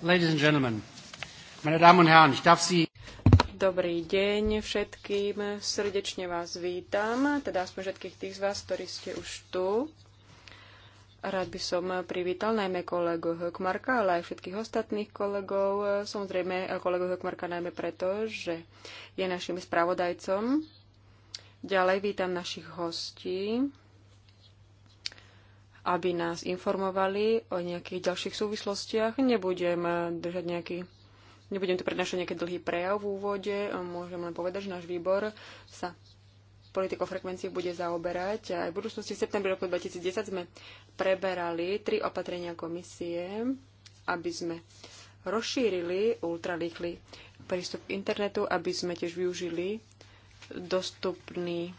Ladies and gentlemen, meine Damen und Herren, ich darf Sie... Dobrý deň všetkým, srdečne vás vítam, teda aspoň všetkých tých z vás, ktorí ste už tu. Rád by som privítal najmä kolegu Hökmarka, ale aj všetkých ostatných kolegov. Samozrejme kolegu Hökmarka najmä preto, že je našim spravodajcom. Ďalej vítam našich hostí aby nás informovali o nejakých ďalších súvislostiach. Nebudem eh, držať nejaký Nebudem tu prednášať nejaký dlhý prejav v úvode, môžem len povedať, že náš výbor sa politikou frekvencií bude zaoberať. Aj v budúcnosti v septembri roku 2010 sme preberali tri opatrenia komisie, aby sme rozšírili ultralýchly prístup k internetu, aby sme tiež využili dostupný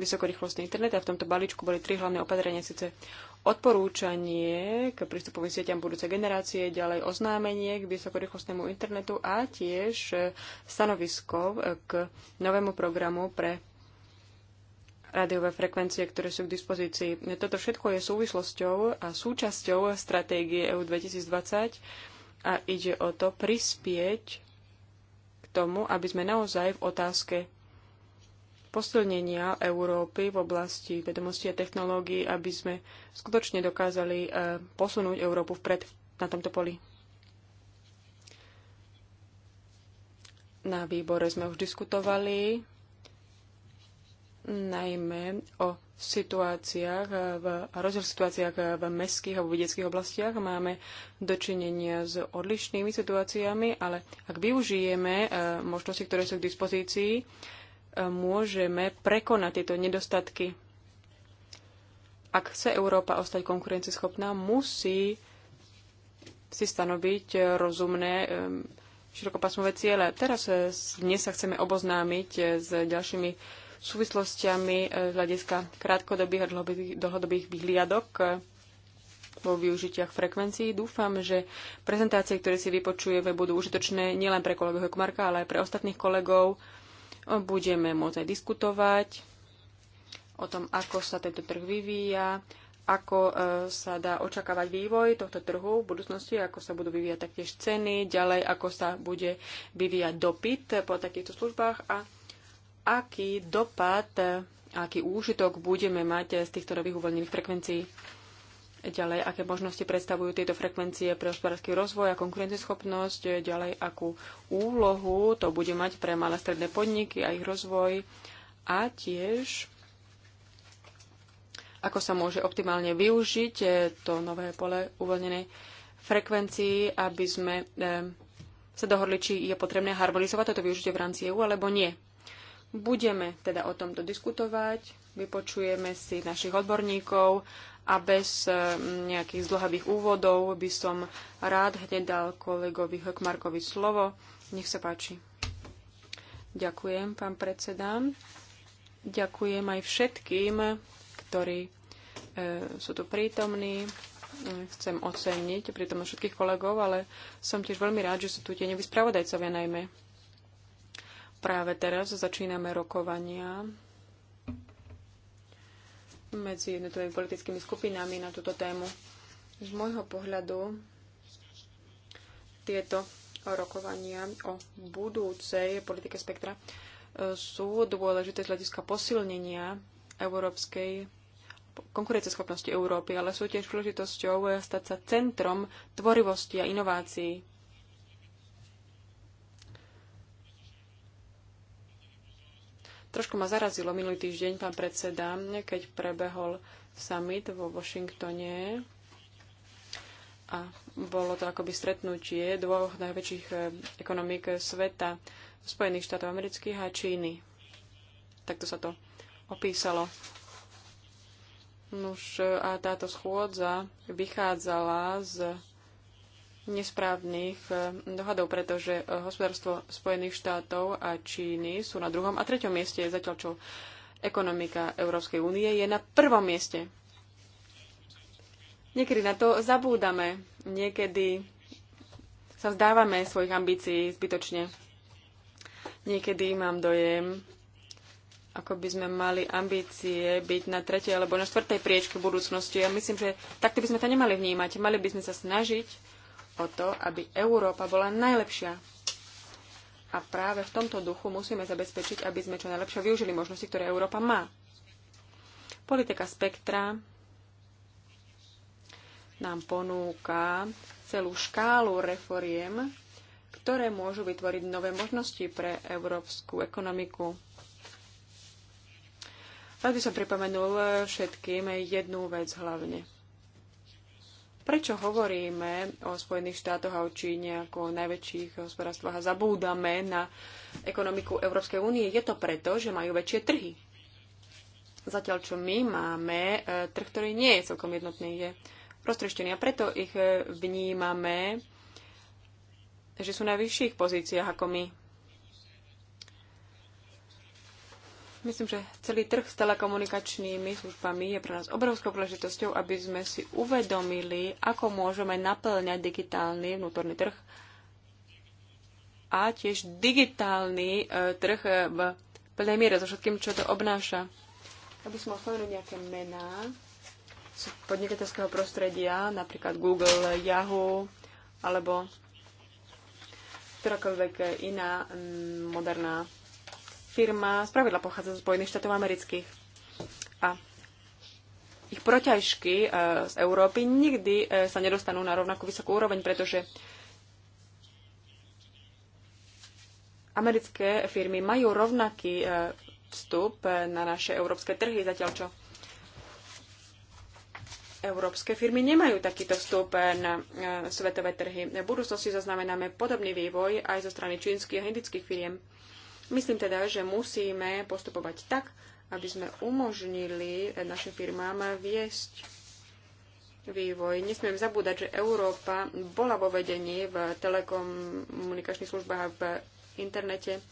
vysokorýchlostný internet a v tomto balíčku boli tri hlavné opatrenia, sice odporúčanie k prístupovým sieťam budúcej generácie, ďalej oznámenie k vysokorýchlostnému internetu a tiež stanovisko k novému programu pre rádiové frekvencie, ktoré sú k dispozícii. Toto všetko je súvislosťou a súčasťou stratégie EU 2020 a ide o to prispieť k tomu, aby sme naozaj v otázke posilnenia Európy v oblasti vedomosti a technológií, aby sme skutočne dokázali e, posunúť Európu vpred na tomto poli. Na výbore sme už diskutovali najmä o situáciách, v rozdiel situáciách v mestských a vedeckých oblastiach. Máme dočinenia s odlišnými situáciami, ale ak využijeme e, možnosti, ktoré sú k dispozícii, môžeme prekonať tieto nedostatky. Ak chce Európa ostať konkurencieschopná, musí si stanoviť eh, rozumné eh, širokopasmové ciele. Teraz eh, dnes sa chceme oboznámiť s ďalšími súvislostiami z hľadiska krátkodobých a dlhodobých vyhliadok vo využitiach frekvencií. Dúfam, že prezentácie, ktoré si vypočujeme, budú užitočné nielen pre kolegov Hekmarka, ale aj pre ostatných kolegov budeme môcť aj diskutovať o tom, ako sa tento trh vyvíja, ako e, sa dá očakávať vývoj tohto trhu v budúcnosti, ako sa budú vyvíjať taktiež ceny, ďalej ako sa bude vyvíjať dopyt po takýchto službách a aký dopad, e, aký úžitok budeme mať z týchto nových uvoľnených frekvencií ďalej, aké možnosti predstavujú tieto frekvencie pre hospodársky rozvoj a konkurenceschopnosť, ďalej, akú úlohu to bude mať pre malé stredné podniky a ich rozvoj a tiež ako sa môže optimálne využiť eh, to nové pole uvoľnenej frekvencii, aby sme eh, sa dohodli, či je potrebné harmonizovať toto využitie v rámci EU alebo nie. Budeme teda o tomto diskutovať, vypočujeme si našich odborníkov, a bez eh, nejakých zdlhavých úvodov by som rád hneď dal kolegovi Hökmarkovi slovo. Nech sa páči. Ďakujem, pán predseda. Ďakujem aj všetkým, ktorí e, sú tu prítomní. Chcem oceniť prítomnosť všetkých kolegov, ale som tiež veľmi rád, že sú tu tie nevyspravodajcovia najmä. Práve teraz začíname rokovania medzi jednotlivými politickými skupinami na túto tému. Z môjho pohľadu tieto rokovania o budúcej politike spektra e, sú dôležité z hľadiska posilnenia európskej konkurenceschopnosti Európy, ale sú tiež príležitosťou stať sa centrom tvorivosti a inovácií Trošku ma zarazilo minulý týždeň pán predseda, keď prebehol summit vo Washingtone a bolo to akoby stretnutie dvoch najväčších e, ekonomík sveta, Spojených štátov amerických a Číny. Takto sa to opísalo. Nož, a táto schôdza vychádzala z nesprávnych eh, dohadov, pretože eh, hospodárstvo Spojených štátov a Číny sú na druhom a treťom mieste, zatiaľ čo ekonomika Európskej únie je na prvom mieste. Niekedy na to zabúdame, niekedy sa vzdávame svojich ambícií zbytočne. Niekedy mám dojem, ako by sme mali ambície byť na tretej alebo na štvrtej priečke budúcnosti. Ja myslím, že takto by sme to nemali vnímať. Mali by sme sa snažiť o to, aby Európa bola najlepšia. A práve v tomto duchu musíme zabezpečiť, aby sme čo najlepšie využili možnosti, ktoré Európa má. Politika spektra nám ponúka celú škálu reforiem, ktoré môžu vytvoriť nové možnosti pre európsku ekonomiku. Rád by som pripomenul všetkým jednu vec hlavne Prečo hovoríme o Spojených štátoch a o Číne ako o najväčších hospodárstvách a zabúdame na ekonomiku Európskej únie? Je to preto, že majú väčšie trhy. Zatiaľ, čo my máme e, trh, ktorý nie je celkom jednotný, je prostreštený. A preto ich e, vnímame, že sú na vyšších pozíciách ako my. Myslím, že celý trh s telekomunikačnými službami je pre nás obrovskou príležitosťou, aby sme si uvedomili, ako môžeme naplňať digitálny vnútorný trh a tiež digitálny e, trh e, v plnej miere so všetkým, čo to obnáša. Aby sme spomenul nejaké mená z podnikateľského prostredia, napríklad Google, Yahoo alebo ktorákoľvek iná moderná firma spravidla pochádza z Spojených štátov amerických. A ich proťažky e, z Európy nikdy e, sa nedostanú na rovnakú vysokú úroveň, pretože americké firmy majú rovnaký e, vstup na naše európske trhy, zatiaľ čo európske firmy nemajú takýto vstup na svetové trhy. V budúcnosti zaznamenáme podobný vývoj aj zo strany čínskych a indických firiem. Myslím teda, že musíme postupovať tak, aby sme umožnili našim firmám viesť vývoj. Nesmiem zabúdať, že Európa bola vo vedení v telekomunikačných službách a v internete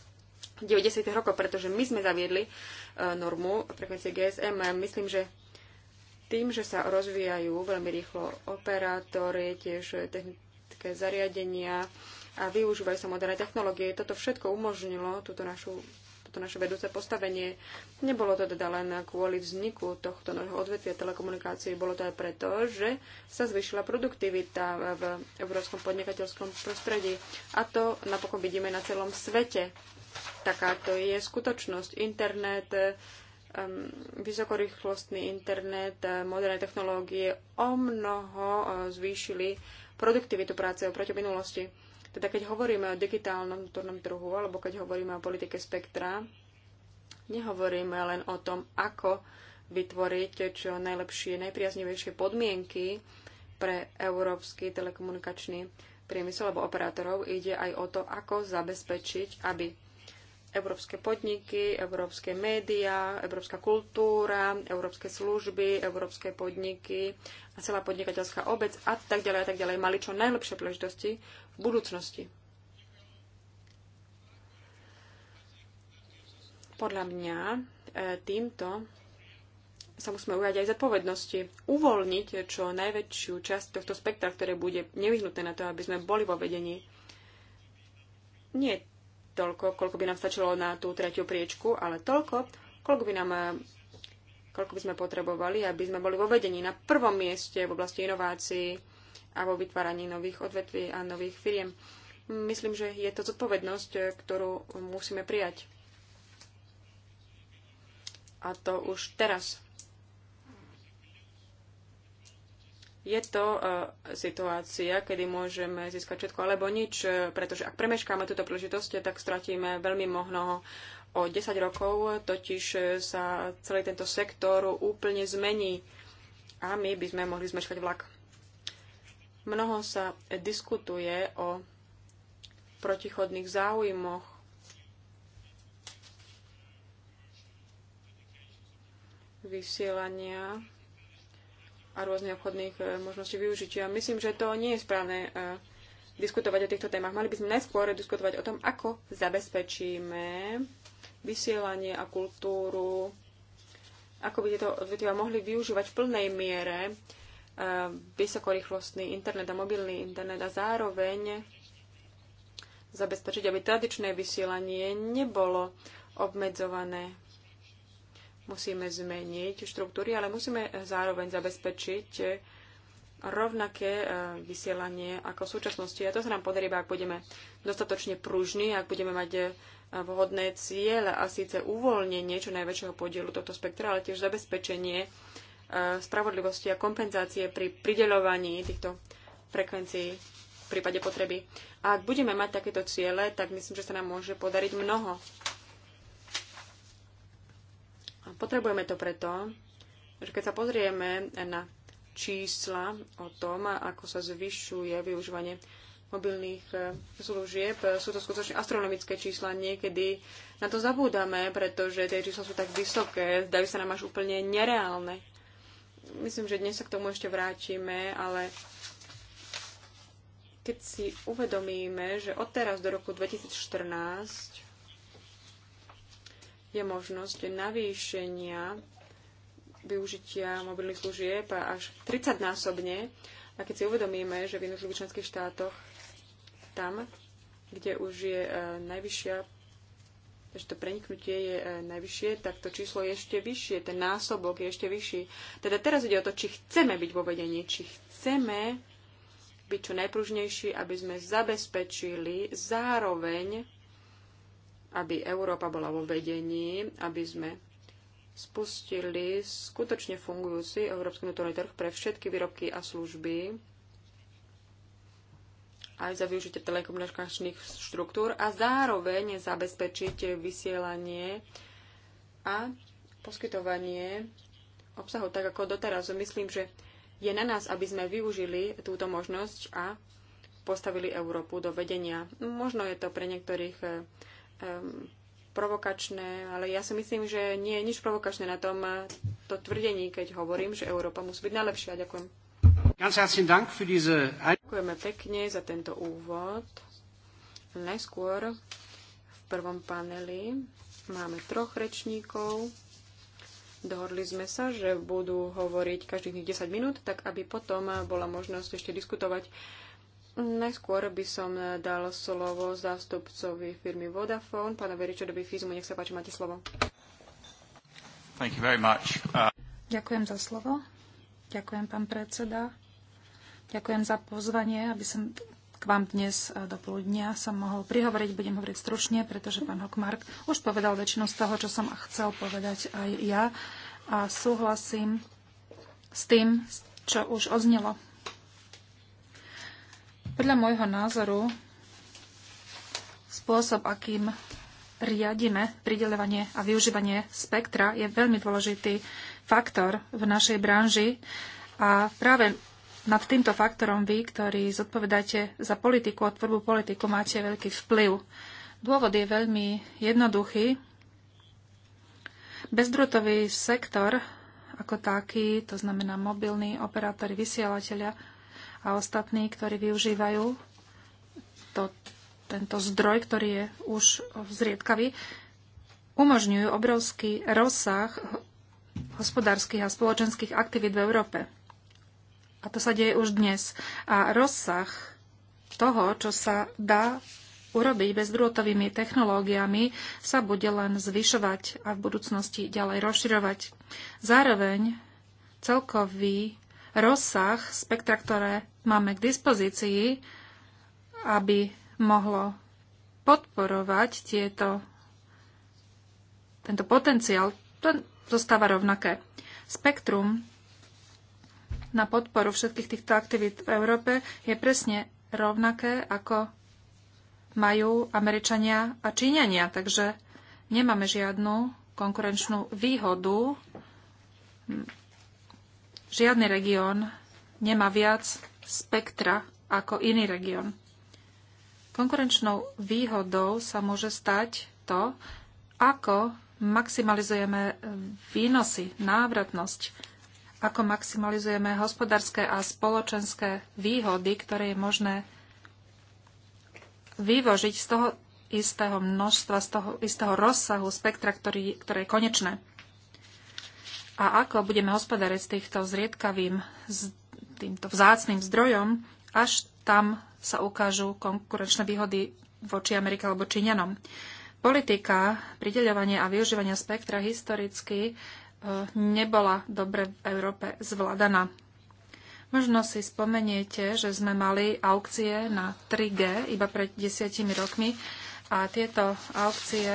90. rokov, pretože my sme zaviedli e, normu frekvencie GSM. Myslím, že tým, že sa rozvíjajú veľmi rýchlo operátory, tiež technické zariadenia, a využívajú sa moderné technológie. Toto všetko umožnilo túto našu toto naše vedúce postavenie. Nebolo to teda len kvôli vzniku tohto nového odvetvia telekomunikácií, bolo to aj preto, že sa zvyšila produktivita v európskom podnikateľskom prostredí. A to napokon vidíme na celom svete. taká to je skutočnosť. Internet, vysokorýchlostný internet, moderné technológie o mnoho e, zvýšili produktivitu práce oproti minulosti teda keď hovoríme o digitálnom vnútornom trhu alebo keď hovoríme o politike spektra, nehovoríme len o tom, ako vytvoriť čo najlepšie, najpriaznivejšie podmienky pre európsky telekomunikačný priemysel alebo operátorov. Ide aj o to, ako zabezpečiť, aby európske podniky, európske médiá, európska kultúra, európske služby, európske podniky a celá podnikateľská obec a tak ďalej a tak ďalej mali čo najlepšie príležitosti v budúcnosti. Podľa mňa e, týmto sa musíme ujať aj zodpovednosti. Uvoľniť čo najväčšiu časť tohto spektra, ktoré bude nevyhnutné na to, aby sme boli vo vedení. Nie toľko, koľko by nám stačilo na tú tretiu priečku, ale toľko, koľko by nám koľko by sme potrebovali, aby sme boli vo vedení na prvom mieste v oblasti inovácií a vo vytváraní nových odvetví a nových firiem. Myslím, že je to zodpovednosť, ktorú musíme prijať. A to už teraz. je to e, situácia, kedy môžeme získať všetko alebo nič, e, pretože ak premeškáme túto príležitosť, tak stratíme veľmi mnoho o 10 rokov, totiž e, sa celý tento sektor úplne zmení a my by sme mohli zmeškať vlak. Mnoho sa diskutuje o protichodných záujmoch. vysielania a rôznych obchodných e, možností využitia. Myslím, že to nie je správne e, diskutovať o týchto témach. Mali by sme najskôr diskutovať o tom, ako zabezpečíme vysielanie a kultúru, ako by tieto odvetvia mohli využívať v plnej miere e, vysokorýchlostný internet a mobilný internet a zároveň zabezpečiť, aby tradičné vysielanie nebolo obmedzované Musíme zmeniť štruktúry, ale musíme zároveň zabezpečiť rovnaké eh, vysielanie ako v súčasnosti. A to sa nám podarí, ak budeme dostatočne pružní, ak budeme mať eh, vhodné ciele a síce uvoľnenie čo najväčšieho podielu tohto spektra, ale tiež zabezpečenie eh, spravodlivosti a kompenzácie pri prideľovaní týchto frekvencií v prípade potreby. A ak budeme mať takéto ciele, tak myslím, že sa nám môže podariť mnoho. Potrebujeme to preto, že keď sa pozrieme na čísla o tom, ako sa zvyšuje využívanie mobilných e, služieb. Sú to skutočne astronomické čísla. Niekedy na to zabúdame, pretože tie čísla sú tak vysoké, zdajú sa nám až úplne nereálne. Myslím, že dnes sa k tomu ešte vrátime, ale keď si uvedomíme, že od teraz do roku 2014 je možnosť navýšenia využitia mobilných služieb až 30-násobne. A keď si uvedomíme, že v jednotlivých členských štátoch tam, kde už je e, najvyššia, že to preniknutie je e, najvyššie, tak to číslo je ešte vyššie, ten násobok je ešte vyšší. Teda teraz ide o to, či chceme byť vo vedení, či chceme byť čo najpružnejší, aby sme zabezpečili zároveň aby Európa bola vo vedení, aby sme spustili skutočne fungujúci európsky vnútorný trh pre všetky výrobky a služby aj za využitie telekomunikačných štruktúr a zároveň zabezpečiť vysielanie a poskytovanie obsahu tak ako doteraz. Myslím, že je na nás, aby sme využili túto možnosť a postavili Európu do vedenia. Možno je to pre niektorých um, provokačné, ale ja si myslím, že nie je nič provokačné na tom eh, to tvrdení, keď hovorím, že Európa musí byť najlepšia. Ďakujem. Ďakujeme pekne za tento úvod. Najskôr v prvom paneli máme troch rečníkov. Dohodli sme sa, že budú hovoriť každých 10 minút, tak aby potom bola možnosť ešte diskutovať Najskôr by som dal slovo zástupcovi firmy Vodafone, pánovi Richardovi Fizmu. Nech sa páči, máte slovo. Thank you very much. Uh, Ďakujem za slovo. Ďakujem, pán predseda. Ďakujem za pozvanie, aby som k vám dnes uh, do poludnia som mohol prihovoriť. Budem hovoriť stručne, pretože pán Hokmark už povedal väčšinu z toho, čo som chcel povedať aj ja. A súhlasím s tým, čo už oznelo podľa môjho názoru spôsob, akým riadime pridelovanie a využívanie spektra, je veľmi dôležitý faktor v našej branži a práve nad týmto faktorom vy, ktorí zodpovedáte za politiku a tvorbu politiku, máte veľký vplyv. Dôvod je veľmi jednoduchý. Bezdrutový sektor ako taký, to znamená mobilní operátori, vysielateľia, a ostatní, ktorí využívajú to, tento zdroj, ktorý je už zriedkavý, umožňujú obrovský rozsah hospodárskych a spoločenských aktivít v Európe. A to sa deje už dnes. A rozsah toho, čo sa dá urobiť bezdrôtovými technológiami, sa bude len zvyšovať a v budúcnosti ďalej rozširovať. Zároveň celkový rozsah spektra, ktoré máme k dispozícii, aby mohlo podporovať tieto, tento potenciál, to zostáva rovnaké. Spektrum na podporu všetkých týchto aktivít v Európe je presne rovnaké, ako majú Američania a Číňania, takže nemáme žiadnu konkurenčnú výhodu Žiadny región nemá viac spektra ako iný región. Konkurenčnou výhodou sa môže stať to, ako maximalizujeme výnosy, návratnosť, ako maximalizujeme hospodárske a spoločenské výhody, ktoré je možné vyvožiť z toho istého množstva, z toho istého rozsahu spektra, ktorý, ktoré je konečné a ako budeme hospodáriť s týmto zriedkavým, s týmto vzácným zdrojom, až tam sa ukážu konkurenčné výhody voči Amerike alebo Číňanom. Politika prideľovania a využívania spektra historicky e, nebola dobre v Európe zvládaná. Možno si spomeniete, že sme mali aukcie na 3G iba pred desiatimi rokmi a tieto aukcie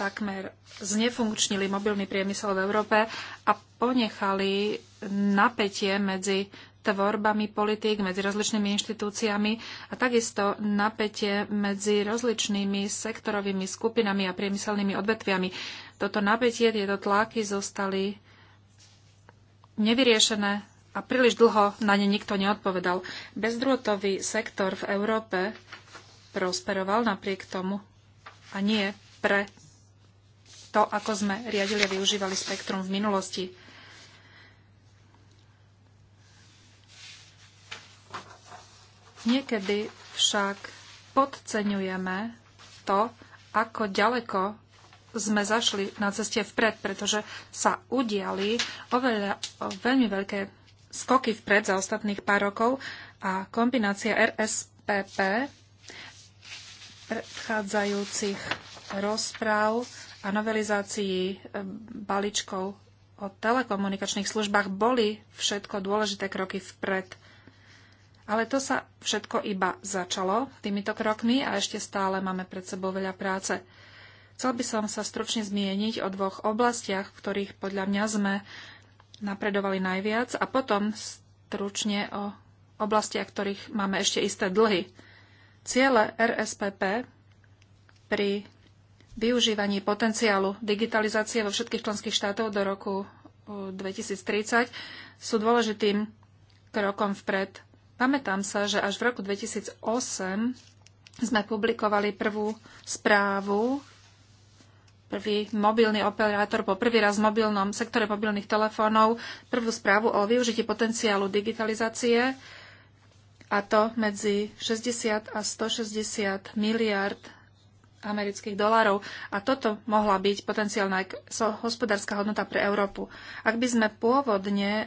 takmer znefunkčnili mobilný priemysel v Európe a ponechali napätie medzi tvorbami politík, medzi rozličnými inštitúciami a takisto napätie medzi rozličnými sektorovými skupinami a priemyselnými odvetviami. Toto napätie, tieto tlaky zostali nevyriešené a príliš dlho na ne nikto neodpovedal. Bezdrôtový sektor v Európe prosperoval napriek tomu a nie pre to, ako sme riadili a využívali spektrum v minulosti. Niekedy však podceňujeme to, ako ďaleko sme zašli na ceste vpred, pretože sa udiali oveľa, veľmi veľké skoky vpred za ostatných pár rokov a kombinácia RSPP predchádzajúcich rozpráv a novelizácii e, balíčkov o telekomunikačných službách boli všetko dôležité kroky vpred. Ale to sa všetko iba začalo týmito krokmi a ešte stále máme pred sebou veľa práce. Chcel by som sa stručne zmieniť o dvoch oblastiach, v ktorých podľa mňa sme napredovali najviac a potom stručne o oblastiach, ktorých máme ešte isté dlhy. Ciele RSPP pri využívaní potenciálu digitalizácie vo všetkých členských štátov do roku 2030 sú dôležitým krokom vpred. Pamätám sa, že až v roku 2008 sme publikovali prvú správu, prvý mobilný operátor po prvý raz v mobilnom sektore mobilných telefónov, prvú správu o využití potenciálu digitalizácie a to medzi 60 a 160 miliard amerických dolárov. A toto mohla byť potenciálna hospodárska hodnota pre Európu. Ak by sme pôvodne e,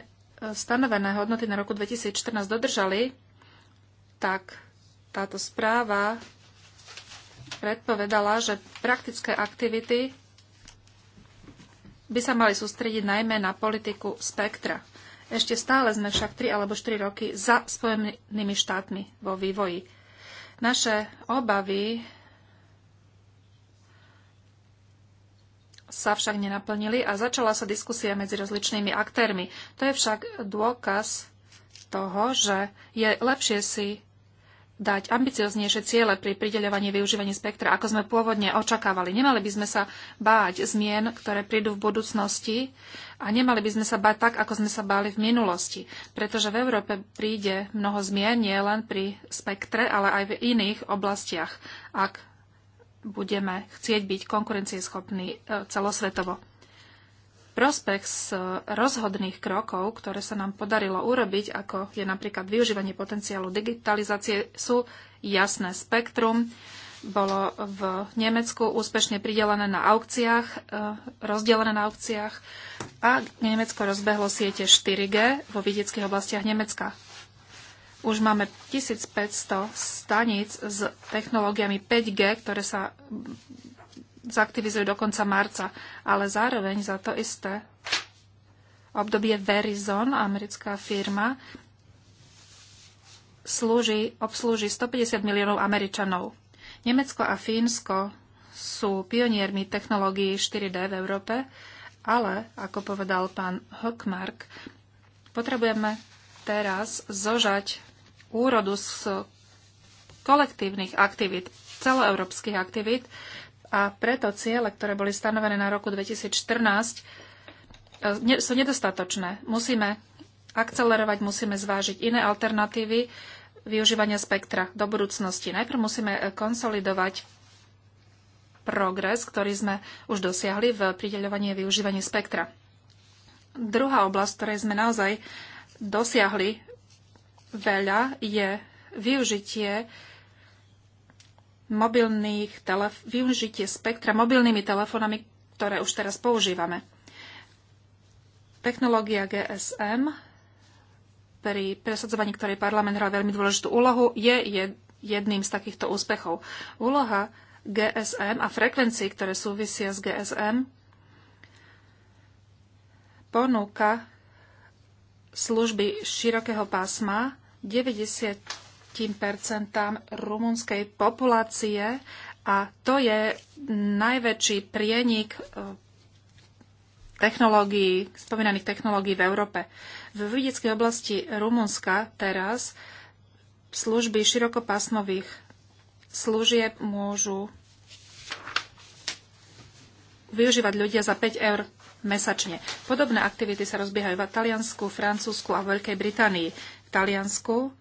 stanovené hodnoty na roku 2014 dodržali, tak táto správa predpovedala, že praktické aktivity by sa mali sústrediť najmä na politiku spektra. Ešte stále sme však 3 alebo 4 roky za Spojenými štátmi vo vývoji. Naše obavy sa však nenaplnili a začala sa diskusia medzi rozličnými aktérmi. To je však dôkaz toho, že je lepšie si dať ambicioznejšie ciele pri prideľovaní využívaní spektra, ako sme pôvodne očakávali. Nemali by sme sa báť zmien, ktoré prídu v budúcnosti a nemali by sme sa báť tak, ako sme sa báli v minulosti. Pretože v Európe príde mnoho zmien nie len pri spektre, ale aj v iných oblastiach, ak budeme chcieť byť konkurencieschopní e, celosvetovo. Prospech z e, rozhodných krokov, ktoré sa nám podarilo urobiť, ako je napríklad využívanie potenciálu digitalizácie, sú jasné spektrum. Bolo v Nemecku úspešne pridelené na aukciách, e, rozdelené na aukciách a Nemecko rozbehlo siete 4G vo vidieckých oblastiach Nemecka. Už máme 1500 staníc s technológiami 5G, ktoré sa zaktivizujú do konca marca. Ale zároveň za to isté obdobie Verizon, americká firma, slúži, obslúži 150 miliónov Američanov. Nemecko a Fínsko sú pioniermi technológií 4D v Európe, ale, ako povedal pán Hockmark, potrebujeme teraz zožať úrodu z kolektívnych aktivít, celoeurópskych aktivít a preto ciele, ktoré boli stanovené na roku 2014, e, sú nedostatočné. Musíme akcelerovať, musíme zvážiť iné alternatívy využívania spektra do budúcnosti. Najprv musíme e, konsolidovať progres, ktorý sme už dosiahli v prideľovaní a využívaní spektra. Druhá oblasť, ktorej sme naozaj dosiahli veľa, je využitie mobilných telef- využitie spektra mobilnými telefónami, ktoré už teraz používame. Technológia GSM, pri presadzovaní ktorej parlament hral veľmi dôležitú úlohu, je jedným z takýchto úspechov. Úloha GSM a frekvencií, ktoré súvisia s GSM, ponúka služby širokého pásma 90 rumunskej populácie a to je najväčší prienik e, technológií, spomínaných technológií v Európe. V vidieckej oblasti Rumunska teraz služby širokopásmových služieb môžu využívať ľudia za 5 eur mesačne. Podobné aktivity sa rozbiehajú v Taliansku, Francúzsku a Veľkej Británii. Taliansku,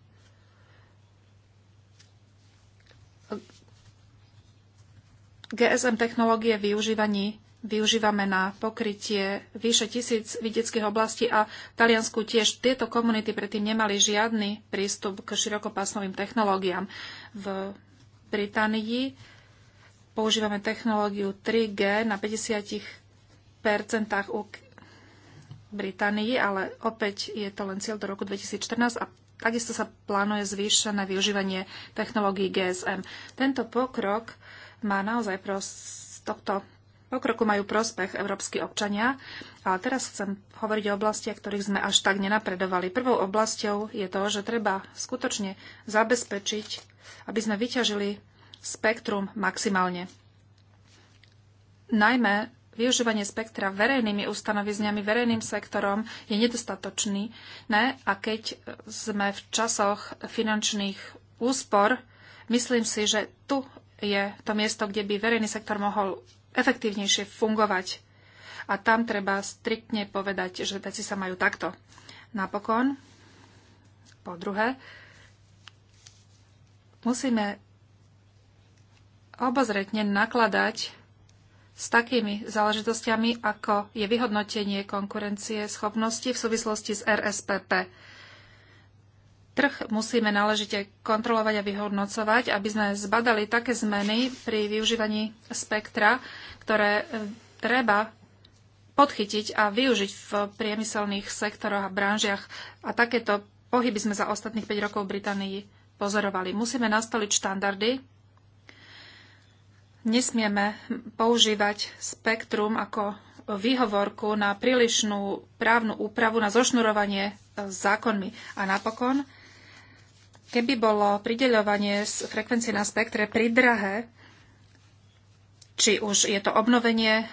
GSM technológie využívaní využívame na pokrytie vyše tisíc vidieckých oblastí a v Taliansku tiež tieto komunity predtým nemali žiadny prístup k širokopásnovým technológiám. V Británii používame technológiu 3G na 50 percentách Británii, ale opäť je to len cieľ do roku 2014 a takisto sa plánuje zvýšené využívanie technológií GSM. Tento pokrok má naozaj pros tohto pokroku majú prospech európsky občania, ale teraz chcem hovoriť o oblastiach, ktorých sme až tak nenapredovali. Prvou oblasťou je to, že treba skutočne zabezpečiť, aby sme vyťažili spektrum maximálne. Najmä využívanie spektra verejnými ustanovizňami, verejným sektorom je nedostatočný. Ne? A keď sme v časoch finančných úspor, myslím si, že tu je to miesto, kde by verejný sektor mohol efektívnejšie fungovať. A tam treba striktne povedať, že veci sa majú takto. Napokon, po druhé, musíme obozretne nakladať s takými záležitostiami, ako je vyhodnotenie konkurencie schopnosti v súvislosti s RSPP. Trh musíme náležite kontrolovať a vyhodnocovať, aby sme zbadali také zmeny pri využívaní spektra, ktoré eh, treba podchytiť a využiť v priemyselných sektoroch a branžiach. A takéto pohyby sme za ostatných 5 rokov v Británii pozorovali. Musíme nastoliť štandardy, Nesmieme používať spektrum ako výhovorku na prílišnú právnu úpravu, na zošnurovanie e, zákonmi. A napokon, keby bolo prideľovanie z frekvencie na spektre pridrahé, či už je to obnovenie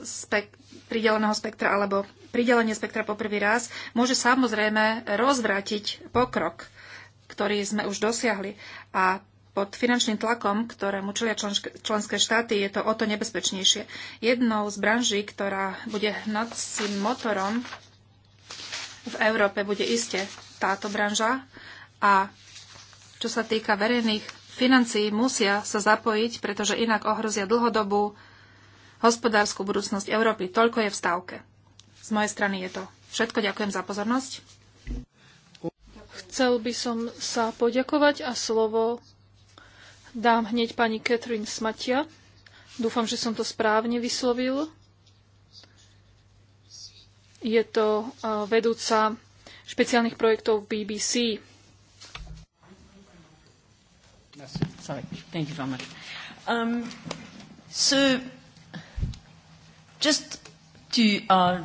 spek- prideleného spektra alebo pridelenie spektra po prvý raz, môže samozrejme rozvrátiť pokrok, ktorý sme už dosiahli. A pod finančným tlakom, ktorému čelia členské štáty, je to o to nebezpečnejšie. Jednou z branží, ktorá bude hnacím motorom v Európe, bude iste táto branža. A čo sa týka verejných financií, musia sa zapojiť, pretože inak ohrozia dlhodobú hospodárskú budúcnosť Európy. Toľko je v stávke. Z mojej strany je to všetko. Ďakujem za pozornosť. Chcel by som sa poďakovať a slovo dám hneď pani Catherine Smatia. Dúfam, že som to správne vyslovil. Je to e, vedúca špeciálnych projektov BBC. Sorry. Thank you very much. Um, so, just to, uh,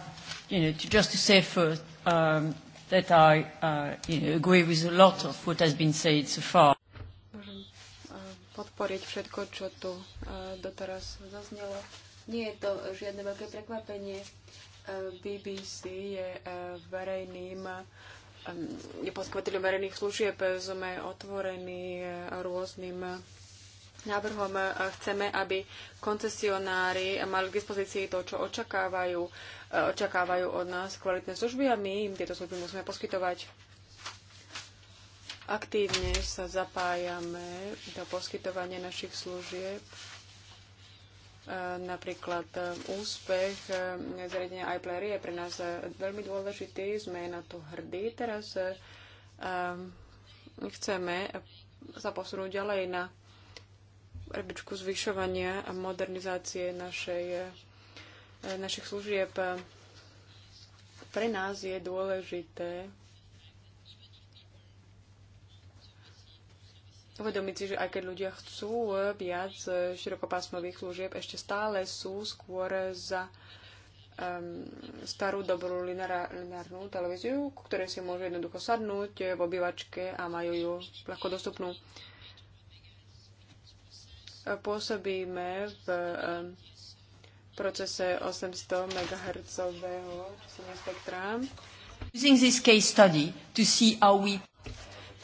you know, to just to say first um, that I, uh, you know, agree with a lot of what has been said so far podporiť všetko, čo tu e, doteraz zaznelo. Nie je to žiadne veľké prekvapenie. E, BBC je e, verejným je poskytovateľom verejných služieb. Sme otvorení rôznym návrhom. Chceme, aby koncesionári mali k dispozícii to, čo očakávajú. Očakávajú od nás kvalitné služby a my im tieto služby musíme poskytovať Aktívne sa zapájame do poskytovania našich služieb. E, napríklad e, úspech e, zariadenia iPlayer je pre nás veľmi dôležitý, sme na to hrdí. Teraz chceme sa posunúť ďalej na rebičku zvyšovania a modernizácie našej, našich služieb. Pre nás je dôležité uvedomiť si, že aj keď ľudia chcú viac eh, širokopásmových služieb, ešte stále sú skôr za um, starú dobrú lineárnu televíziu, ktoré si môžu jednoducho sadnúť eh, v obývačke a majú ju ľahko dostupnú. Eh, pôsobíme v um, procese 800 MHz spektra. Using this case study to see how we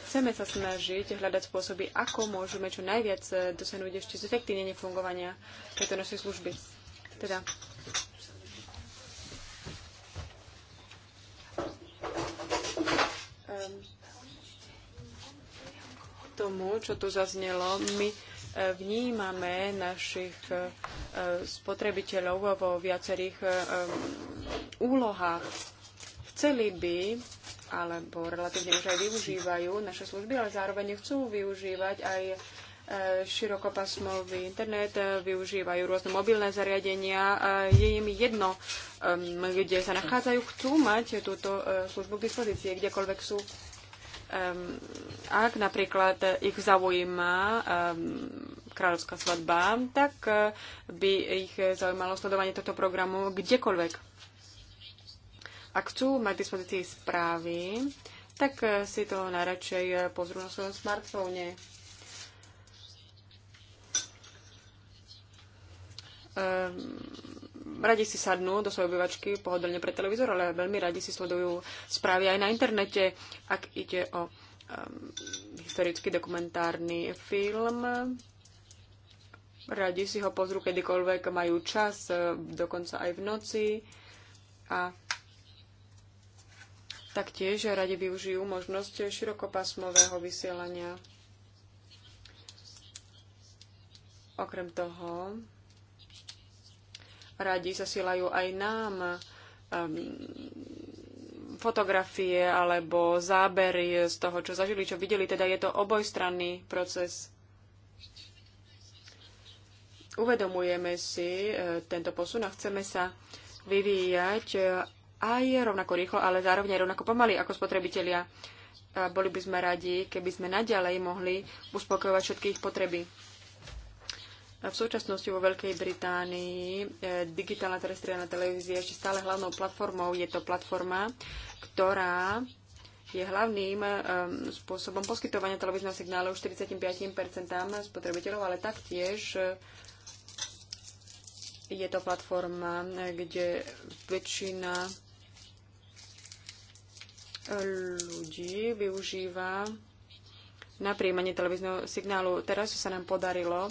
Chceme sa snažiť hľadať spôsoby, ako môžeme čo najviac dosiahnuť ešte zefektívnenie fungovania tejto našej služby. Teda ehm, tomu, čo tu zaznelo, my eh, vnímame našich eh, spotrebiteľov vo viacerých eh, ehm, úlohách. Chceli by alebo relatívne už aj využívajú naše služby, ale zároveň chcú využívať aj e, širokopasmový internet, e, využívajú rôzne mobilné zariadenia. E, je im jedno, kde sa nachádzajú, chcú mať túto službu k dispozícii, kdekoľvek sú. Ak napríklad ich zaujíma kráľovská svadba, tak by ich zaujímalo sledovanie tohto programu kdekoľvek ak chcú mať k dispozícii správy, tak eh, si to najradšej eh, pozrú na svojom smartfóne. Ehm, radi si sadnú do svojej obyvačky pohodlne pre televízor, ale veľmi radi si sledujú správy aj na internete, ak ide o um, historický dokumentárny film. Radi si ho pozrú kedykoľvek majú čas, eh, dokonca aj v noci. A taktiež radi využijú možnosť širokopásmového vysielania. Okrem toho, radi zasielajú aj nám um, fotografie alebo zábery z toho, čo zažili, čo videli. Teda je to obojstranný proces. Uvedomujeme si eh, tento posun a chceme sa vyvíjať aj rovnako rýchlo, ale zároveň aj rovnako pomaly ako spotrebitelia. A boli by sme radi, keby sme naďalej mohli uspokojovať všetky ich potreby. A v súčasnosti vo Veľkej Británii e, digitálna terestriálna televízia je ešte stále hlavnou platformou. Je to platforma, ktorá je hlavným um, spôsobom poskytovania televízneho signálu 45% spotrebiteľov, ale taktiež e, je to platforma, kde väčšina ľudí využíva na príjmanie televízneho signálu. Teraz sa nám podarilo e,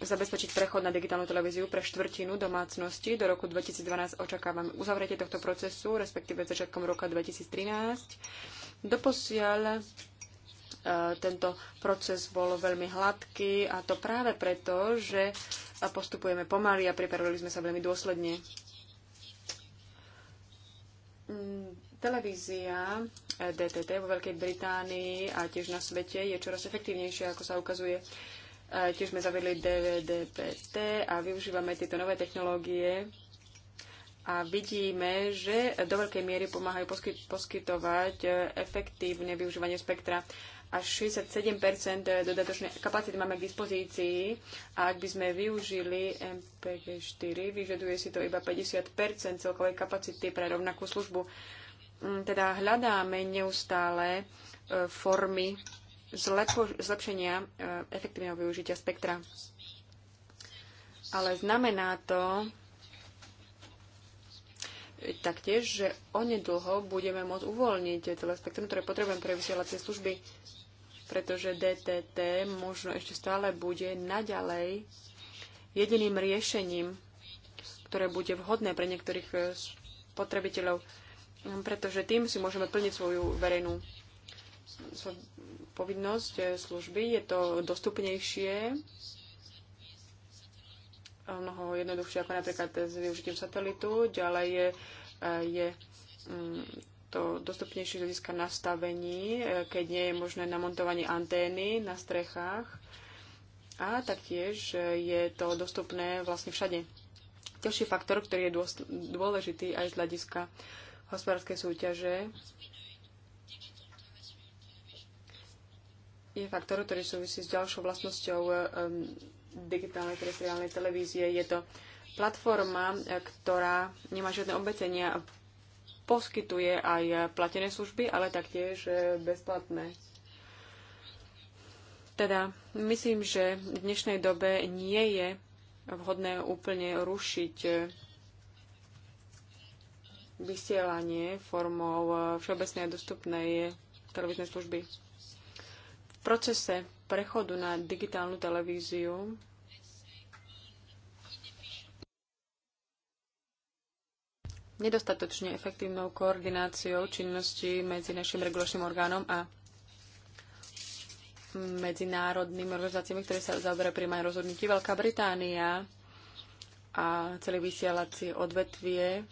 zabezpečiť prechod na digitálnu televíziu pre štvrtinu domácnosti. Do roku 2012 očakávame uzavretie tohto procesu, respektíve začiatkom roka 2013. Doposiaľ e, tento proces bol veľmi hladký a to práve preto, že postupujeme pomaly a pripravili sme sa veľmi dôsledne. Mm, televízia eh, DTT vo Veľkej Británii a tiež na svete je čoraz efektívnejšia, ako sa ukazuje. Eh, tiež sme zavedli DVDPT a využívame tieto nové technológie a vidíme, že do veľkej miery pomáhajú poskytovať eh, efektívne využívanie spektra až 67 dodatočnej kapacity máme k dispozícii a ak by sme využili MPG4, vyžaduje si to iba 50 celkovej kapacity pre rovnakú službu. Mm, teda hľadáme neustále e, formy zlepšenia e, efektívneho využitia spektra. Ale znamená to e, taktiež, že onedlho budeme môcť uvoľniť telespektrum, ktoré potrebujeme pre vysielacie služby pretože DTT možno ešte stále bude naďalej jediným riešením, ktoré bude vhodné pre niektorých eh, spotrebiteľov, hm, pretože tým si môžeme plniť svoju verejnú povinnosť eh, služby. Je to dostupnejšie, mnoho jednoduchšie ako napríklad s využitím satelitu. Ďalej je, eh, je hm, to dostupnejšie hľadiska nastavení, e, keď nie je možné namontovanie antény na strechách. A taktiež e, je to dostupné vlastne všade. Ďalší faktor, ktorý je dôležitý aj z hľadiska hospodárskej súťaže, je faktor, ktorý súvisí s ďalšou vlastnosťou um, digitálnej terestriálnej televízie. Je to platforma, ktorá nemá žiadne obmedzenia poskytuje aj platené služby, ale taktiež e, bezplatné. Teda myslím, že v dnešnej dobe nie je vhodné úplne rušiť e, vysielanie formou e, všeobecnej a dostupnej televíznej služby. V procese prechodu na digitálnu televíziu nedostatočne efektívnou koordináciou činnosti medzi našim regulačným orgánom a medzinárodnými organizáciami, ktoré sa zaoberajú príjmať rozhodnutí. Veľká Británia a celé vysielacie odvetvie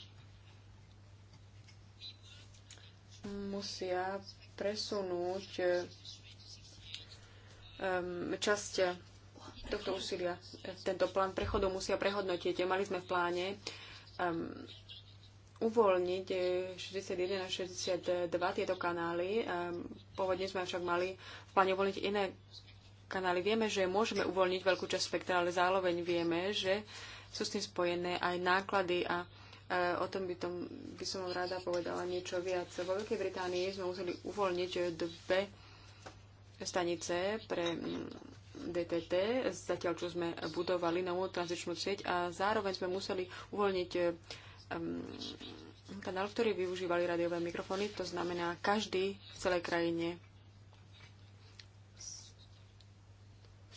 musia presunúť um, časť tohto úsilia. Tento plán prechodu musia prehodnotiť. Mali sme v pláne um, uvoľniť 61 eh, a 62 tieto kanály. Ehm, pôvodne sme však mali v pláne uvoľniť iné kanály. Vieme, že môžeme uvoľniť veľkú časť spektra, ale zároveň vieme, že sú s tým spojené aj náklady a eh, o tom by, tom by som rada povedala niečo viac. Vo Veľkej Británii sme museli uvoľniť dve stanice pre mm, DTT, zatiaľ čo sme budovali novú tranzičnú sieť a zároveň sme museli uvoľniť eh, Um, kanál, ktorý využívali radiové mikrofóny, to znamená každý v celej krajine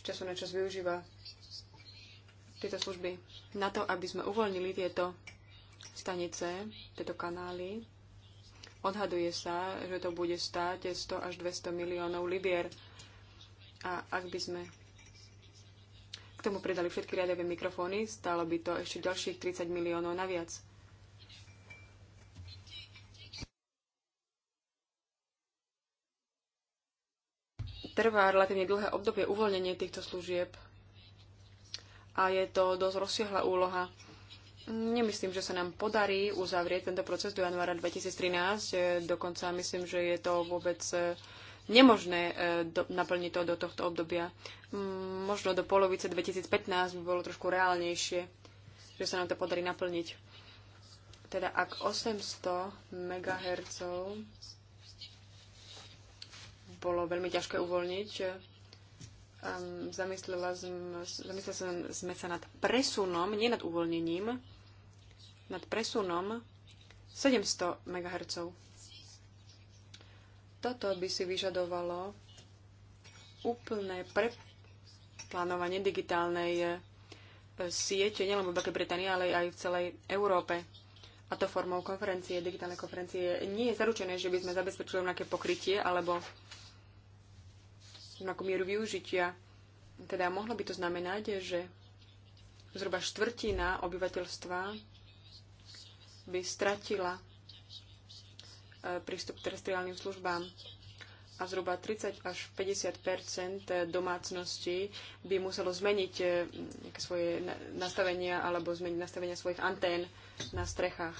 v času na čas využíva tieto služby na to, aby sme uvoľnili tieto stanice, tieto kanály. Odhaduje sa, že to bude stáť 100 až 200 miliónov libier. A ak by sme k tomu pridali všetky riadové mikrofóny, stalo by to ešte ďalších 30 miliónov naviac. trvá relatívne dlhé obdobie uvoľnenie týchto služieb a je to dosť rozsiahla úloha. Nemyslím, že sa nám podarí uzavrieť tento proces do januára 2013. Dokonca myslím, že je to vôbec e, nemožné e, do, naplniť to do tohto obdobia. Možno do polovice 2015 by bolo trošku reálnejšie, že sa nám to podarí naplniť. Teda ak 800 MHz bolo veľmi ťažké uvoľniť. Um, zamyslela sme, zamyslela sme sa nad presunom, nie nad uvoľnením, nad presunom 700 MHz. Toto by si vyžadovalo úplné preplánovanie digitálnej e, siete, nielen v Veľkej Británii, ale aj v celej Európe a to formou konferencie, digitálnej konferencie, nie je zaručené, že by sme zabezpečili nejaké pokrytie alebo rovnakú mieru využitia. Teda mohlo by to znamenať, že zhruba štvrtina obyvateľstva by stratila e, prístup k terestriálnym službám a zhruba 30 až 50 domácností by muselo zmeniť e, nejaké svoje nastavenia alebo zmeniť nastavenia svojich antén na strechách.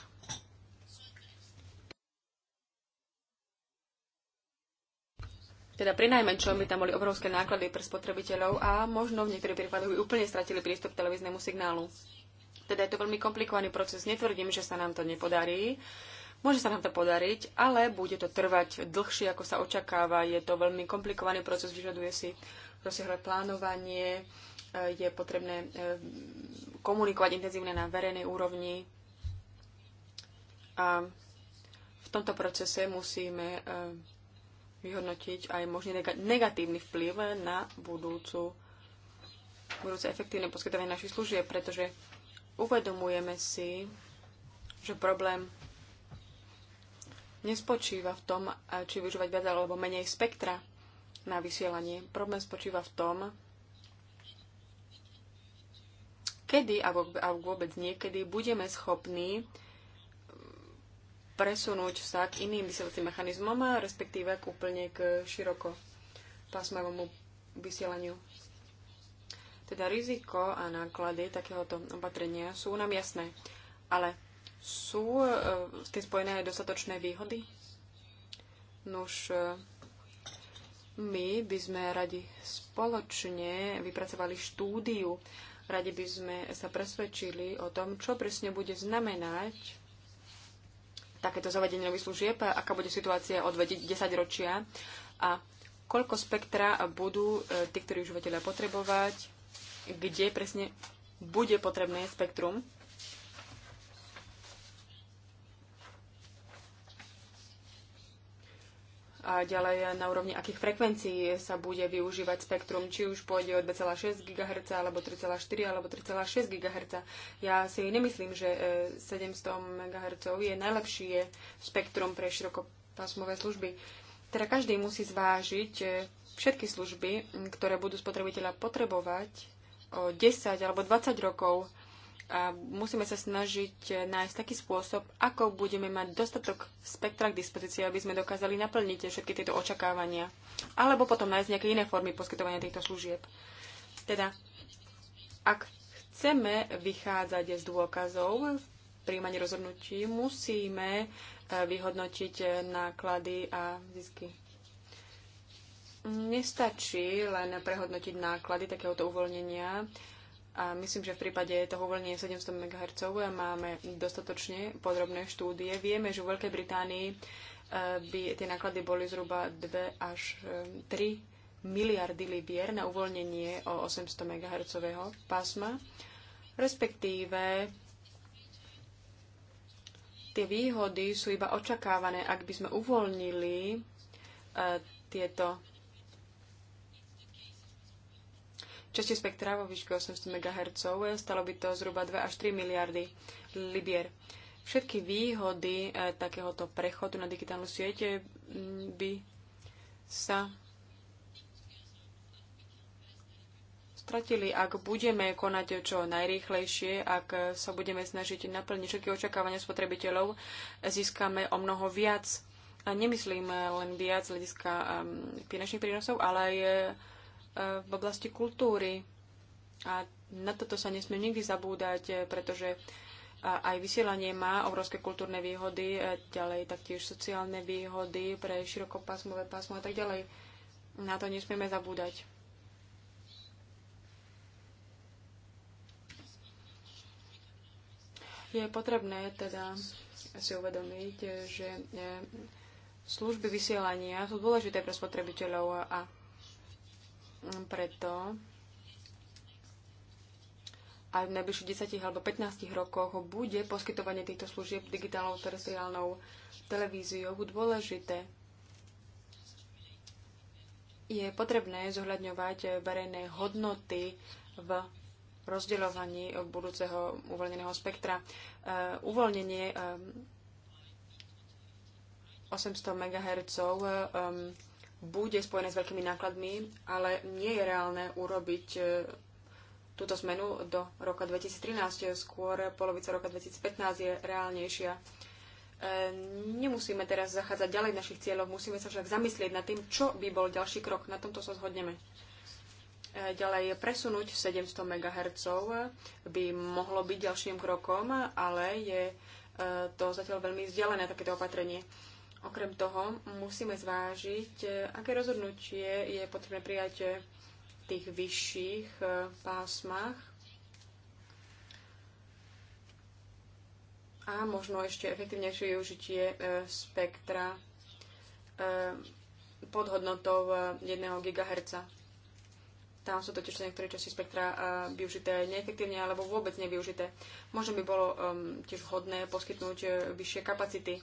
Teda pri najmenšom by tam boli obrovské náklady pre spotrebiteľov a možno v niektorých prípadoch by úplne stratili prístup k televíznemu signálu. Teda je to veľmi komplikovaný proces. Netvrdím, že sa nám to nepodarí. Môže sa nám to podariť, ale bude to trvať dlhšie, ako sa očakáva. Je to veľmi komplikovaný proces, vyžaduje si rozsiahle plánovanie, je potrebné eh, komunikovať intenzívne na verejnej úrovni. A v tomto procese musíme eh, vyhodnotiť aj možný negatívny vplyv na budúcu, budúce efektívne poskytovanie našich služieb, pretože uvedomujeme si, že problém nespočíva v tom, či využívať viac alebo menej spektra na vysielanie. Problém spočíva v tom, kedy, alebo vôbec niekedy, budeme schopní presunúť sa k iným vysielacím mechanizmom, respektíve k úplne k široko pásmovému vysielaniu. Teda riziko a náklady takéhoto opatrenia sú nám jasné, ale sú e, s tým spojené aj dostatočné výhody? Nuž, e, my by sme radi spoločne vypracovali štúdiu, radi by sme sa presvedčili o tom, čo presne bude znamenať takéto zavedenie nových služieb, aká bude situácia od 10 ročia a koľko spektra budú e, tí, ktorí užívateľia potrebovať, kde presne bude potrebné spektrum a ďalej na úrovni akých frekvencií sa bude využívať spektrum, či už pôjde o 2,6 GHz, alebo 3,4, alebo 3,6 GHz. Ja si nemyslím, že 700 e, MHz je najlepšie spektrum pre širokopásmové služby. Teda každý musí zvážiť e, všetky služby, ktoré budú spotrebiteľa potrebovať o 10 alebo 20 rokov a musíme sa snažiť nájsť taký spôsob, ako budeme mať dostatok spektra k dispozícii, aby sme dokázali naplniť všetky tieto očakávania. Alebo potom nájsť nejaké iné formy poskytovania týchto služieb. Teda, ak chceme vychádzať z dôkazov v príjmaní rozhodnutí, musíme e, vyhodnotiť náklady a zisky. Nestačí len prehodnotiť náklady takéhoto uvoľnenia. A myslím, že v prípade toho uvoľnenia 700 MHz máme dostatočne podrobné štúdie. Vieme, že v Veľkej Británii e, by tie náklady boli zhruba 2 až 3 e, miliardy libier na uvoľnenie o 800 MHz pásma, respektíve tie výhody sú iba očakávané, ak by sme uvoľnili e, tieto časti spektra vo výške 800 MHz. Eh, stalo by to zhruba 2 až 3 miliardy libier. Všetky výhody eh, takéhoto prechodu na digitálnu siete eh, by sa stratili, ak budeme konať čo najrýchlejšie, ak sa budeme snažiť naplniť všetky očakávania spotrebiteľov, získame o mnoho viac. A nemyslím len viac z hľadiska ehm, finančných prínosov, ale aj v oblasti kultúry. A na toto sa nesmie nikdy zabúdať, pretože aj vysielanie má obrovské kultúrne výhody, e, ďalej taktiež sociálne výhody pre širokopásmové pásmo a tak ďalej. Na to nesmieme zabúdať. Je potrebné teda si uvedomiť, že e, služby vysielania sú dôležité pre spotrebiteľov a preto aj v najbližších 10 alebo 15 rokoch bude poskytovanie týchto služieb digitálnou terestriálnou televíziou dôležité. Je potrebné zohľadňovať verejné hodnoty v rozdeľovaní budúceho uvoľneného spektra. E, uvoľnenie 800 e, MHz bude spojené s veľkými nákladmi, ale nie je reálne urobiť e, túto zmenu do roka 2013. Skôr polovica roka 2015 je reálnejšia. E, nemusíme teraz zachádzať ďalej v našich cieľoch, musíme sa však zamyslieť nad tým, čo by bol ďalší krok. Na tomto sa zhodneme. E, ďalej presunúť 700 MHz by mohlo byť ďalším krokom, ale je to zatiaľ veľmi vzdialené takéto opatrenie. Okrem toho musíme zvážiť, e, aké rozhodnutie je potrebné prijať v tých vyšších e, pásmach a možno ešte efektívnejšie využitie e, spektra pod hodnotou 1 GHz. Tam sú totiž niektoré časti spektra využité neefektívne alebo vôbec nevyužité. Možno by bolo tiež vhodné poskytnúť vyššie kapacity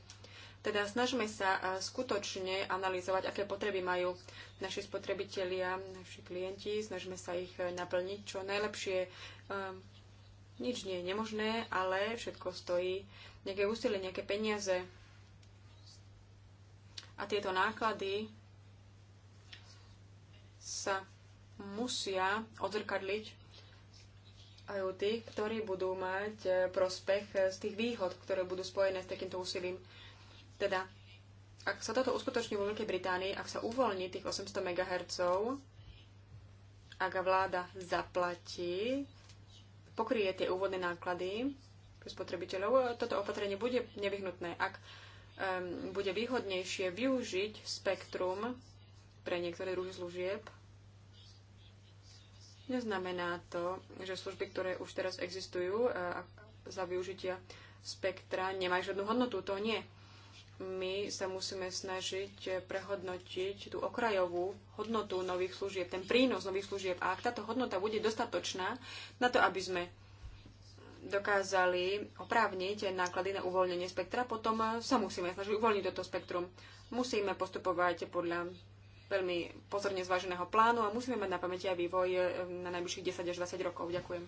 teda snažme sa skutočne analyzovať, aké potreby majú naši spotrebitelia, naši klienti, snažme sa ich e, naplniť čo najlepšie. E, nič nie je nemožné, ale všetko stojí nejaké úsilie, nejaké peniaze. A tieto náklady sa musia odzrkadliť aj u tých, ktorí budú mať e, prospech z tých výhod, ktoré budú spojené s takýmto úsilím. Teda, ak sa toto uskutoční vo Veľkej Británii, ak sa uvoľní tých 800 MHz, ak vláda zaplatí, pokryje tie úvodné náklady pre spotrebiteľov, toto opatrenie bude nevyhnutné. Ak um, bude výhodnejšie využiť spektrum pre niektoré druhy služieb, neznamená to, že služby, ktoré už teraz existujú uh, za využitia spektra, nemajú žiadnu hodnotu. To nie my sa musíme snažiť prehodnotiť tú okrajovú hodnotu nových služieb, ten prínos nových služieb. A ak táto hodnota bude dostatočná na to, aby sme dokázali oprávniť náklady na uvoľnenie spektra, potom sa musíme snažiť uvoľniť toto spektrum. Musíme postupovať podľa veľmi pozorne zváženého plánu a musíme mať na pamäti aj vývoj na najbližších 10 až 20 rokov. Ďakujem.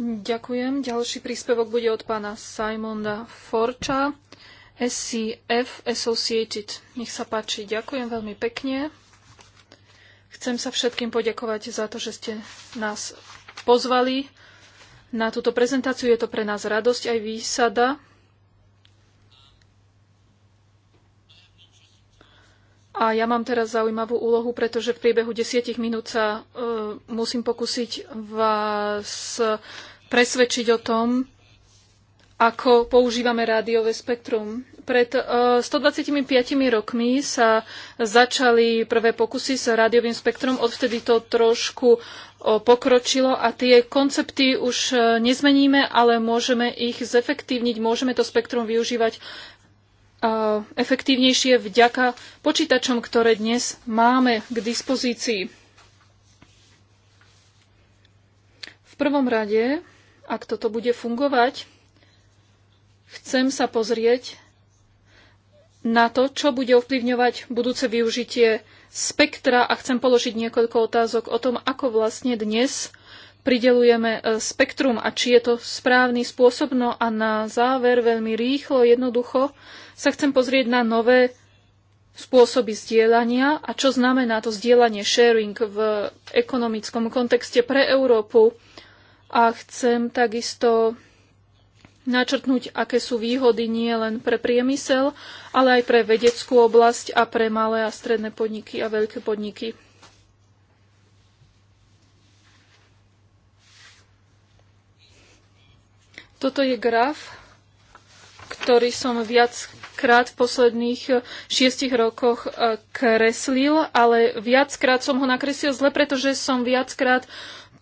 Ďakujem. Ďalší príspevok bude od pána Simonda Forča, SCF Associated. Nech sa páči. Ďakujem veľmi pekne. Chcem sa všetkým poďakovať za to, že ste nás pozvali na túto prezentáciu. Je to pre nás radosť aj výsada A ja mám teraz zaujímavú úlohu, pretože v priebehu desiatich minút sa e, musím pokúsiť vás presvedčiť o tom, ako používame rádiové spektrum. Pred 125 e, rokmi sa začali prvé pokusy s rádiovým spektrum, odvtedy to trošku e, pokročilo a tie koncepty už e, nezmeníme, ale môžeme ich zefektívniť, môžeme to spektrum využívať efektívnejšie vďaka počítačom, ktoré dnes máme k dispozícii. V prvom rade, ak toto bude fungovať, chcem sa pozrieť na to, čo bude ovplyvňovať budúce využitie spektra a chcem položiť niekoľko otázok o tom, ako vlastne dnes pridelujeme e, spektrum a či je to správny spôsob. No a na záver veľmi rýchlo, jednoducho, sa chcem pozrieť na nové spôsoby zdieľania a čo znamená to zdieľanie sharing v ekonomickom kontexte pre Európu. A chcem takisto načrtnúť, aké sú výhody nie len pre priemysel, ale aj pre vedeckú oblasť a pre malé a stredné podniky a veľké podniky. Toto je graf, ktorý som viac krát v posledných eh, šiestich rokoch eh, kreslil, ale viackrát som ho nakreslil zle, pretože som viackrát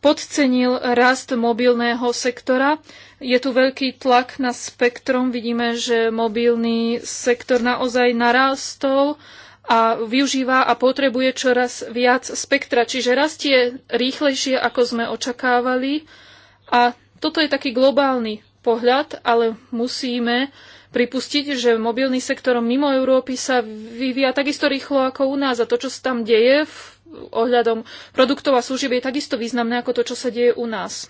podcenil rast mobilného sektora. Je tu veľký tlak na spektrum. Vidíme, že mobilný sektor naozaj narástol a využíva a potrebuje čoraz viac spektra. Čiže rastie rýchlejšie, ako sme očakávali. A toto je taký globálny pohľad, ale musíme pripustiť, že mobilný sektor mimo Európy sa vyvíja takisto rýchlo ako u nás a to, čo sa tam deje v ohľadom produktov a služieb je takisto významné ako to, čo sa deje u nás.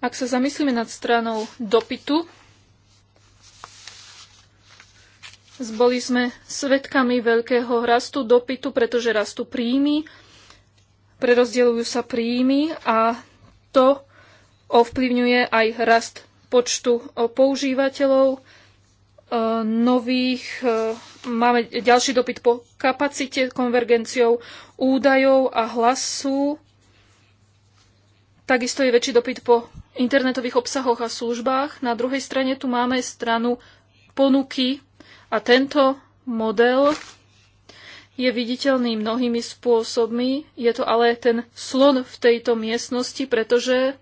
Ak sa zamyslíme nad stranou dopytu, boli sme svedkami veľkého rastu dopytu, pretože rastú príjmy, prerozdeľujú sa príjmy a to ovplyvňuje aj rast počtu eh, používateľov eh, nových. Eh, máme ďalší dopyt po kapacite konvergenciou údajov a hlasu. Takisto je väčší dopyt po internetových obsahoch a službách. Na druhej strane tu máme stranu ponuky a tento model je viditeľný mnohými spôsobmi. Je to ale ten slon v tejto miestnosti, pretože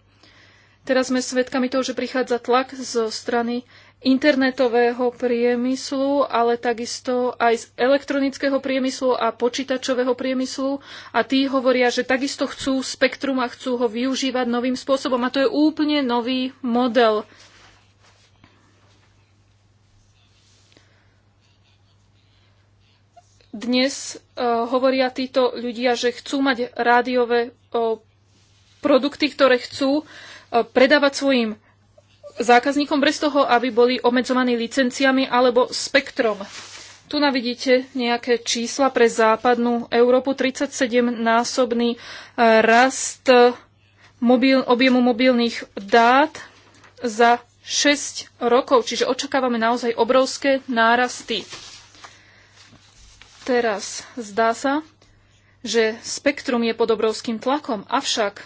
teraz sme svedkami toho, že prichádza tlak zo strany internetového priemyslu, ale takisto aj z elektronického priemyslu a počítačového priemyslu. A tí hovoria, že takisto chcú spektrum a chcú ho využívať novým spôsobom. A to je úplne nový model Dnes uh, hovoria títo ľudia, že chcú mať rádiové uh, produkty, ktoré chcú uh, predávať svojim zákazníkom bez toho, aby boli obmedzovaní licenciami alebo spektrom. Tu navidíte nejaké čísla pre západnú Európu. 37-násobný rast mobil, objemu mobilných dát za 6 rokov, čiže očakávame naozaj obrovské nárasty. Teraz zdá sa, že spektrum je pod obrovským tlakom, avšak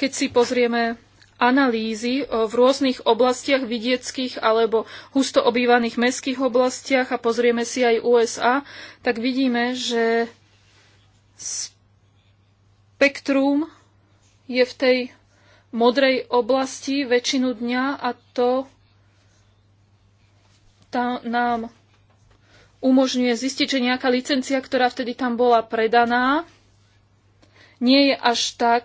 keď si pozrieme analýzy e, v rôznych oblastiach vidieckých alebo husto obývaných mestských oblastiach a pozrieme si aj USA, tak vidíme, že spektrum je v tej modrej oblasti väčšinu dňa a to tá nám umožňuje zistiť, že nejaká licencia, ktorá vtedy tam bola predaná, nie je až tak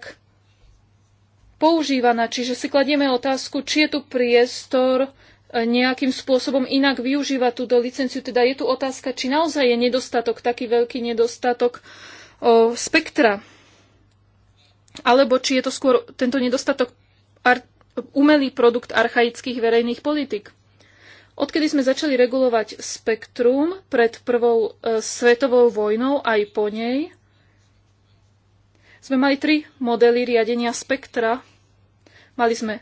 používaná. Čiže si kladieme otázku, či je tu priestor e, nejakým spôsobom inak využívať túto licenciu. Teda je tu otázka, či naozaj je nedostatok, taký veľký nedostatok o, e, spektra. Alebo či je to skôr tento nedostatok umelý produkt archaických verejných politik. Odkedy sme začali regulovať spektrum pred prvou e, svetovou vojnou aj po nej, sme mali tri modely riadenia spektra. Mali sme e,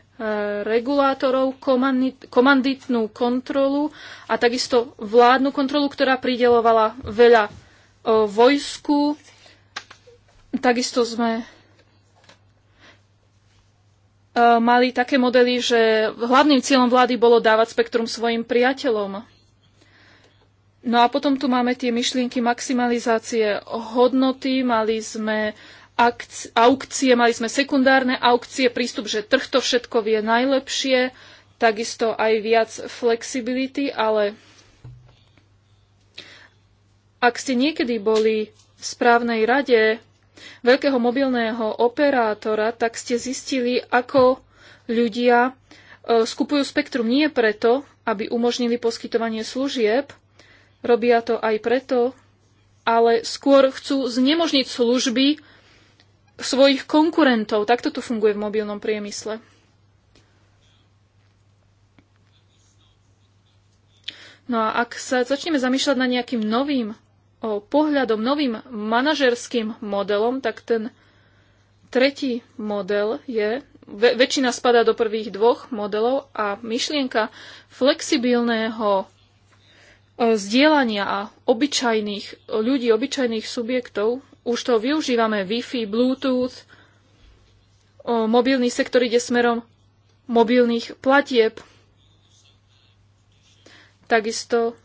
regulátorov, komanditnú kontrolu a takisto vládnu kontrolu, ktorá pridelovala veľa e, vojsku. Takisto sme E, mali také modely, že hlavným cieľom vlády bolo dávať spektrum svojim priateľom. No a potom tu máme tie myšlienky maximalizácie hodnoty, mali sme aukcie, mali sme sekundárne aukcie, prístup, že trh to všetko vie najlepšie, takisto aj viac flexibility, ale ak ste niekedy boli v správnej rade, veľkého mobilného operátora, tak ste zistili, ako ľudia e, skupujú spektrum nie preto, aby umožnili poskytovanie služieb, robia to aj preto, ale skôr chcú znemožniť služby svojich konkurentov. Takto to funguje v mobilnom priemysle. No a ak sa začneme zamýšľať nad nejakým novým pohľadom, novým manažerským modelom, tak ten tretí model je, väčšina spadá do prvých dvoch modelov a myšlienka flexibilného e, zdieľania a obyčajných ľudí, obyčajných subjektov, už to využívame Wi-Fi, Bluetooth, mobilný sektor ide smerom mobilných platieb. Takisto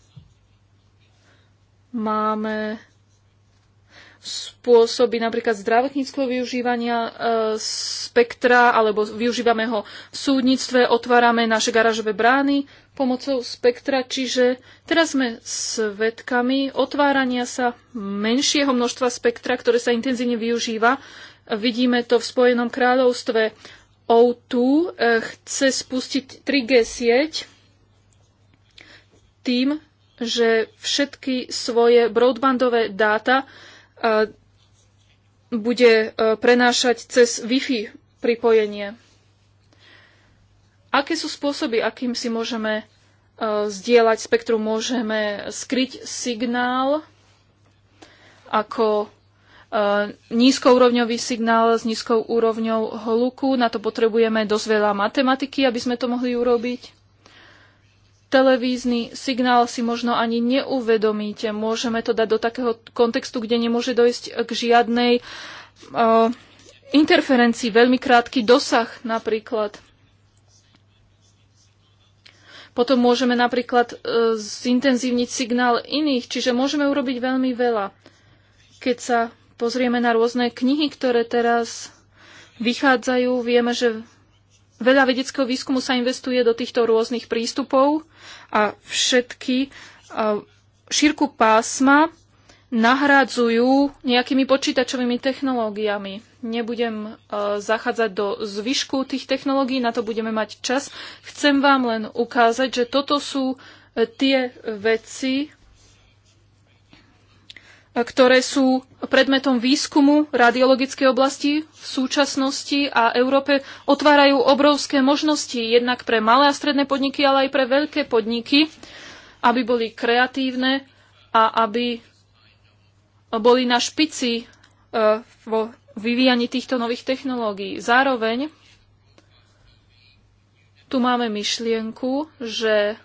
Máme spôsoby napríklad zdravotníckého využívania e, spektra, alebo využívame ho v súdnictve, otvárame naše garážové brány pomocou spektra, čiže teraz sme svetkami otvárania sa menšieho množstva spektra, ktoré sa intenzívne využíva. Vidíme to v Spojenom kráľovstve. O2 e, chce spustiť 3G sieť tým, že všetky svoje broadbandové dáta e, bude e, prenášať cez Wi-Fi pripojenie. Aké sú spôsoby, akým si môžeme e, zdieľať spektrum? Môžeme skryť signál ako nízkourovňový signál s nízkou úrovňou hluku. Na to potrebujeme dosť veľa matematiky, aby sme to mohli urobiť televízny signál si možno ani neuvedomíte. Môžeme to dať do takého kontextu, kde nemôže dojsť k žiadnej uh, interferencii, veľmi krátky dosah napríklad. Potom môžeme napríklad uh, zintenzívniť signál iných, čiže môžeme urobiť veľmi veľa. Keď sa pozrieme na rôzne knihy, ktoré teraz vychádzajú, vieme, že Veľa vedeckého výskumu sa investuje do týchto rôznych prístupov a všetky e, šírku pásma nahradzujú nejakými počítačovými technológiami. Nebudem e, zachádzať do zvyšku tých technológií, na to budeme mať čas. Chcem vám len ukázať, že toto sú e, tie veci, ktoré sú predmetom výskumu radiologickej oblasti v súčasnosti a Európe otvárajú obrovské možnosti jednak pre malé a stredné podniky, ale aj pre veľké podniky, aby boli kreatívne a aby boli na špici e, vo vyvíjaní týchto nových technológií. Zároveň tu máme myšlienku, že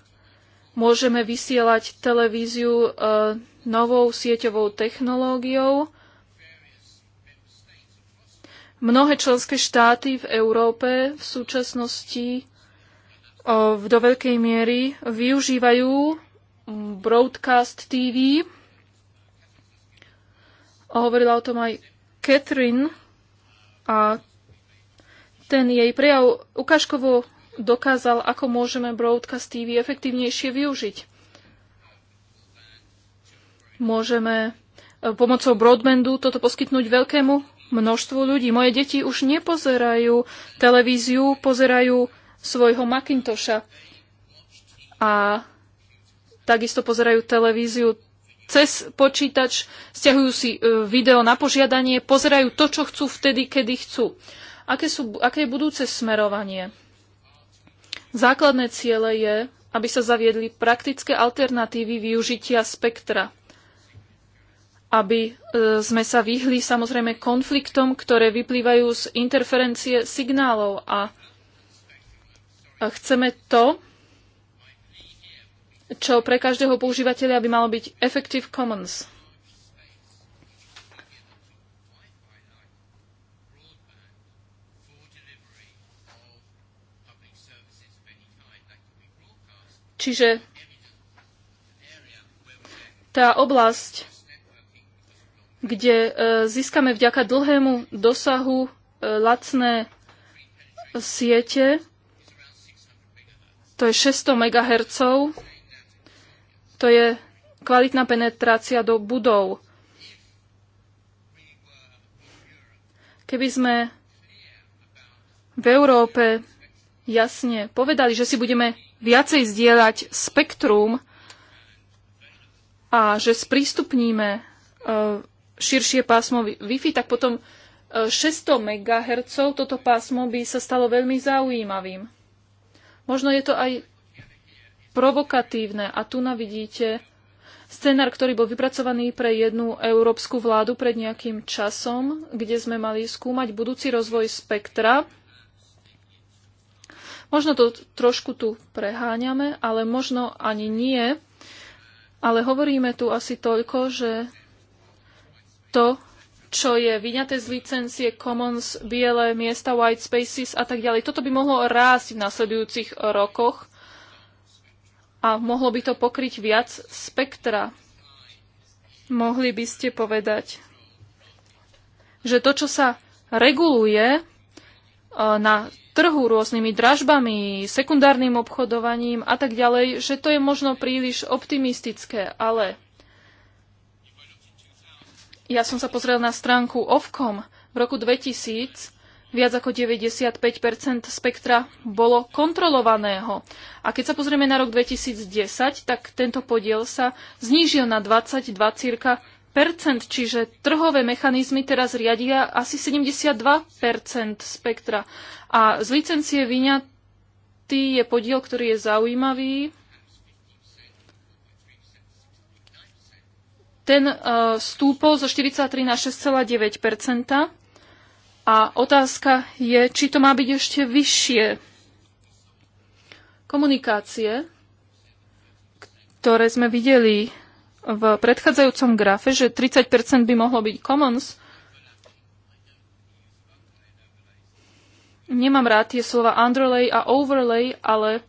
môžeme vysielať televíziu e, novou sieťovou technológiou. Mnohé členské štáty v Európe v súčasnosti v do veľkej miery využívajú broadcast TV. A hovorila o tom aj Catherine a ten jej prejav ukážkovo dokázal, ako môžeme broadcast TV efektívnejšie využiť môžeme e, pomocou broadbandu toto poskytnúť veľkému množstvu ľudí. Moje deti už nepozerajú televíziu, pozerajú svojho Macintosha a takisto pozerajú televíziu cez počítač, stiahujú si e, video na požiadanie, pozerajú to, čo chcú vtedy, kedy chcú. Aké, sú, aké je budúce smerovanie? Základné ciele je, aby sa zaviedli praktické alternatívy využitia spektra aby e, sme sa vyhli samozrejme konfliktom, ktoré vyplývajú z interferencie signálov a chceme to, čo pre každého používateľa by malo byť Effective Commons. Čiže tá oblasť kde e, získame vďaka dlhému dosahu e, lacné siete, to je 600 MHz, to je kvalitná penetrácia do budov. Keby sme v Európe jasne povedali, že si budeme viacej zdieľať spektrum a že sprístupníme e, širšie pásmo Wi-Fi, tak potom 600 e, MHz toto pásmo by sa stalo veľmi zaujímavým. Možno je to aj provokatívne a tu navidíte scenár, ktorý bol vypracovaný pre jednu európsku vládu pred nejakým časom, kde sme mali skúmať budúci rozvoj spektra. Možno to trošku tu preháňame, ale možno ani nie. Ale hovoríme tu asi toľko, že to, čo je vyňaté z licencie Commons, biele miesta, white spaces a tak ďalej. Toto by mohlo rásť v nasledujúcich rokoch a mohlo by to pokryť viac spektra. Mohli by ste povedať, že to, čo sa reguluje e, na trhu rôznymi dražbami, sekundárnym obchodovaním a tak ďalej, že to je možno príliš optimistické, ale ja som sa pozrel na stránku Ovkom. V roku 2000 viac ako 95 spektra bolo kontrolovaného. A keď sa pozrieme na rok 2010, tak tento podiel sa znížil na 22 círka percent, čiže trhové mechanizmy teraz riadia asi 72 spektra. A z licencie vyňatý je podiel, ktorý je zaujímavý. ten e, stúpol zo 43 na 6,9 a otázka je, či to má byť ešte vyššie. Komunikácie, ktoré sme videli v predchádzajúcom grafe, že 30 by mohlo byť commons, Nemám rád tie slova underlay a overlay, ale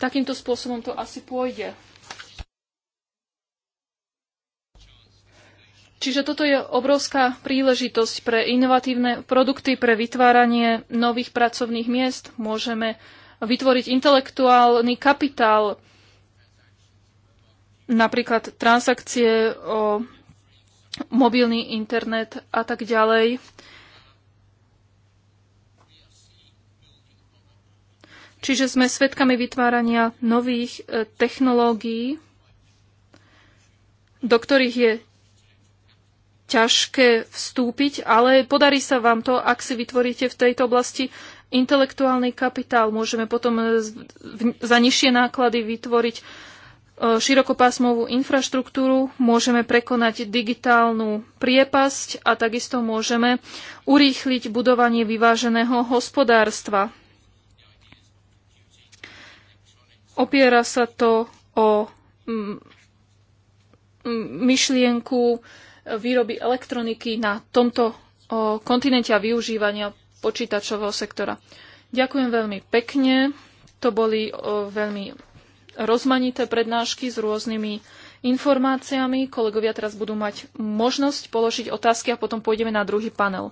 takýmto spôsobom to asi pôjde. Čiže toto je obrovská príležitosť pre inovatívne produkty, pre vytváranie nových pracovných miest. Môžeme vytvoriť intelektuálny kapitál, napríklad transakcie o mobilný internet a tak ďalej. Čiže sme svedkami vytvárania nových eh, technológií, do ktorých je ťažké vstúpiť, ale podarí sa vám to, ak si vytvoríte v tejto oblasti intelektuálny kapitál. Môžeme potom za nižšie náklady vytvoriť e, širokopásmovú infraštruktúru, môžeme prekonať digitálnu priepasť a takisto môžeme urýchliť budovanie vyváženého hospodárstva. Opiera sa to o myšlienku výroby elektroniky na tomto kontinente a využívania počítačového sektora. Ďakujem veľmi pekne. To boli veľmi rozmanité prednášky s rôznymi informáciami. Kolegovia teraz budú mať možnosť položiť otázky a potom pôjdeme na druhý panel.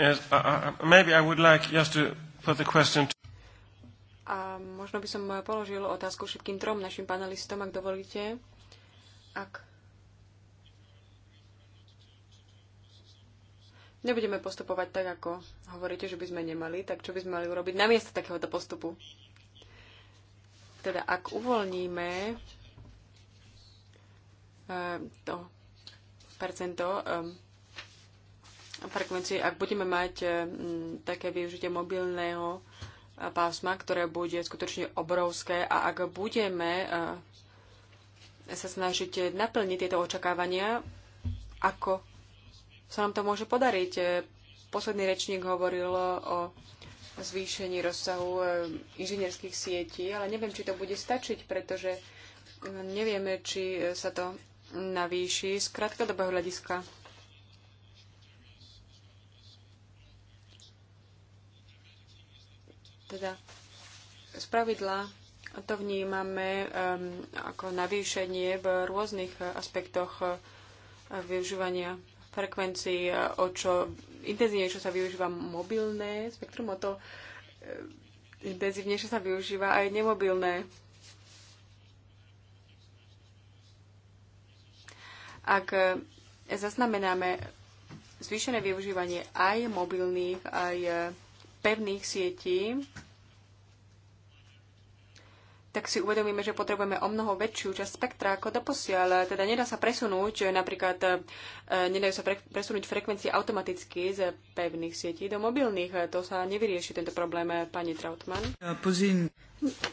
Yes, uh, uh, like to... A možno by som položil otázku všetkým trom našim panelistom, ak dovolíte ak nebudeme postupovať tak, ako hovoríte, že by sme nemali, tak čo by sme mali urobiť na miesto takéhoto postupu? Teda ak uvoľníme ehm, to percento ehm, frekvencie, ak budeme mať ehm, také využitie mobilného e, pásma, ktoré bude skutočne obrovské a ak budeme e, sa snažiť naplniť tieto očakávania, ako sa nám to môže podariť. Posledný rečník hovoril o zvýšení rozsahu e, inžinierských sietí, ale neviem, či to bude stačiť, pretože nevieme, či e, sa to navýši z krátkodobého hľadiska. Teda z pravidla to vnímame ako navýšenie v rôznych eh, aspektoch eh, využívania frekvencií. Eh, o čo intenzívnejšie sa využíva mobilné spektrum, o to intenzívnejšie sa využíva aj nemobilné ak zaznamenáme zvýšené využívanie aj mobilných, aj pevných sietí, tak si uvedomíme, že potrebujeme o mnoho väčšiu časť spektra ako doposiaľ. Teda nedá sa presunúť, napríklad e, nedajú sa pre, presunúť frekvencie automaticky z pevných sietí do mobilných. To sa nevyrieši tento problém, pani Trautmann.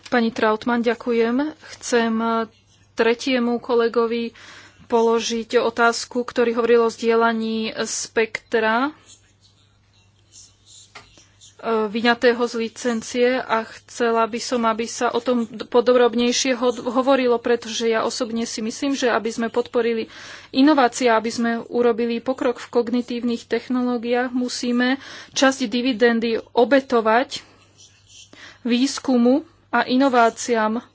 Pani Trautmann, ďakujem. Chcem e, tretiemu kolegovi položiť otázku, ktorý hovoril o zdieľaní spektra Eh, vyňatého z licencie a chcela by som, aby sa o tom podrobnejšie hovorilo, pretože ja osobne si myslím, že aby sme podporili inovácie, aby sme urobili pokrok v kognitívnych technológiách, musíme časť dividendy obetovať výskumu a inováciám.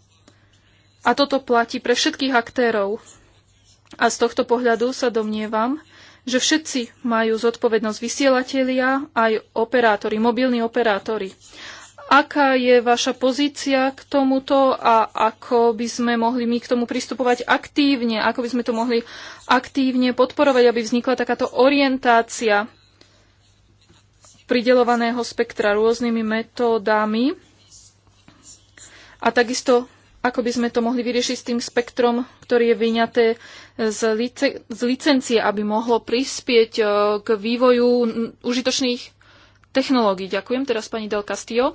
A toto platí pre všetkých aktérov. A z tohto pohľadu sa domnievam, že všetci majú zodpovednosť vysielatelia, aj operátori, mobilní operátori. Aká je vaša pozícia k tomuto a ako by sme mohli my k tomu pristupovať aktívne, ako by sme to mohli aktívne podporovať, aby vznikla takáto orientácia pridelovaného spektra rôznymi metódami a takisto ako by sme to mohli vyriešiť s tým spektrom, ktorý je vyňaté z, lice- z licencie, aby mohlo prispieť e, k vývoju užitočných technológií. Ďakujem teraz pani Del Castillo.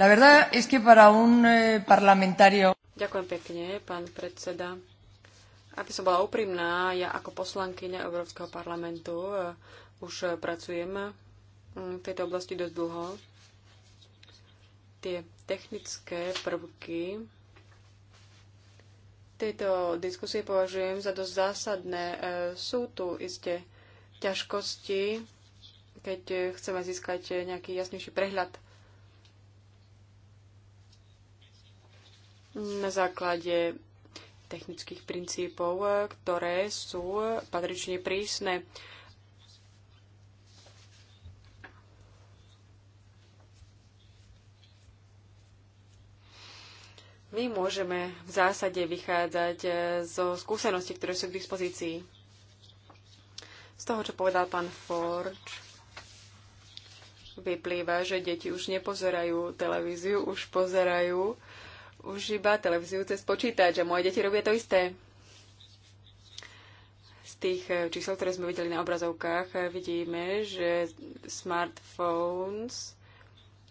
La verdad es que para un eh, parlamentario... Ďakujem pekne, pán predseda. Aby som bola úprimná, ja ako poslankyňa Európskeho parlamentu eh, už pracujem mm, v tejto oblasti dosť dlho. Tie technické prvky tieto diskusie považujem za dosť zásadné. E, sú tu isté ťažkosti, keď e, chceme získať e, nejaký jasnejší prehľad na základe technických princípov, ktoré sú patrične prísne. My môžeme v zásade vychádzať e, zo skúseností, ktoré sú k dispozícii. Z toho, čo povedal pán Forge, vyplýva, že deti už nepozerajú televíziu, už pozerajú už iba televíziu cez počítač a moje deti robia to isté. Z tých e, čísel, ktoré sme videli na obrazovkách, e, vidíme, že smartphones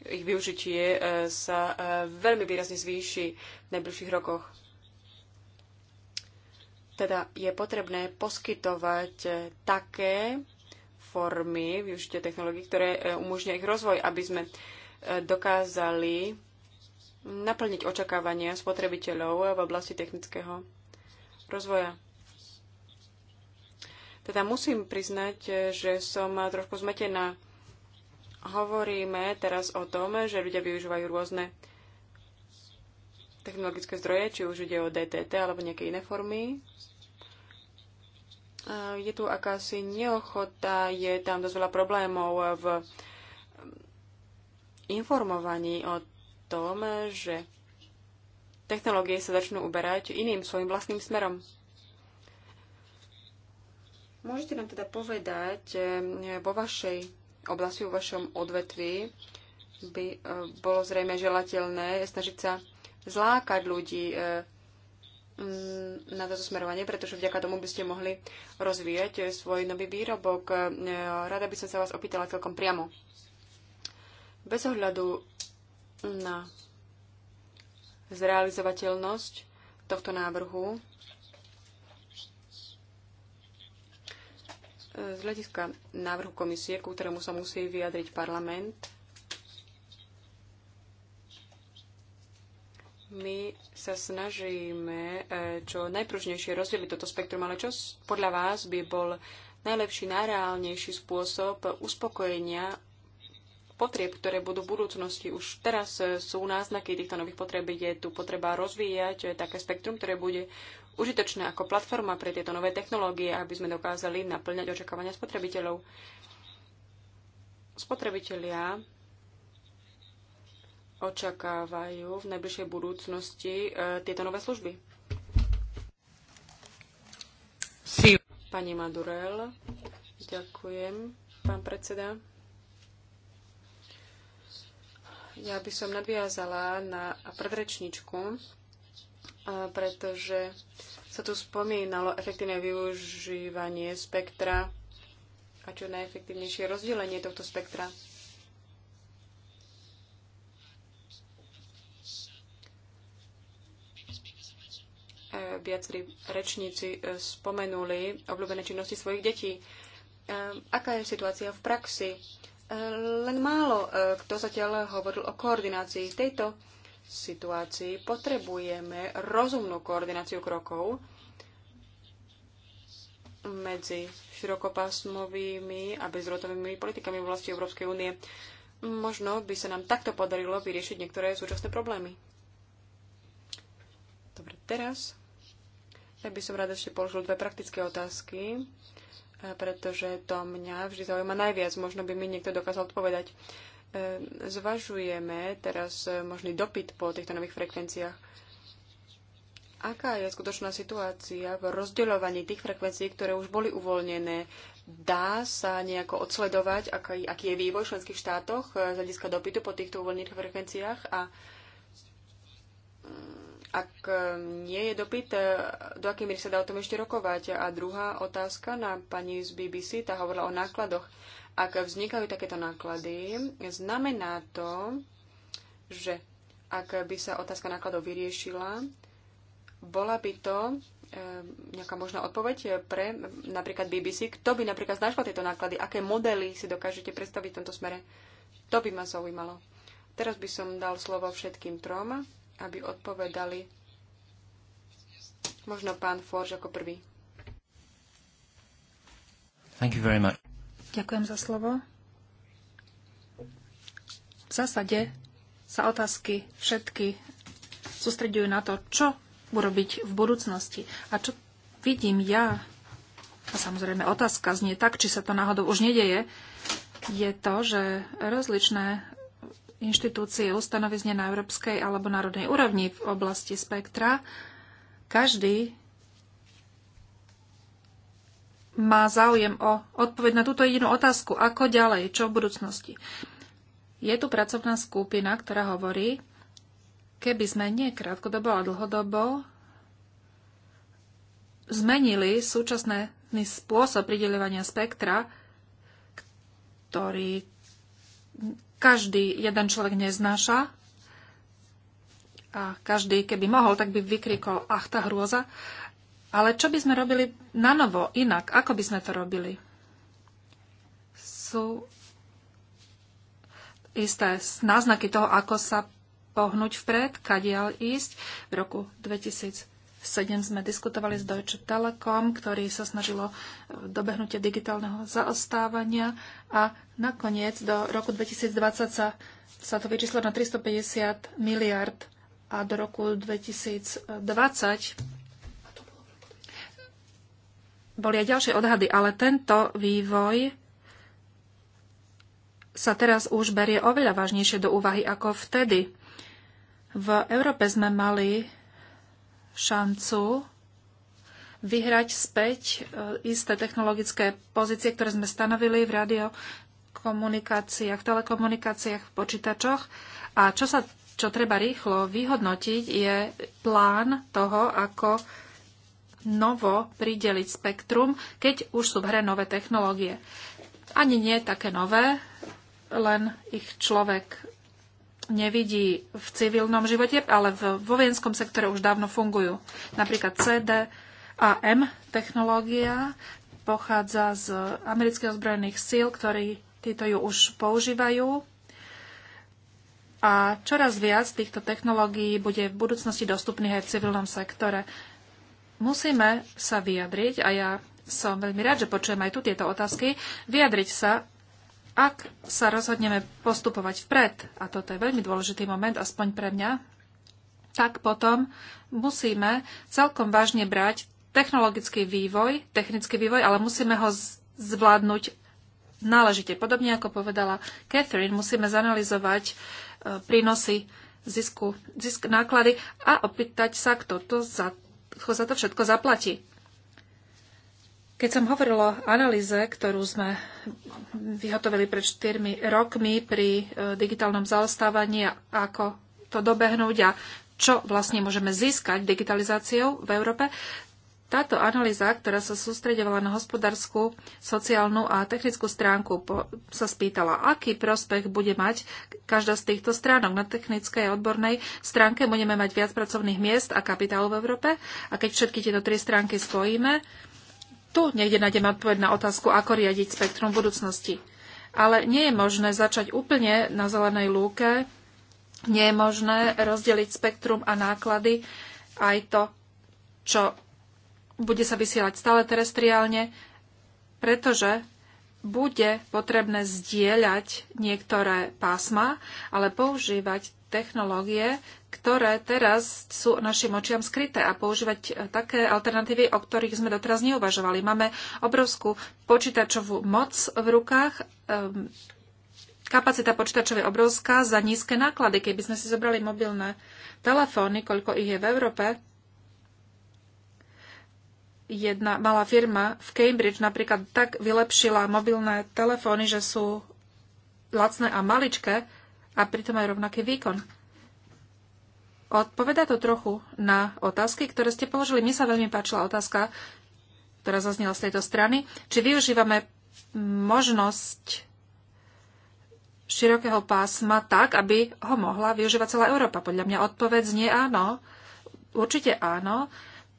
ich využitie e, sa e, veľmi výrazne zvýši v najbližších rokoch. Teda je potrebné poskytovať e, také formy využitia technológií, ktoré umožňujú ich rozvoj, aby sme dokázali naplniť očakávania spotrebiteľov v oblasti technického rozvoja. Teda musím priznať, že som trošku zmetená Hovoríme teraz o tom, že ľudia využívajú rôzne technologické zdroje, či už ide o DTT alebo nejaké iné formy. Je tu akási neochota, je tam dosť veľa problémov v informovaní o tom, že technológie sa začnú uberať iným svojim vlastným smerom. Môžete nám teda povedať eh, vo vašej oblasti, vo vašom odvetví, by e, bolo zrejme želateľné snažiť sa zlákať ľudí e, mm, na toto smerovanie, pretože vďaka tomu by ste mohli rozvíjať e, svoj nový výrobok. Rada by som sa vás opýtala celkom priamo. Bez ohľadu na zrealizovateľnosť tohto návrhu Z hľadiska návrhu komisie, ku ktorému sa musí vyjadriť parlament, my sa snažíme e, čo najpružnejšie rozdeliť toto spektrum, ale čo podľa vás by bol najlepší, najreálnejší spôsob uspokojenia potrieb, ktoré budú v budúcnosti. Už teraz e, sú náznaky týchto nových potreb. Je tu potreba rozvíjať e, také spektrum, ktoré bude užitočné ako platforma pre tieto nové technológie, aby sme dokázali naplňať očakávania spotrebiteľov. Spotrebitelia očakávajú v najbližšej budúcnosti e, tieto nové služby. Sí. Pani Madurel, ďakujem, pán predseda. Ja by som nadviazala na predrečničku pretože sa tu spomínalo efektívne využívanie spektra a čo najefektívnejšie rozdelenie tohto spektra. E, viacerí rečníci e, spomenuli obľúbené činnosti svojich detí. E, aká je situácia v praxi? Len málo kto zatiaľ hovoril o koordinácii. V tejto situácii potrebujeme rozumnú koordináciu krokov medzi širokopásmovými a bezrotovými politikami v oblasti Európskej únie. Možno by sa nám takto podarilo vyriešiť niektoré súčasné problémy. Dobre, teraz ja by som rada ešte položil dve praktické otázky, pretože to mňa vždy zaujíma najviac. Možno by mi niekto dokázal odpovedať. Ehm, zvažujeme teraz eh, možný dopyt po týchto nových frekvenciách. Aká je skutočná situácia v rozdeľovaní tých frekvencií, ktoré už boli uvoľnené? Dá sa nejako odsledovať, aký, aký je vývoj v členských štátoch eh, z hľadiska dopytu po týchto uvoľnených frekvenciách a mm, ak eh, nie je dopyt, do akej miery sa dá o tom ešte rokovať? A druhá otázka na pani z BBC, tá hovorila o nákladoch. Ak vznikajú takéto náklady, znamená to, že ak by sa otázka nákladov vyriešila, bola by to e, nejaká možná odpoveď pre napríklad BBC, kto by napríklad znašla tieto náklady, aké modely si dokážete predstaviť v tomto smere. To by ma zaujímalo. Teraz by som dal slovo všetkým trom, aby odpovedali možno pán Forge ako prvý. Thank you very much. Ďakujem za slovo. V zásade sa otázky všetky sústredujú na to, čo urobiť v budúcnosti. A čo vidím ja, a samozrejme otázka znie tak, či sa to náhodou už nedeje, je to, že rozličné inštitúcie ustanovizne na európskej alebo národnej úrovni v oblasti spektra, každý má záujem o odpoveď na túto jedinú otázku. Ako ďalej? Čo v budúcnosti? Je tu pracovná skupina, ktorá hovorí, keby sme nie krátkodobo a dlhodobo zmenili súčasný spôsob prideľovania spektra, ktorý každý jeden človek neznáša a každý, keby mohol, tak by vykrikol ach, tá hrôza. Ale čo by sme robili na novo, inak? Ako by sme to robili? Sú isté náznaky toho, ako sa pohnúť vpred, kadiaľ ísť. V roku 2007 sme diskutovali s Deutsche Telekom, ktorý sa snažilo e, dobehnutie digitálneho zaostávania a nakoniec do roku 2020 sa, sa to vyčíslo na 350 miliard a do roku 2020 boli aj ďalšie odhady, ale tento vývoj sa teraz už berie oveľa vážnejšie do úvahy ako vtedy. V Európe sme mali šancu vyhrať späť e, isté technologické pozície, ktoré sme stanovili v radiokomunikáciách, telekomunikáciách, v počítačoch. A čo, sa, čo treba rýchlo vyhodnotiť, je plán toho, ako novo prideliť spektrum, keď už sú v hre nové technológie. Ani nie také nové, len ich človek nevidí v civilnom živote, ale v vojenskom sektore už dávno fungujú. Napríklad CD a M technológia pochádza z amerických ozbrojených síl, ktorí títo ju už používajú. A čoraz viac týchto technológií bude v budúcnosti dostupných aj v civilnom sektore. Musíme sa vyjadriť, a ja som veľmi rád, že počujem aj tu tieto otázky, vyjadriť sa, ak sa rozhodneme postupovať vpred, a toto je veľmi dôležitý moment, aspoň pre mňa, tak potom musíme celkom vážne brať technologický vývoj, technický vývoj, ale musíme ho zvládnuť náležite. Podobne ako povedala Catherine, musíme zanalizovať e, prínosy, zisku, zisk, náklady a opýtať sa, kto to za sa to všetko zaplatí. Keď som hovorila o analýze, ktorú sme vyhotovili pred 4 rokmi pri e, digitálnom zaostávaní, ako to dobehnúť a čo vlastne môžeme získať digitalizáciou v Európe, táto analýza, ktorá sa sústredovala na hospodárskú, sociálnu a technickú stránku, po, sa spýtala, aký prospech bude mať každá z týchto stránok. Na technickej a odbornej stránke budeme mať viac pracovných miest a kapitálu v Európe. A keď všetky tieto tri stránky spojíme, tu niekde nájdeme odpoveď na otázku, ako riadiť spektrum budúcnosti. Ale nie je možné začať úplne na zelenej lúke, nie je možné rozdeliť spektrum a náklady aj to, čo bude sa vysielať stále terestriálne, pretože bude potrebné zdieľať niektoré pásma, ale používať technológie, ktoré teraz sú našim očiam skryté a používať e, také alternatívy, o ktorých sme doteraz neuvažovali. Máme obrovskú počítačovú moc v rukách. Ehm, kapacita počítačov je obrovská za nízke náklady. Keby sme si zobrali mobilné telefóny, koľko ich je v Európe, jedna malá firma v Cambridge napríklad tak vylepšila mobilné telefóny, že sú lacné a maličké a pritom aj rovnaký výkon. Odpoveda to trochu na otázky, ktoré ste položili. Mne sa veľmi páčila otázka, ktorá zaznela z tejto strany. Či využívame možnosť širokého pásma tak, aby ho mohla využívať celá Európa. Podľa mňa odpoveď znie áno. Určite áno.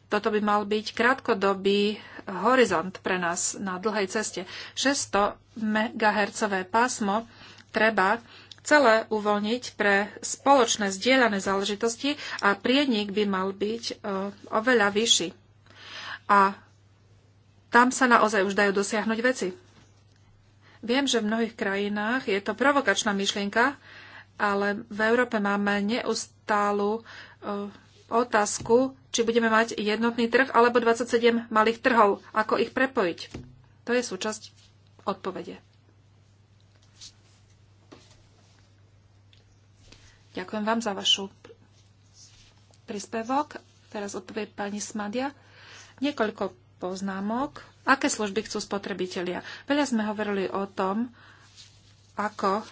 Toto by mal byť krátkodobý eh, horizont pre nás na dlhej ceste. 600 MHz pásmo treba celé uvoľniť pre spoločné zdieľané záležitosti a prienik by mal byť eh, oveľa vyšší. A tam sa naozaj už dajú dosiahnuť veci. Viem, že v mnohých krajinách je to provokačná myšlienka, ale v Európe máme neustálu eh, otázku či budeme mať jednotný trh alebo 27 malých trhov. Ako ich prepojiť? To je súčasť odpovede. Ďakujem vám za vašu príspevok. Teraz odpovie pani Smadia. Niekoľko poznámok. Aké služby chcú spotrebitelia? Veľa sme hovorili o tom, ako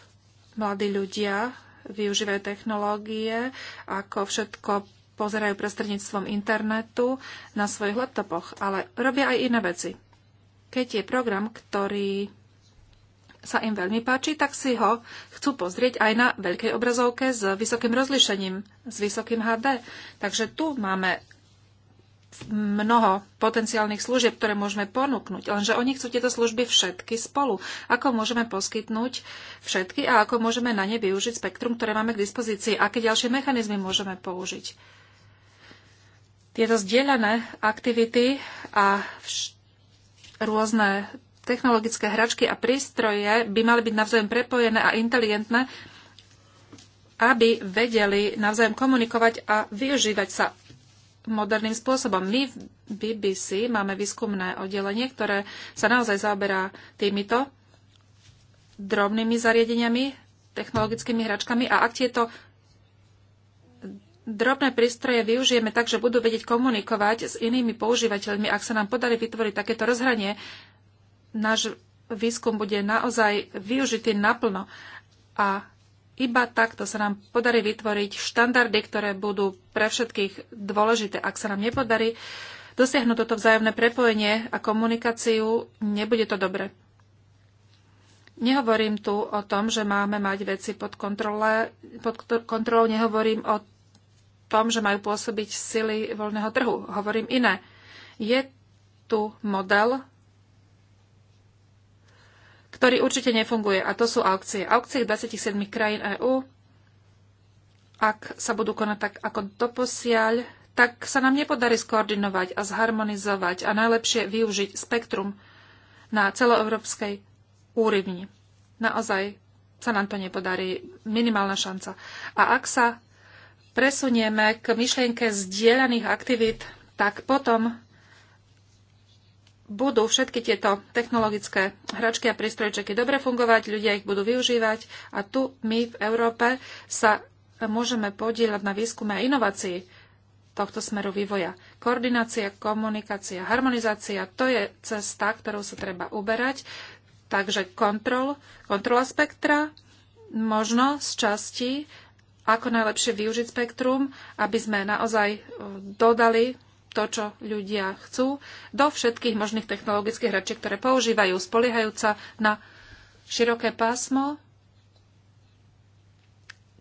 mladí ľudia využívajú technológie, ako všetko pozerajú prostredníctvom internetu na svojich laptopoch, ale robia aj iné veci. Keď je program, ktorý sa im veľmi páči, tak si ho chcú pozrieť aj na veľkej obrazovke s vysokým rozlišením, s vysokým HD. Takže tu máme mnoho potenciálnych služieb, ktoré môžeme ponúknuť. Lenže oni chcú tieto služby všetky spolu. Ako môžeme poskytnúť všetky a ako môžeme na ne využiť spektrum, ktoré máme k dispozícii? Aké ďalšie mechanizmy môžeme použiť? Tieto zdieľané aktivity a rôzne technologické hračky a prístroje by mali byť navzájom prepojené a inteligentné, aby vedeli navzájom komunikovať a využívať sa moderným spôsobom. My v BBC máme výskumné oddelenie, ktoré sa naozaj zaoberá týmito drobnými zariadeniami, technologickými hračkami a ak tieto drobné prístroje využijeme tak, že budú vedieť komunikovať s inými používateľmi, ak sa nám podarí vytvoriť takéto rozhranie, náš výskum bude naozaj využitý naplno. A iba takto sa nám podarí vytvoriť štandardy, ktoré budú pre všetkých dôležité. Ak sa nám nepodarí dosiahnuť toto vzájomné prepojenie a komunikáciu, nebude to dobre. Nehovorím tu o tom, že máme mať veci pod, kontrole, pod kontrolou, nehovorím o tom, že majú pôsobiť sily voľného trhu. Hovorím iné. Je tu model, ktorý určite nefunguje, a to sú aukcie. Aukcie 27 krajín EÚ, ak sa budú konať tak ako doposiaľ, tak sa nám nepodarí skoordinovať a zharmonizovať a najlepšie využiť spektrum na celoeurópskej úrovni. Naozaj sa nám to nepodarí, minimálna šanca. A ak sa presunieme k myšlienke zdieľaných aktivít, tak potom budú všetky tieto technologické hračky a prístrojčeky dobre fungovať, ľudia ich budú využívať a tu my v Európe sa môžeme podielať na výskume a inovácii tohto smeru vývoja. Koordinácia, komunikácia, harmonizácia, to je cesta, ktorou sa treba uberať. Takže kontrol, kontrola spektra, možno z časti ako najlepšie využiť spektrum, aby sme naozaj e, dodali to, čo ľudia chcú, do všetkých možných technologických hračiek, ktoré používajú, spoliehajúca na široké pásmo,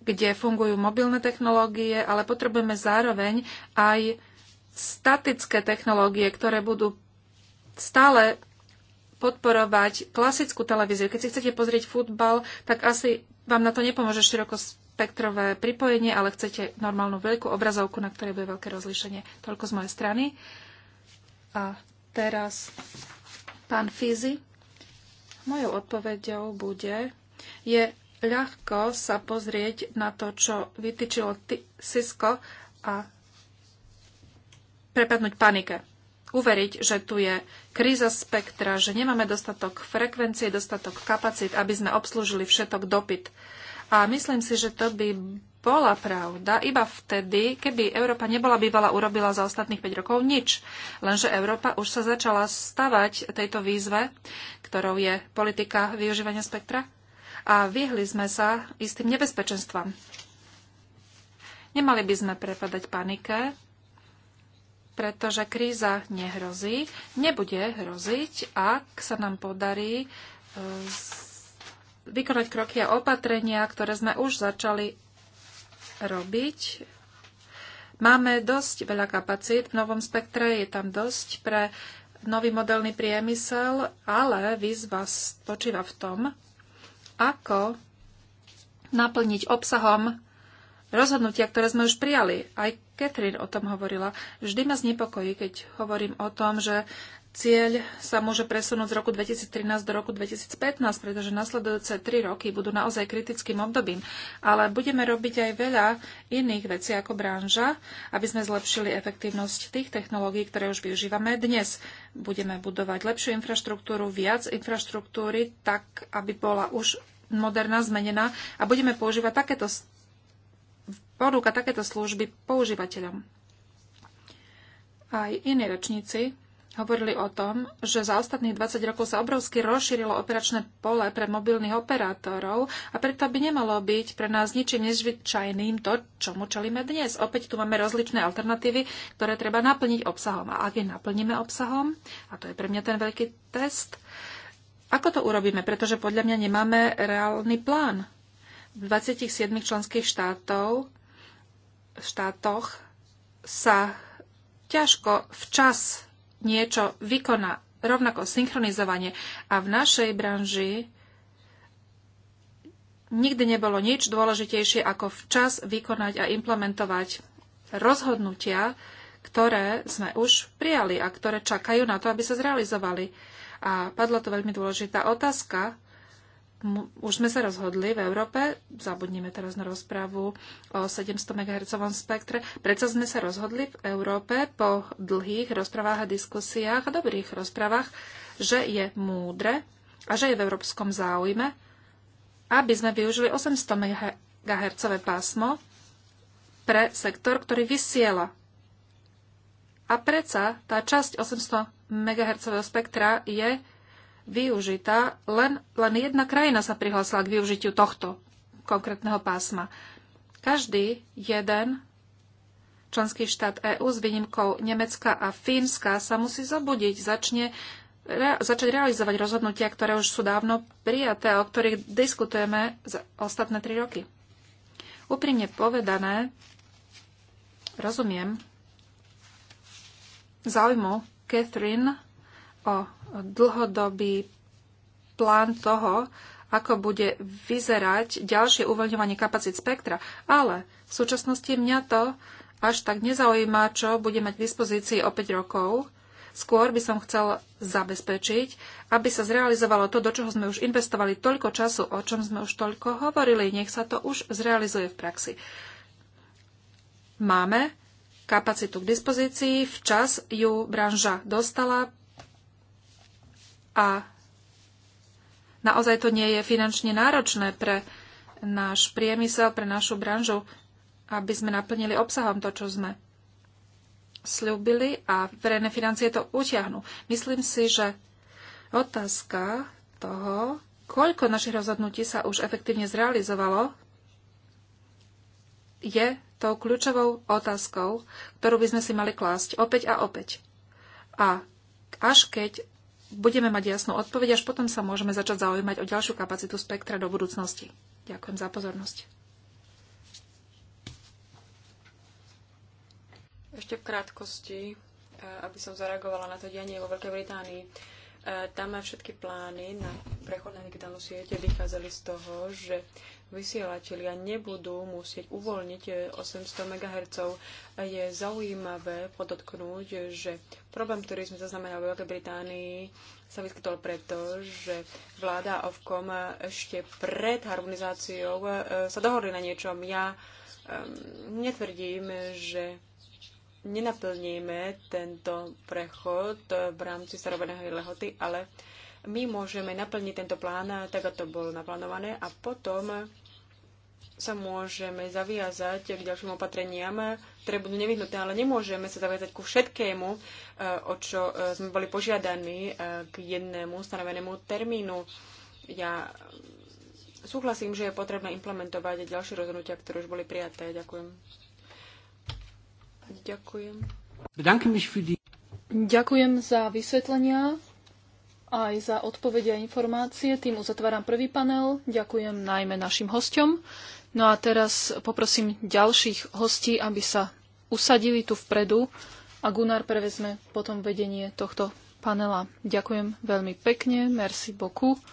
kde fungujú mobilné technológie, ale potrebujeme zároveň aj statické technológie, ktoré budú stále podporovať klasickú televíziu. Keď si chcete pozrieť futbal, tak asi vám na to nepomôže široko spektrové pripojenie, ale chcete normálnu veľkú obrazovku, na ktorej bude veľké rozlíšenie. Toľko z mojej strany. A teraz pán Fizi. Mojou odpoveďou bude, je ľahko sa pozrieť na to, čo vytýčilo Cisco a prepadnúť panike. Uveriť, že tu je kríza spektra, že nemáme dostatok frekvencie, dostatok kapacít, aby sme obslúžili všetok dopyt. A myslím si, že to by bola pravda iba vtedy, keby Európa nebola bývala urobila za ostatných 5 rokov nič. Lenže Európa už sa začala stavať tejto výzve, ktorou je politika využívania spektra a vyhli sme sa istým nebezpečenstvom. Nemali by sme prepadať panike, pretože kríza nehrozí, nebude hroziť, ak sa nám podarí e, vykonať kroky a opatrenia, ktoré sme už začali robiť. Máme dosť veľa kapacít v novom spektre, je tam dosť pre nový modelný priemysel, ale výzva spočíva v tom, ako naplniť obsahom rozhodnutia, ktoré sme už prijali. Aj Catherine o tom hovorila. Vždy ma znepokojí, keď hovorím o tom, že cieľ sa môže presunúť z roku 2013 do roku 2015, pretože nasledujúce tri roky budú naozaj kritickým obdobím. Ale budeme robiť aj veľa iných vecí ako branža, aby sme zlepšili efektívnosť tých technológií, ktoré už využívame dnes. Budeme budovať lepšiu infraštruktúru, viac infraštruktúry, tak aby bola už moderná, zmenená a budeme používať takéto ponúka takéto služby používateľom. Aj iní rečníci hovorili o tom, že za ostatných 20 rokov sa obrovsky rozšírilo operačné pole pre mobilných operátorov a preto by nemalo byť pre nás ničím nezvyčajným to, čomu čelíme dnes. Opäť tu máme rozličné alternatívy, ktoré treba naplniť obsahom. A ak je naplníme obsahom, a to je pre mňa ten veľký test, ako to urobíme? Pretože podľa mňa nemáme reálny plán. V 27 členských štátov, štátoch sa ťažko včas niečo vykoná rovnako synchronizovanie. A v našej branži nikdy nebolo nič dôležitejšie, ako včas vykonať a implementovať rozhodnutia, ktoré sme už prijali a ktoré čakajú na to, aby sa zrealizovali. A padla tu veľmi dôležitá otázka, už sme sa rozhodli v Európe, zabudneme teraz na rozprávu o 700 MHz spektre, prečo sme sa rozhodli v Európe po dlhých rozprávach a diskusiách a dobrých rozprávach, že je múdre a že je v európskom záujme, aby sme využili 800 MHz pásmo pre sektor, ktorý vysiela. A predsa tá časť 800 MHz spektra je využitá. Len, len jedna krajina sa prihlásila k využitiu tohto konkrétneho pásma. Každý jeden členský štát EÚ s výnimkou Nemecka a Fínska sa musí zobudiť, začne rea- začať realizovať rozhodnutia, ktoré už sú dávno prijaté a o ktorých diskutujeme za ostatné tri roky. Úprimne povedané, rozumiem záujmu Catherine o dlhodobý plán toho, ako bude vyzerať ďalšie uvoľňovanie kapacít spektra. Ale v súčasnosti mňa to až tak nezaujíma, čo bude mať k dispozícii o 5 rokov. Skôr by som chcel zabezpečiť, aby sa zrealizovalo to, do čoho sme už investovali toľko času, o čom sme už toľko hovorili. Nech sa to už zrealizuje v praxi. Máme kapacitu k dispozícii, včas ju branža dostala, a naozaj to nie je finančne náročné pre náš priemysel, pre našu branžu, aby sme naplnili obsahom to, čo sme slúbili a verejné financie to utiahnu. Myslím si, že otázka toho, koľko našich rozhodnutí sa už efektívne zrealizovalo, je tou kľúčovou otázkou, ktorú by sme si mali klásť opäť a opäť. A až keď budeme mať jasnú odpoveď, až potom sa môžeme začať zaujímať o ďalšiu kapacitu spektra do budúcnosti. Ďakujem za pozornosť. Ešte v krátkosti, e, aby som zareagovala na to dianie vo Veľkej Británii. E, tam všetky plány na prechod na digitálnu siete vychádzali z toho, že vysielatelia nebudú musieť uvoľniť 800 e, MHz. Je zaujímavé podotknúť, že problém, ktorý sme zaznamenali v Veľkej Británii, sa vyskytol preto, že vláda Ovkom ešte pred harmonizáciou e, sa dohodli na niečom. Ja netvrdím, že nenaplníme tento prechod v rámci starobeného lehoty, ale uh, my môžeme naplniť tento plán, tak ako to bolo naplánované, a potom sa môžeme zaviazať k ďalším opatreniam, ktoré budú nevyhnutné, ale nemôžeme sa zaviazať ku všetkému, e, o čo e, sme boli požiadaní e, k jednému stanovenému termínu. Ja súhlasím, že je potrebné implementovať ďalšie rozhodnutia, ktoré už boli prijaté. Ďakujem. Ďakujem. Ďakujem za vysvetlenia aj za odpovede a informácie. Tým uzatváram prvý panel. Ďakujem najmä našim hostom. No a teraz poprosím ďalších hostí, aby sa usadili tu vpredu a Gunnar prevezme potom vedenie tohto panela. Ďakujem veľmi pekne. Merci beaucoup.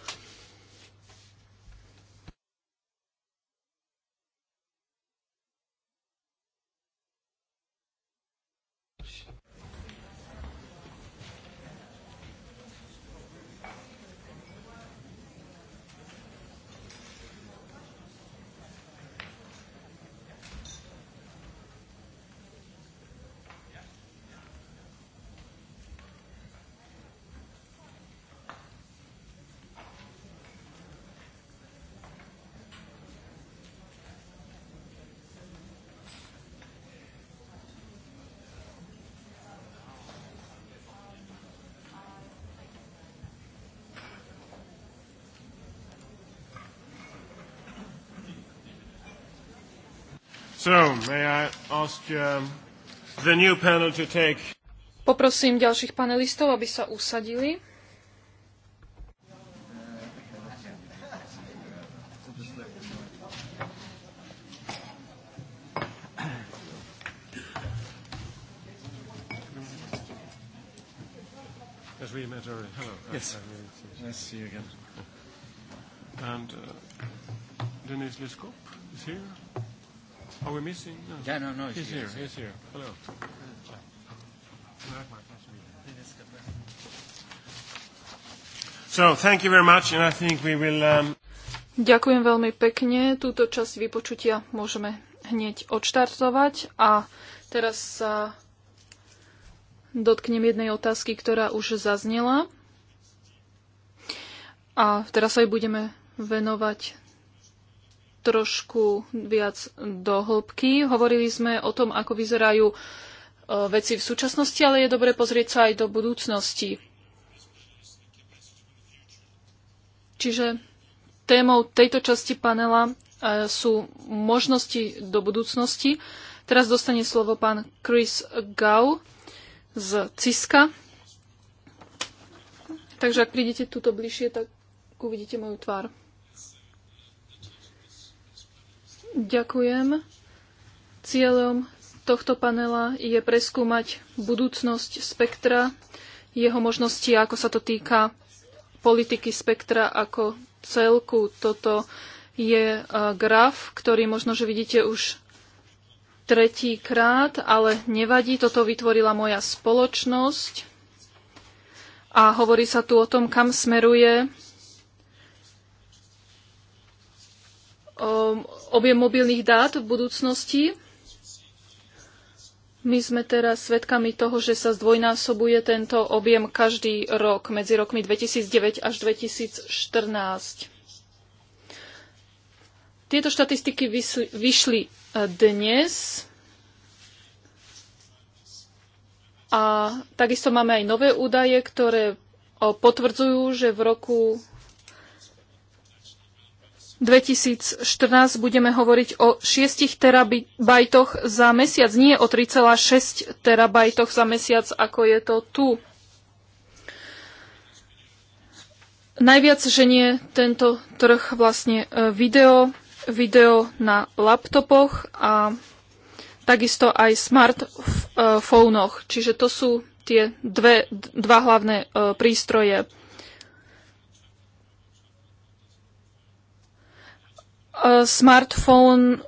So, may I ask um, the new panel to take... Poprosím ďalších panelistov, aby sa usadili. As we met already. Hello. Uh, yes. Uh, nice to see you again. And uh, Denise Liskop is here. Are we missing? No. Yeah, no, no. He's, he's here. here. He's here. Hello. So, thank you very much, and I think we will. Um... Ďakujem veľmi pekne. Túto časť vypočutia môžeme hneď odštartovať a teraz sa dotknem jednej otázky, ktorá už zaznela. A teraz sa aj budeme venovať trošku viac do hĺbky. Hovorili sme o tom, ako vyzerajú e, veci v súčasnosti, ale je dobre pozrieť sa aj do budúcnosti. Čiže témou tejto časti panela e, sú možnosti do budúcnosti. Teraz dostane slovo pán Chris Gau z CISKA. Takže ak prídete túto bližšie, tak uvidíte moju tvár. Ďakujem. Cieľom tohto panela je preskúmať budúcnosť spektra, jeho možnosti, ako sa to týka politiky spektra ako celku. Toto je e, graf, ktorý možno, že vidíte už tretí krát, ale nevadí, toto vytvorila moja spoločnosť. A hovorí sa tu o tom, kam smeruje objem mobilných dát v budúcnosti. My sme teraz svedkami toho, že sa zdvojnásobuje tento objem každý rok medzi rokmi 2009 až 2014. Tieto štatistiky vyšli e, dnes a takisto máme aj nové údaje, ktoré potvrdzujú, že v roku 2014 budeme hovoriť o 6 terabajtoch za mesiac, nie o 3,6 terabajtoch za mesiac, ako je to tu. Najviac ženie tento trh vlastne e, video, video na laptopoch a takisto aj smartfónoch. E, Čiže to sú tie dve, dva hlavné e, prístroje smartfón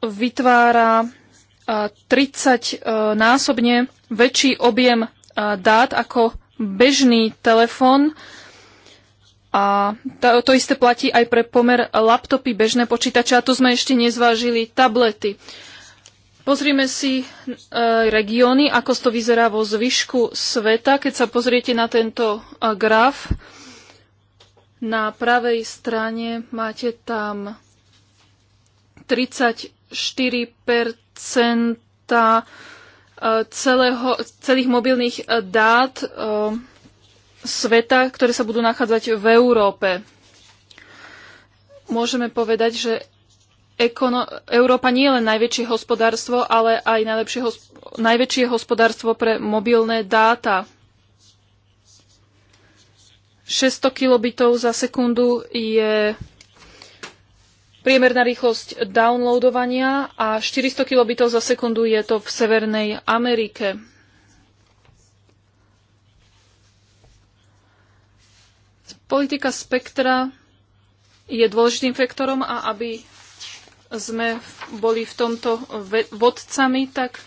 vytvára 30 e, násobne väčší objem dát ako bežný telefón. A to, to isté platí aj pre pomer laptopy, bežné počítače, a tu sme ešte nezvážili tablety. Pozrime si e, regióny, ako to vyzerá vo zvyšku sveta. Keď sa pozriete na tento e, graf, na pravej strane máte tam 34 e, celého, celých mobilných e, dát e, sveta, ktoré sa budú nachádzať v Európe. Môžeme povedať, že Ekono- Európa nie je len najväčšie hospodárstvo, ale aj najlepšie hosp- najväčšie hospodárstvo pre mobilné dáta. 600 kilobitov za sekundu je priemerná rýchlosť downloadovania a 400 kilobitov za sekundu je to v Severnej Amerike. Politika spektra je dôležitým faktorom a aby sme boli v tomto vodcami, tak e,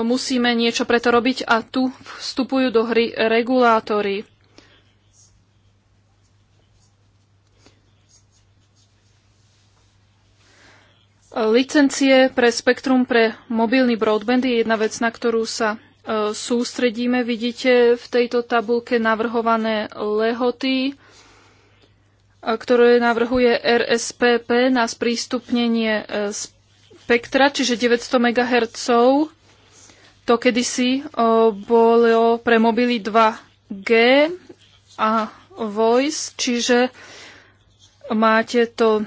musíme niečo preto robiť a tu vstupujú do hry regulátory. Licencie pre spektrum pre mobilný broadband je jedna vec, na ktorú sa e, sústredíme. Vidíte v tejto tabulke navrhované lehoty, e, ktoré navrhuje RSPP na sprístupnenie e, spektra, čiže 900 MHz. To kedysi bolo pre mobily 2G a Voice, čiže máte to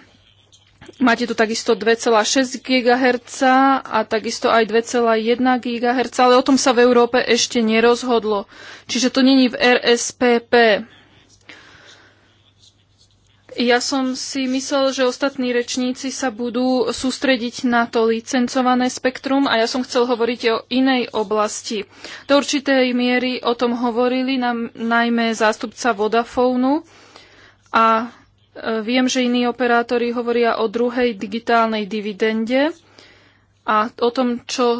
Máte tu takisto 2,6 GHz a takisto aj 2,1 GHz, ale o tom sa v Európe ešte nerozhodlo. Čiže to není v RSPP. Ja som si myslel, že ostatní rečníci sa budú sústrediť na to licencované spektrum a ja som chcel hovoriť o inej oblasti. Do určitej miery o tom hovorili nám najmä zástupca Vodafónu a E, viem, že iní operátori hovoria o druhej digitálnej dividende a o tom, čo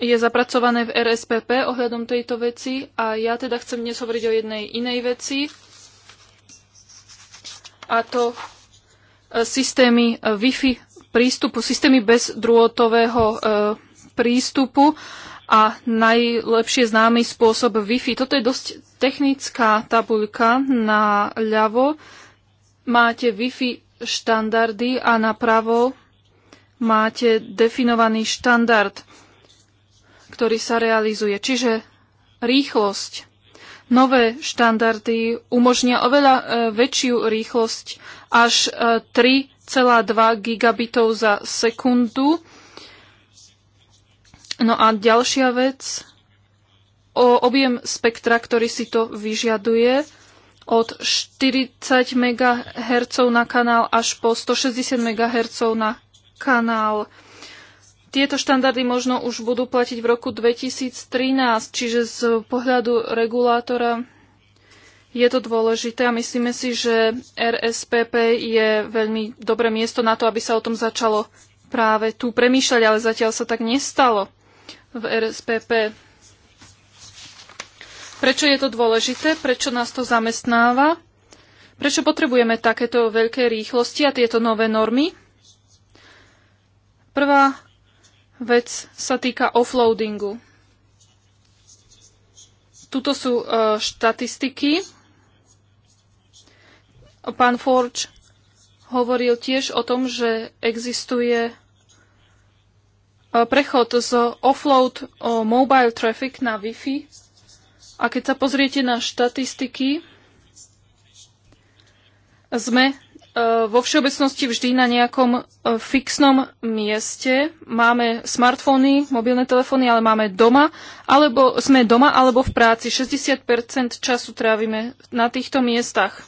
je zapracované v RSPP ohľadom tejto veci a ja teda chcem dnes hovoriť o jednej inej veci a to e, systémy e, Wi-Fi prístupu, systémy bezdrôtového prístupu a najlepšie známy spôsob Wi-Fi. Toto je dosť technická tabuľka na ľavo máte Wi-Fi štandardy a napravo máte definovaný štandard, ktorý sa realizuje, čiže rýchlosť. Nové štandardy umožnia oveľa e, väčšiu rýchlosť až 3,2 e, gigabitov za sekundu. No a ďalšia vec, o objem spektra, ktorý si to vyžaduje od 40 MHz na kanál až po 160 MHz na kanál. Tieto štandardy možno už budú platiť v roku 2013, čiže z pohľadu regulátora je to dôležité a myslíme si, že RSPP je veľmi dobré miesto na to, aby sa o tom začalo práve tu premýšľať, ale zatiaľ sa tak nestalo v RSPP. Prečo je to dôležité? Prečo nás to zamestnáva? Prečo potrebujeme takéto veľké rýchlosti a tieto nové normy? Prvá vec sa týka offloadingu. Tuto sú uh, štatistiky. Pán Forge hovoril tiež o tom, že existuje e, prechod z offload mobile traffic na Wi-Fi a keď sa pozriete na štatistiky, sme e, vo všeobecnosti vždy na nejakom e, fixnom mieste. Máme smartfóny, mobilné telefóny, ale máme doma, alebo sme doma, alebo v práci. 60% času trávime na týchto miestach.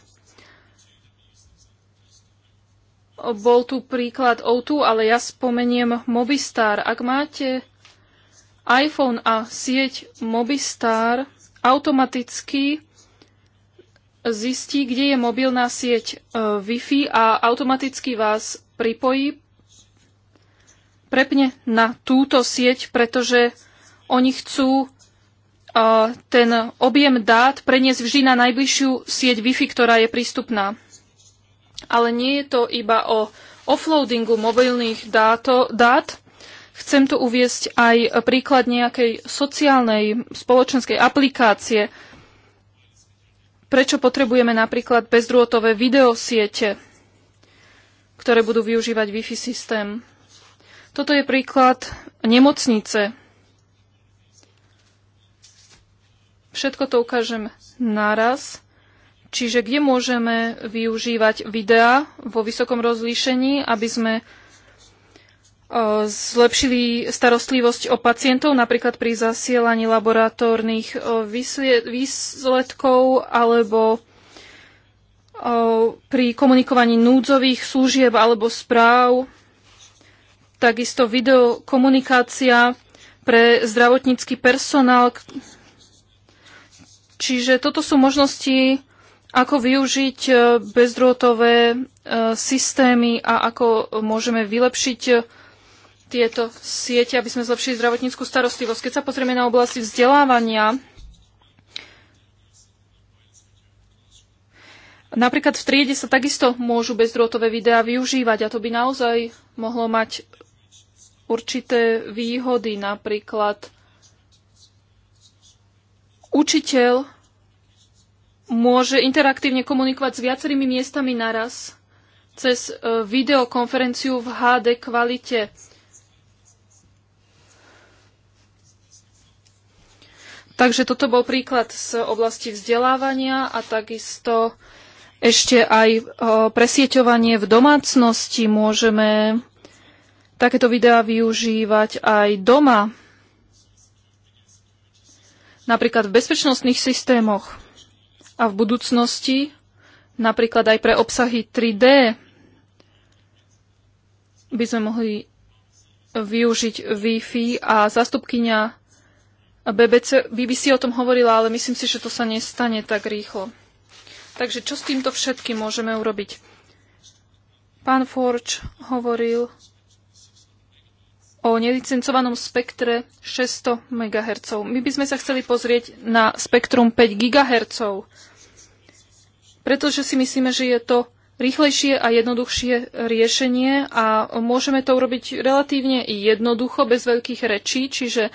Bol tu príklad O2, ale ja spomeniem Mobistar. Ak máte iPhone a sieť Mobistar, automaticky zistí, kde je mobilná sieť e, Wi-Fi a automaticky vás pripojí, prepne na túto sieť, pretože oni chcú e, ten objem dát preniesť vždy na najbližšiu sieť Wi-Fi, ktorá je prístupná. Ale nie je to iba o offloadingu mobilných dát, Chcem tu uviesť aj príklad nejakej sociálnej spoločenskej aplikácie. Prečo potrebujeme napríklad bezdrôtové videosiete, ktoré budú využívať Wi-Fi systém? Toto je príklad nemocnice. Všetko to ukážem naraz. Čiže kde môžeme využívať videá vo vysokom rozlíšení, aby sme zlepšili starostlivosť o pacientov, napríklad pri zasielaní laboratórnych výsledkov alebo pri komunikovaní núdzových služieb alebo správ, takisto videokomunikácia pre zdravotnícky personál. Čiže toto sú možnosti, ako využiť e, bezdrôtové e, systémy a ako môžeme vylepšiť tieto siete, aby sme zlepšili zdravotníckú starostlivosť. Keď sa pozrieme na oblasti vzdelávania, Napríklad v triede sa takisto môžu bezdrôtové videá využívať a to by naozaj mohlo mať určité výhody. Napríklad učiteľ môže interaktívne komunikovať s viacerými miestami naraz cez e, videokonferenciu v HD kvalite. Takže toto bol príklad z oblasti vzdelávania a takisto ešte aj presieťovanie v domácnosti môžeme takéto videá využívať aj doma. Napríklad v bezpečnostných systémoch a v budúcnosti napríklad aj pre obsahy 3D by sme mohli využiť Wi-Fi a zastupkynia BBC, BBC o tom hovorila, ale myslím si, že to sa nestane tak rýchlo. Takže čo s týmto všetkým môžeme urobiť? Pán Forge hovoril o nelicencovanom spektre 600 MHz. My by sme sa chceli pozrieť na spektrum 5 GHz, pretože si myslíme, že je to rýchlejšie a jednoduchšie riešenie a môžeme to urobiť relatívne jednoducho, bez veľkých rečí, čiže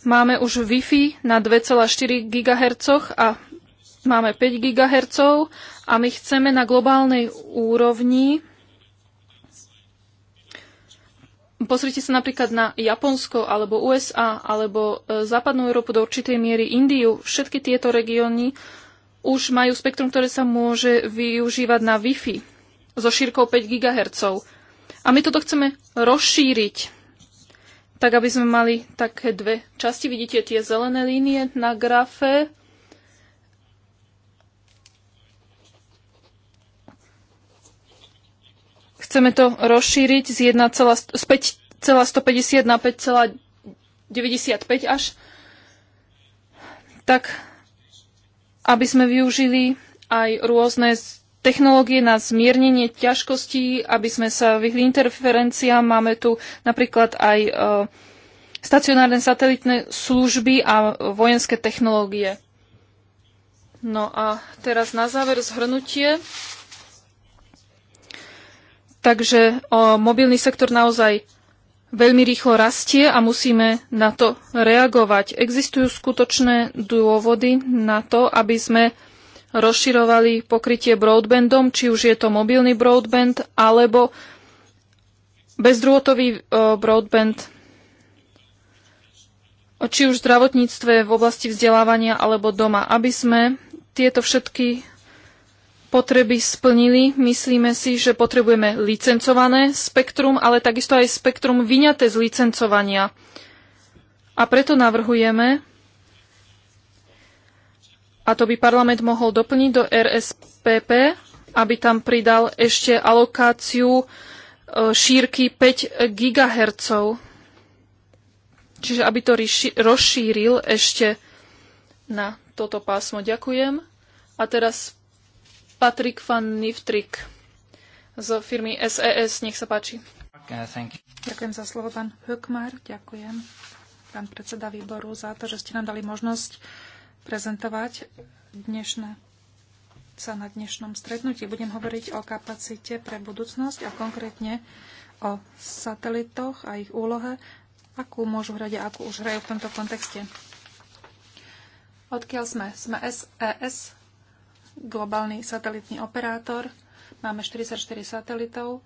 Máme už Wi-Fi na 2,4 GHz a máme 5 GHz a my chceme na globálnej úrovni Pozrite sa napríklad na Japonsko alebo USA alebo e, západnú Európu do určitej miery Indiu. Všetky tieto regióny už majú spektrum, ktoré sa môže využívať na Wi-Fi so šírkou 5 GHz. A my toto chceme rozšíriť tak aby sme mali také dve časti. Vidíte tie zelené línie na grafe. Chceme to rozšíriť z 1,150 na 5,95 až, tak aby sme využili aj rôzne technológie na zmiernenie ťažkostí, aby sme sa vyhli interferenciám. Máme tu napríklad aj e, stacionárne satelitné služby a vojenské technológie. No a teraz na záver zhrnutie. Takže o, e, mobilný sektor naozaj veľmi rýchlo rastie a musíme na to reagovať. Existujú skutočné dôvody na to, aby sme rozširovali pokrytie broadbandom, či už je to mobilný broadband alebo bezdrôtový e, broadband, či už v zdravotníctve, v oblasti vzdelávania alebo doma. Aby sme tieto všetky potreby splnili, myslíme si, že potrebujeme licencované spektrum, ale takisto aj spektrum vyňaté z licencovania. A preto navrhujeme, a to by parlament mohol doplniť do RSPP, aby tam pridal ešte alokáciu e, šírky 5 GHz. Čiže aby to rozšíril ešte na toto pásmo. Ďakujem. A teraz Patrik van Niftrik z firmy SES. E Nech sa páči. Ďakujem za slovo, pán Hökmar. Ďakujem, pán predseda výboru, za to, že ste nám dali možnosť prezentovať dnešné sa na dnešnom stretnutí. Budem hovoriť o kapacite pre budúcnosť a konkrétne o satelitoch a ich úlohe, akú môžu hrať a akú už hrajú v tomto kontexte. Odkiaľ sme? Sme SES, e globálny satelitný operátor. Máme 44 satelitov,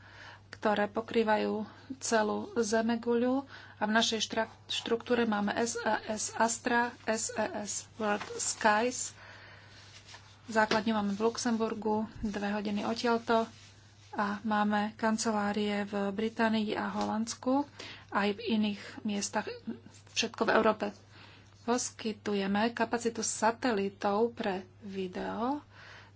ktoré pokrývajú celú zemeguľu a v našej štruktúre máme SES e Astra, SES e World Skies. Základňu máme v Luxemburgu, dve hodiny odtiaľto a máme kancelárie v Británii a Holandsku aj v iných miestach, všetko v Európe. Poskytujeme kapacitu satelitov pre video,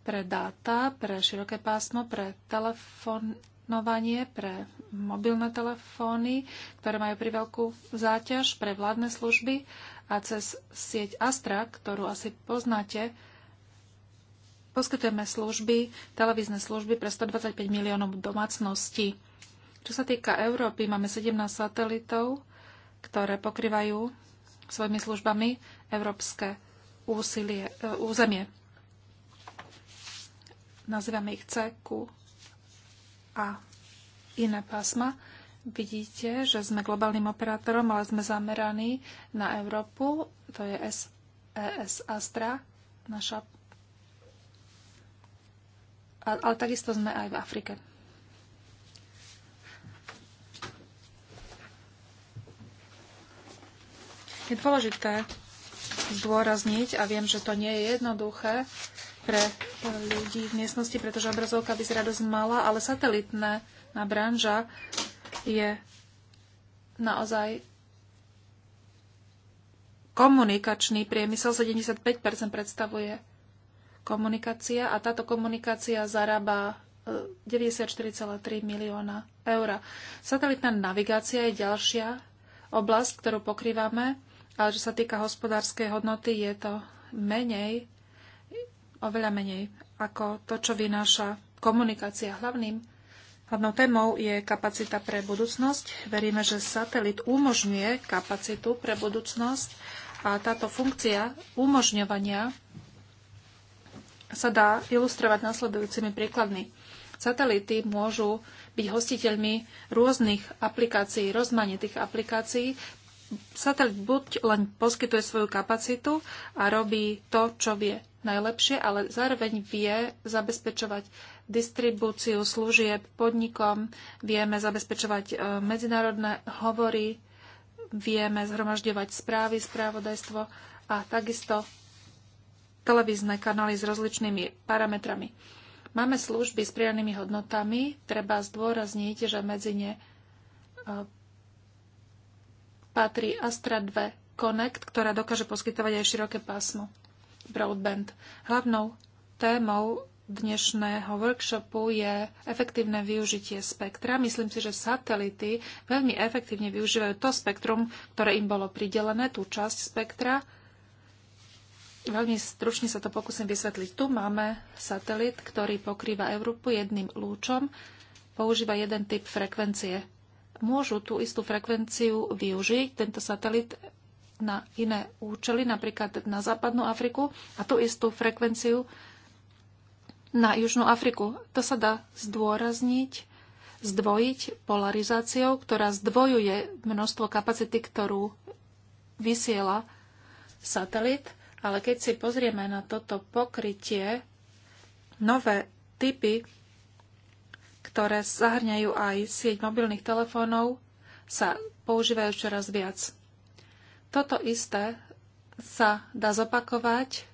pre dáta, pre široké pásmo, pre telefón, Novanie pre mobilné telefóny, ktoré majú veľkú záťaž pre vládne služby a cez sieť Astra, ktorú asi poznáte, poskytujeme služby, televízne služby pre 125 miliónov domácností. Čo sa týka Európy, máme 17 satelitov, ktoré pokrývajú svojimi službami európske úsilie, e, územie. Nazývame ich CQ a iné pásma. Vidíte, že sme globálnym operátorom, ale sme zameraní na Európu. To je ES e Astra, naša ale takisto sme aj v Afrike. Je dôležité zdôrazniť, a viem, že to nie je jednoduché, pre e, ľudí v miestnosti, pretože obrazovka vyzerá dosť malá, ale satelitná na branža je naozaj komunikačný priemysel. 75% predstavuje komunikácia a táto komunikácia zarába 94,3 e, milióna eur. Satelitná navigácia je ďalšia oblasť, ktorú pokrývame, ale čo sa týka hospodárskej hodnoty, je to menej oveľa menej ako to, čo vynáša komunikácia. Hlavným, hlavnou témou je kapacita pre budúcnosť. Veríme, že satelit umožňuje kapacitu pre budúcnosť a táto funkcia umožňovania sa dá ilustrovať nasledujúcimi príkladmi. Satelity môžu byť hostiteľmi rôznych aplikácií, rozmanitých aplikácií. Satelit buď len poskytuje svoju kapacitu a robí to, čo vie najlepšie, ale zároveň vie zabezpečovať distribúciu služieb podnikom, vieme zabezpečovať e, medzinárodné hovory, vieme zhromažďovať správy, správodajstvo a takisto televízne kanály s rozličnými parametrami. Máme služby s prianými hodnotami. Treba zdôrazniť, že medzi ne e, patrí Astra 2 Connect, ktorá dokáže poskytovať aj široké pásmo broadband. Hlavnou témou dnešného workshopu je efektívne využitie spektra. Myslím si, že satelity veľmi efektívne využívajú to spektrum, ktoré im bolo pridelené, tú časť spektra. Veľmi stručne sa to pokúsim vysvetliť. Tu máme satelit, ktorý pokrýva Európu jedným lúčom, používa jeden typ frekvencie. Môžu tú istú frekvenciu využiť tento satelit na iné účely, napríklad na západnú Afriku a tú istú frekvenciu na Južnú Afriku. To sa dá zdôrazniť, zdvojiť polarizáciou, ktorá zdvojuje množstvo kapacity, ktorú vysiela satelit. Ale keď si pozrieme na toto pokrytie, nové typy, ktoré zahrňajú aj sieť mobilných telefónov, sa používajú čoraz viac. Toto isté sa dá zopakovať,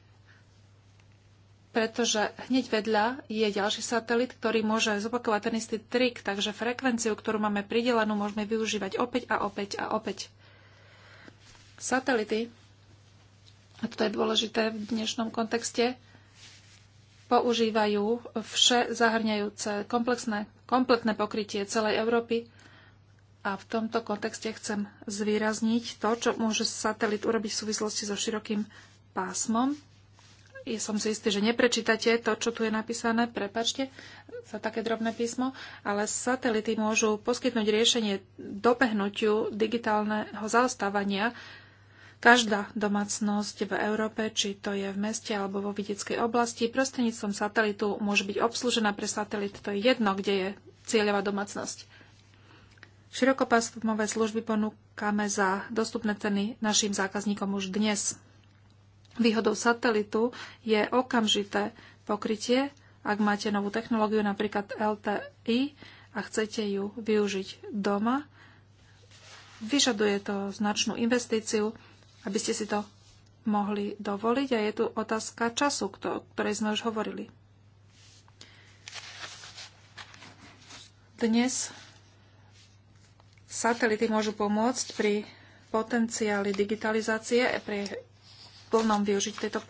pretože hneď vedľa je ďalší satelit, ktorý môže zopakovať ten istý trik, takže frekvenciu, ktorú máme pridelenú, môžeme využívať opäť a opäť a opäť. Satelity, a to je dôležité v dnešnom kontexte, používajú vše zahrňajúce komplexné, kompletné pokrytie celej Európy a v tomto kontexte chcem zvýrazniť to, čo môže satelit urobiť v súvislosti so širokým pásmom. Ja som si istý, že neprečítate to, čo tu je napísané, prepačte za také drobné písmo, ale satelity môžu poskytnúť riešenie dobehnutiu digitálneho zaostávania. Každá domácnosť v Európe, či to je v meste alebo vo vidieckej oblasti, prostredníctvom satelitu môže byť obslužená pre satelit. To je jedno, kde je cieľová domácnosť. Širokopásmové služby ponúkame za dostupné ceny našim zákazníkom už dnes. Výhodou satelitu je okamžité pokrytie, ak máte novú technológiu, napríklad LTI, a chcete ju využiť doma. Vyžaduje to značnú investíciu, aby ste si to mohli dovoliť a je tu otázka času, o ktorej sme už hovorili. Dnes Satelity môžu pomôcť pri potenciáli digitalizácie a pri plnom využiť tejto,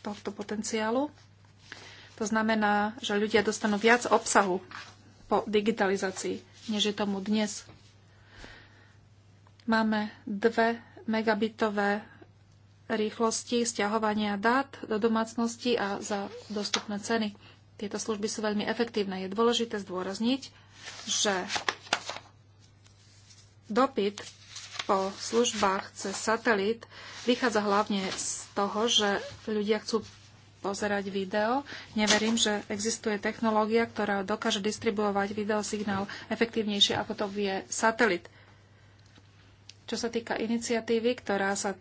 tohto potenciálu. To znamená, že ľudia dostanú viac obsahu po digitalizácii, než je tomu dnes. Máme dve megabitové rýchlosti stiahovania dát do domácnosti a za dostupné ceny. Tieto služby sú veľmi efektívne. Je dôležité zdôrazniť, že Dopyt po službách cez satelit vychádza hlavne z toho, že ľudia chcú pozerať video. Neverím, že existuje technológia, ktorá dokáže distribuovať videosignál efektívnejšie, ako to vie satelit. Čo sa týka iniciatívy, ktorá sa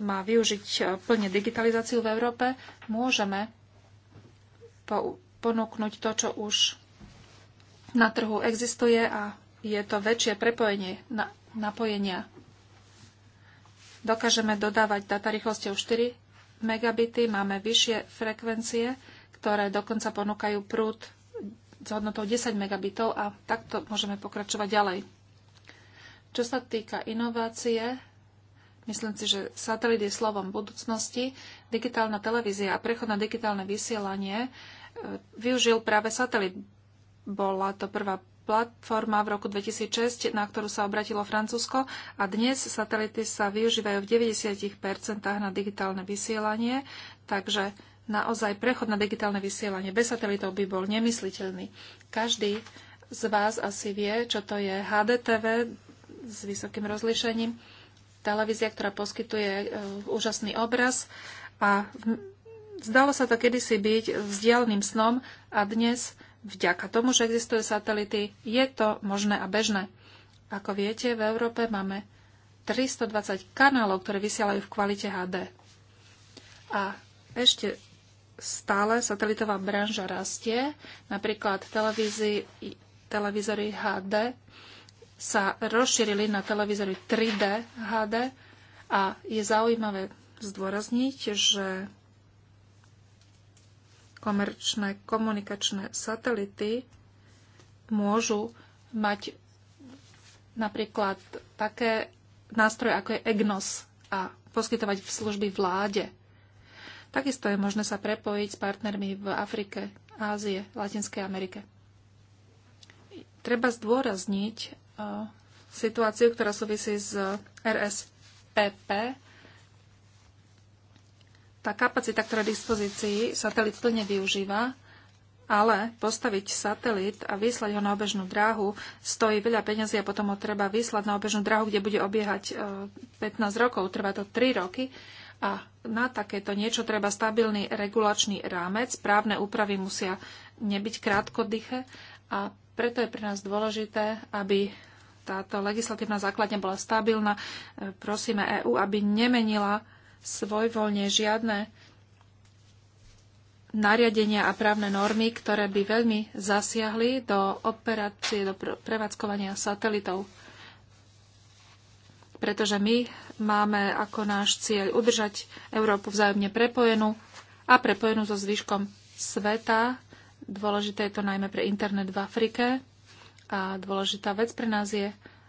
má využiť e, plne digitalizáciu v Európe, môžeme ponúknuť to, čo už na trhu existuje a je to väčšie prepojenie, na, napojenia. Dokážeme dodávať data rýchlosťou 4 megabity, máme vyššie frekvencie, ktoré dokonca ponúkajú prúd s hodnotou 10 megabitov a takto môžeme pokračovať ďalej. Čo sa týka inovácie, myslím si, že satelit je slovom budúcnosti. Digitálna televízia a prechod na digitálne vysielanie e, využil práve satelit. Bola to prvá platforma v roku 2006, na ktorú sa obratilo Francúzsko a dnes satelity sa využívajú v 90% na digitálne vysielanie, takže naozaj prechod na digitálne vysielanie bez satelitov by bol nemysliteľný. Každý z vás asi vie, čo to je HDTV s vysokým rozlíšením, televízia, ktorá poskytuje e, úžasný obraz a v, zdalo sa to kedysi byť vzdialeným snom a dnes vďaka tomu, že existujú satelity, je to možné a bežné. Ako viete, v Európe máme 320 kanálov, ktoré vysielajú v kvalite HD. A ešte stále satelitová branža rastie. Napríklad televízory HD sa rozšírili na televízory 3D HD a je zaujímavé zdôrazniť, že komerčné komunikačné satelity môžu mať napríklad také nástroje, ako je EGNOS a poskytovať v služby vláde. Takisto je možné sa prepojiť s partnermi v Afrike, Ázie, Latinskej Amerike. Treba zdôrazniť eh, situáciu, ktorá súvisí s RSPP, tá kapacita, ktorá je v dispozícii, satelit plne využíva, ale postaviť satelit a vyslať ho na obežnú dráhu stojí veľa peňazí a potom ho treba vyslať na obežnú dráhu, kde bude obiehať 15 e, rokov, trvá to 3 roky. A na takéto niečo treba stabilný regulačný rámec, právne úpravy musia nebyť krátkodyché a preto je pre nás dôležité, aby táto legislatívna základňa bola stabilná. E, prosíme EÚ, aby nemenila svojvoľne žiadne nariadenia a právne normy, ktoré by veľmi zasiahli do operácie, do prevádzkovania satelitov. Pretože my máme ako náš cieľ udržať Európu vzájomne prepojenú a prepojenú so zvyškom sveta. Dôležité je to najmä pre internet v Afrike. A dôležitá vec pre nás je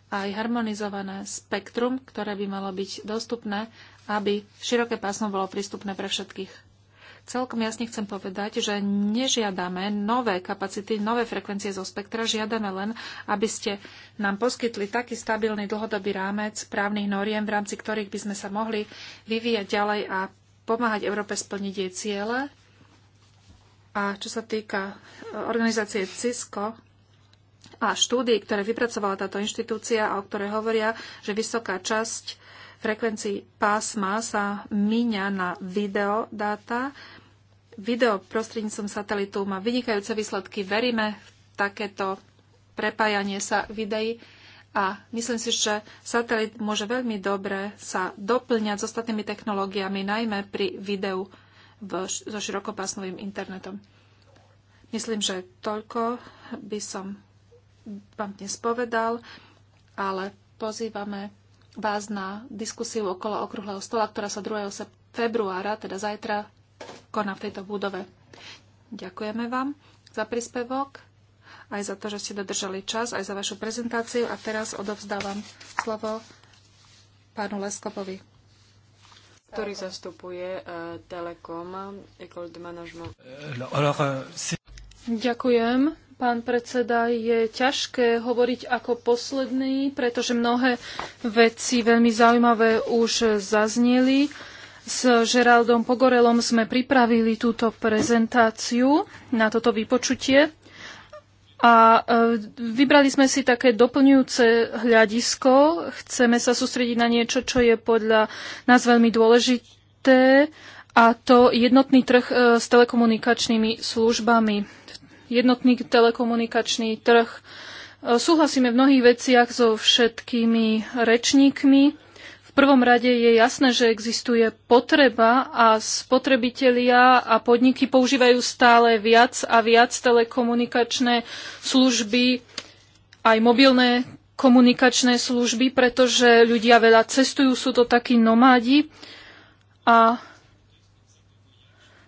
aj harmonizované spektrum, ktoré by malo byť dostupné aby široké pásmo bolo prístupné pre všetkých. Celkom jasne chcem povedať, že nežiadame nové kapacity, nové frekvencie zo spektra, žiadame len, aby ste nám poskytli taký stabilný dlhodobý rámec právnych noriem, v rámci ktorých by sme sa mohli vyvíjať ďalej a pomáhať Európe splniť jej ciele. A čo sa týka e, organizácie CISCO, a štúdií, ktoré vypracovala táto inštitúcia a o ktoré hovoria, že vysoká časť frekvencii pásma sa míňa na videodáta. Video prostredníctvom satelitu má vynikajúce výsledky. Veríme v takéto prepájanie sa videí a myslím si, že satelit môže veľmi dobre sa doplňať s ostatnými technológiami, najmä pri videu v, so širokopásnovým internetom. Myslím, že toľko by som vám dnes povedal, ale pozývame vás na diskusiu okolo okrúhleho stola, ktorá sa 2. februára, teda zajtra, koná v tejto budove. Ďakujeme vám za príspevok, aj za to, že ste dodržali čas, aj za vašu prezentáciu a teraz odovzdávam slovo pánu Leskopovi ktorý zastupuje uh, Telekom de Management. E, no, e, Ďakujem. Pán predseda, je ťažké hovoriť ako posledný, pretože mnohé veci veľmi zaujímavé už zazneli. S Žeraldom Pogorelom sme pripravili túto prezentáciu na toto vypočutie a e, vybrali sme si také doplňujúce hľadisko. Chceme sa sústrediť na niečo, čo je podľa nás veľmi dôležité a to jednotný trh e, s telekomunikačnými službami jednotný telekomunikačný trh. E, súhlasíme v mnohých veciach so všetkými rečníkmi. V prvom rade je jasné, že existuje potreba a spotrebitelia a podniky používajú stále viac a viac telekomunikačné služby, aj mobilné komunikačné služby, pretože ľudia veľa cestujú, sú to takí nomádi. A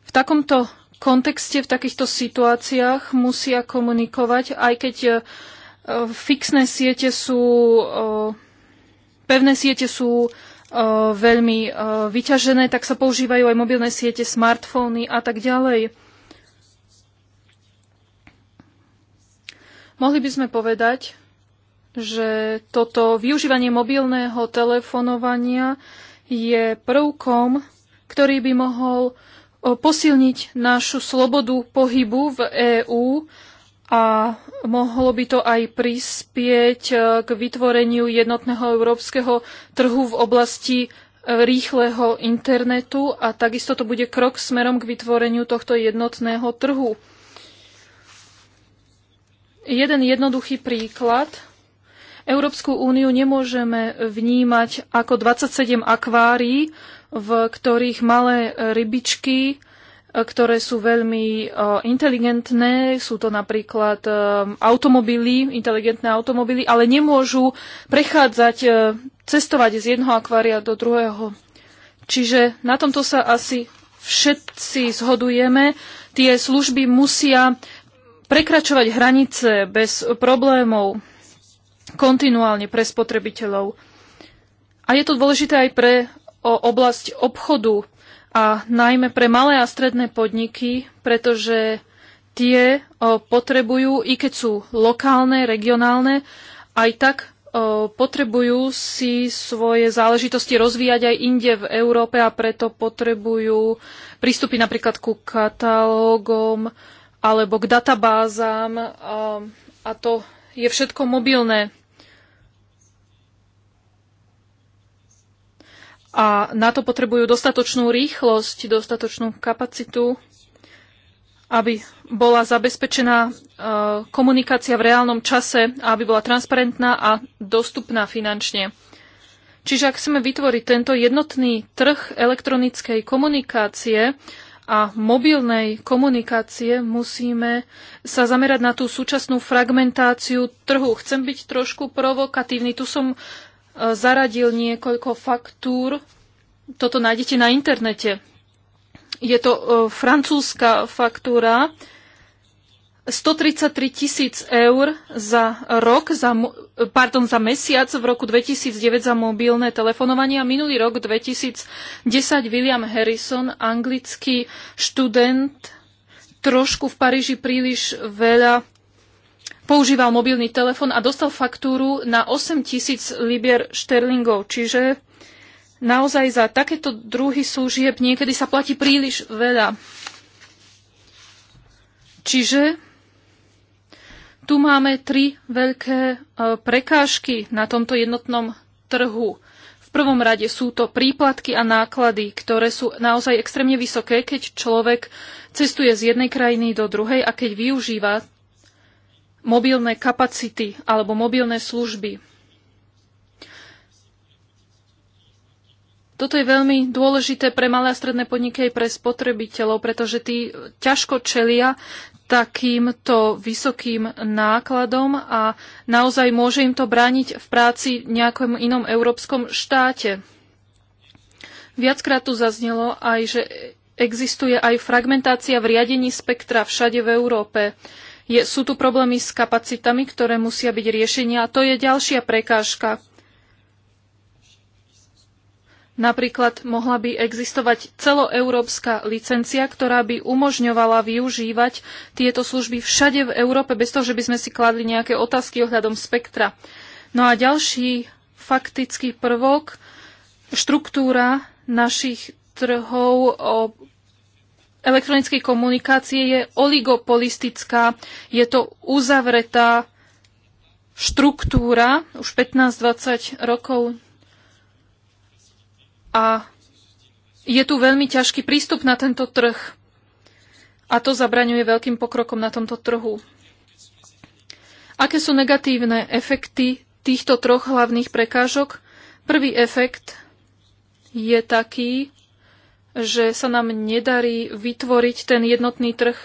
v takomto kontexte v takýchto situáciách musia komunikovať, aj keď e, fixné siete sú, e, pevné siete sú e, veľmi vyťažené, tak sa používajú aj mobilné siete, smartfóny a tak ďalej. Mohli by sme povedať, že toto využívanie mobilného telefonovania je prvkom, ktorý by mohol posilniť našu slobodu pohybu v EÚ a mohlo by to aj prispieť e, k vytvoreniu jednotného európskeho trhu v oblasti e, rýchleho internetu a takisto to bude krok smerom k vytvoreniu tohto jednotného trhu. Jeden jednoduchý príklad. Európsku úniu nemôžeme vnímať ako 27 akvárií, v ktorých malé e, rybičky, e, ktoré sú veľmi e, inteligentné, sú to napríklad automobily, inteligentné automobily, ale nemôžu prechádzať, cestovať z jednoho akvária do druhého. Čiže na tomto sa asi všetci zhodujeme. Tie služby musia prekračovať hranice bez problémov kontinuálne pre spotrebiteľov. A je to dôležité aj pre o oblasť obchodu a najmä pre malé a stredné podniky, pretože tie potrebujú, i keď sú lokálne, regionálne, aj tak potrebujú si svoje záležitosti rozvíjať aj inde v Európe a preto potrebujú prístupy napríklad ku katalógom alebo k databázám a to je všetko mobilné. A na to potrebujú dostatočnú rýchlosť, dostatočnú kapacitu, aby bola zabezpečená e, komunikácia v reálnom čase a aby bola transparentná a dostupná finančne. Čiže ak chceme vytvoriť tento jednotný trh elektronickej komunikácie a mobilnej komunikácie, musíme sa zamerať na tú súčasnú fragmentáciu trhu. Chcem byť trošku provokatívny. Tu som E, zaradil niekoľko faktúr. Toto nájdete na internete. Je to e, francúzska faktúra 133 tisíc eur za rok, za, pardon, za mesiac v roku 2009 za mobilné telefonovanie a minulý rok 2010 William Harrison, anglický študent, trošku v Paríži príliš veľa používal mobilný telefon a dostal faktúru na 8 tisíc libier šterlingov. Čiže naozaj za takéto druhy služieb niekedy sa platí príliš veľa. Čiže tu máme tri veľké e, prekážky na tomto jednotnom trhu. V prvom rade sú to príplatky a náklady, ktoré sú naozaj extrémne vysoké, keď človek cestuje z jednej krajiny do druhej a keď využíva mobilné kapacity alebo mobilné služby. Toto je veľmi dôležité pre malé a stredné podniky aj pre spotrebiteľov, pretože tí ťažko čelia takýmto vysokým nákladom a naozaj môže im to brániť v práci v nejakom inom európskom štáte. Viackrát tu zaznelo aj, že existuje aj fragmentácia v riadení spektra všade v Európe. Je, sú tu problémy s kapacitami, ktoré musia byť riešenia a to je ďalšia prekážka. Napríklad mohla by existovať celoeurópska licencia, ktorá by umožňovala využívať tieto služby všade v Európe, bez toho, že by sme si kladli nejaké otázky ohľadom spektra. No a ďalší faktický prvok, štruktúra našich trhov elektronickej komunikácie je oligopolistická. Je to uzavretá štruktúra už 15-20 rokov a je tu veľmi ťažký prístup na tento trh a to zabraňuje veľkým pokrokom na tomto trhu. Aké sú negatívne efekty týchto troch hlavných prekážok? Prvý efekt je taký, že sa nám nedarí vytvoriť ten jednotný trh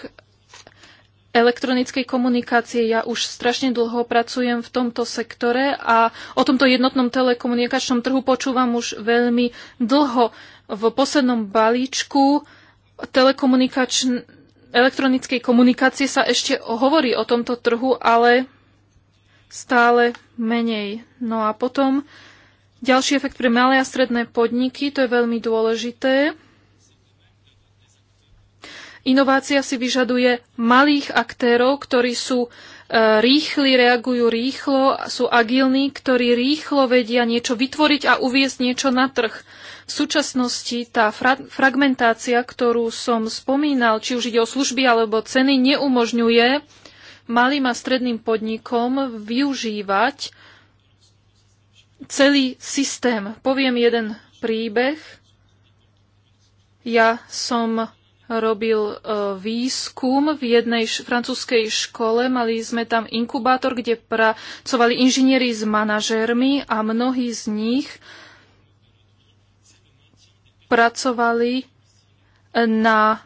elektronickej komunikácie. Ja už strašne dlho pracujem v tomto sektore a o tomto jednotnom telekomunikačnom trhu počúvam už veľmi dlho. V poslednom balíčku telekomunikač... elektronickej komunikácie sa ešte hovorí o tomto trhu, ale stále menej. No a potom ďalší efekt pre malé a stredné podniky, to je veľmi dôležité Inovácia si vyžaduje malých aktérov, ktorí sú e, rýchli, reagujú rýchlo, sú agilní, ktorí rýchlo vedia niečo vytvoriť a uviezť niečo na trh. V súčasnosti tá fra- fragmentácia, ktorú som spomínal, či už ide o služby alebo ceny, neumožňuje malým a stredným podnikom využívať celý systém. Poviem jeden príbeh. Ja som robil e, výskum v jednej francúzskej škole. Mali sme tam inkubátor, kde pracovali inžinieri s manažérmi a mnohí z nich pracovali na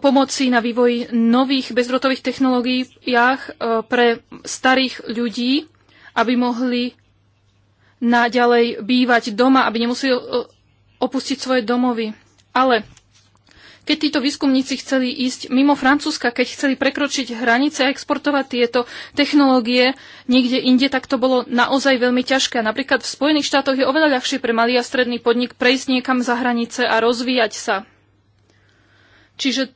pomoci na vývoji nových bezdrotových technológiách e, pre starých ľudí, aby mohli naďalej bývať doma, aby nemuseli e, opustiť svoje domovy. Ale keď títo výskumníci chceli ísť mimo Francúzska, keď chceli prekročiť hranice a exportovať tieto technológie niekde inde, tak to bolo naozaj veľmi ťažké. Napríklad v Spojených štátoch je oveľa ľahšie pre malý a stredný podnik prejsť niekam za hranice a rozvíjať sa. Čiže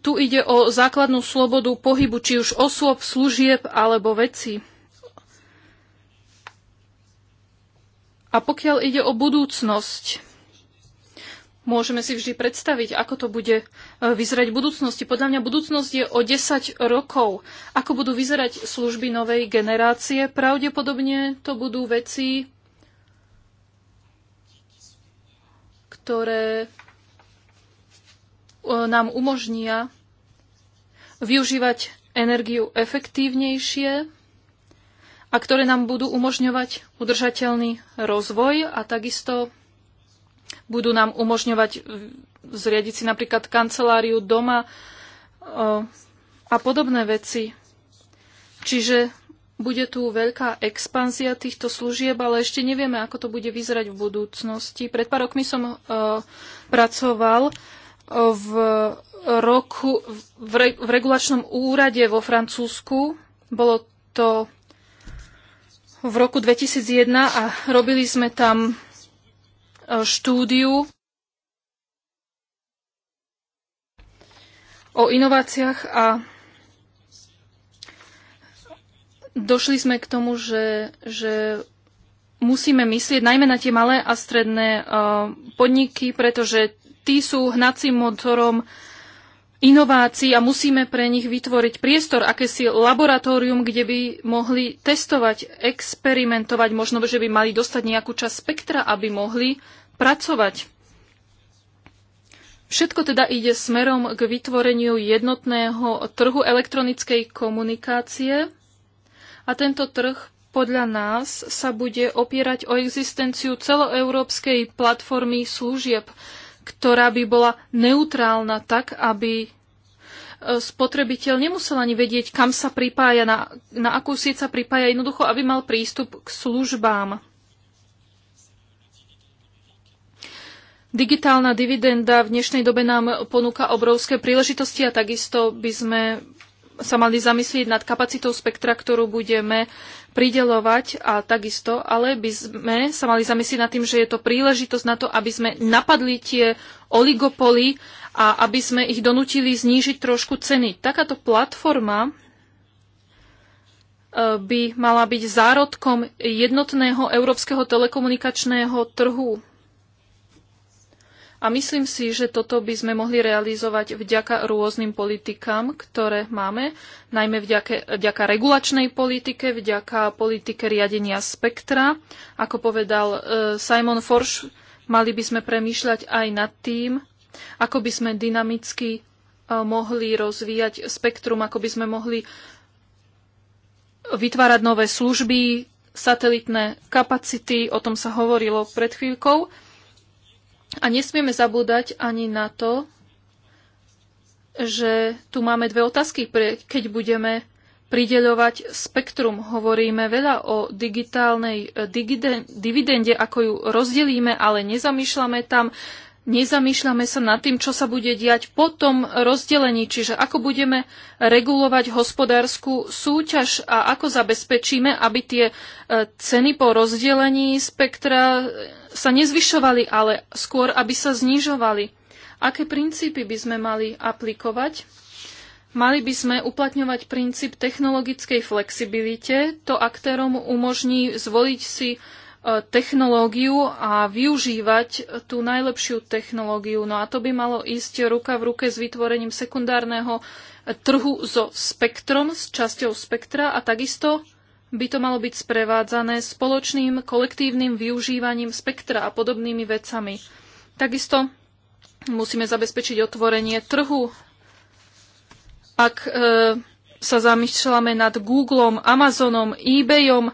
tu ide o základnú slobodu pohybu, či už osôb, služieb alebo veci. A pokiaľ ide o budúcnosť, Môžeme si vždy predstaviť, ako to bude e, vyzerať v budúcnosti. Podľa mňa budúcnosť je o 10 rokov. Ako budú vyzerať služby novej generácie? Pravdepodobne to budú veci, ktoré e, nám umožnia využívať energiu efektívnejšie a ktoré nám budú umožňovať udržateľný rozvoj a takisto budú nám umožňovať e, zriadiť si napríklad kanceláriu doma e, a podobné veci. Čiže bude tu veľká expanzia týchto služieb, ale ešte nevieme, ako to bude vyzerať v budúcnosti. Pred pár rokmi som e, pracoval v, roku, v, re, v regulačnom úrade vo Francúzsku. Bolo to v roku 2001 a robili sme tam štúdiu o inováciách a došli sme k tomu, že, že musíme myslieť najmä na tie malé a stredné uh, podniky, pretože tí sú hnacím motorom inovácií a musíme pre nich vytvoriť priestor, akési laboratórium, kde by mohli testovať, experimentovať, možno, že by mali dostať nejakú časť spektra, aby mohli pracovať. Všetko teda ide smerom k vytvoreniu jednotného trhu elektronickej komunikácie a tento trh podľa nás sa bude opierať o existenciu celoeurópskej platformy služieb, ktorá by bola neutrálna tak, aby e, spotrebiteľ nemusel ani vedieť, kam sa pripája, na, na akú sieť sa pripája, jednoducho, aby mal prístup k službám. Digitálna dividenda v dnešnej dobe nám ponúka obrovské príležitosti a takisto by sme sa mali zamyslieť nad kapacitou spektra, ktorú budeme pridelovať a takisto, ale by sme sa mali zamyslieť nad tým, že je to príležitosť na to, aby sme napadli tie oligopoly a aby sme ich donútili znížiť trošku ceny. Takáto platforma e, by mala byť zárodkom jednotného európskeho telekomunikačného trhu. A myslím si, že toto by sme mohli realizovať vďaka rôznym politikám, ktoré máme, najmä vďaka, vďaka regulačnej politike, vďaka politike riadenia spektra. Ako povedal e, Simon Forsch, mali by sme premýšľať aj nad tým, ako by sme dynamicky e, mohli rozvíjať spektrum, ako by sme mohli vytvárať nové služby, satelitné kapacity, o tom sa hovorilo pred chvíľkou a nesmieme zabúdať ani na to, že tu máme dve otázky, keď budeme prideľovať spektrum. Hovoríme veľa o digitálnej eh, dividende, ako ju rozdelíme, ale nezamýšľame tam nezamýšľame sa nad tým, čo sa bude diať po tom rozdelení, čiže ako budeme regulovať hospodárskú súťaž a ako zabezpečíme, aby tie e, ceny po rozdelení spektra e, sa nezvyšovali, ale skôr, aby sa znižovali. Aké princípy by sme mali aplikovať? Mali by sme uplatňovať princíp technologickej flexibilite, to aktérom umožní zvoliť si E, technológiu a využívať tú najlepšiu technológiu. No a to by malo ísť ruka v ruke s vytvorením sekundárneho trhu so spektrom, s časťou spektra a takisto by to malo byť sprevádzané spoločným kolektívnym využívaním spektra a podobnými vecami. Takisto musíme zabezpečiť otvorenie trhu. Ak e, sa zamýšľame nad Googlom, Amazonom, eBayom,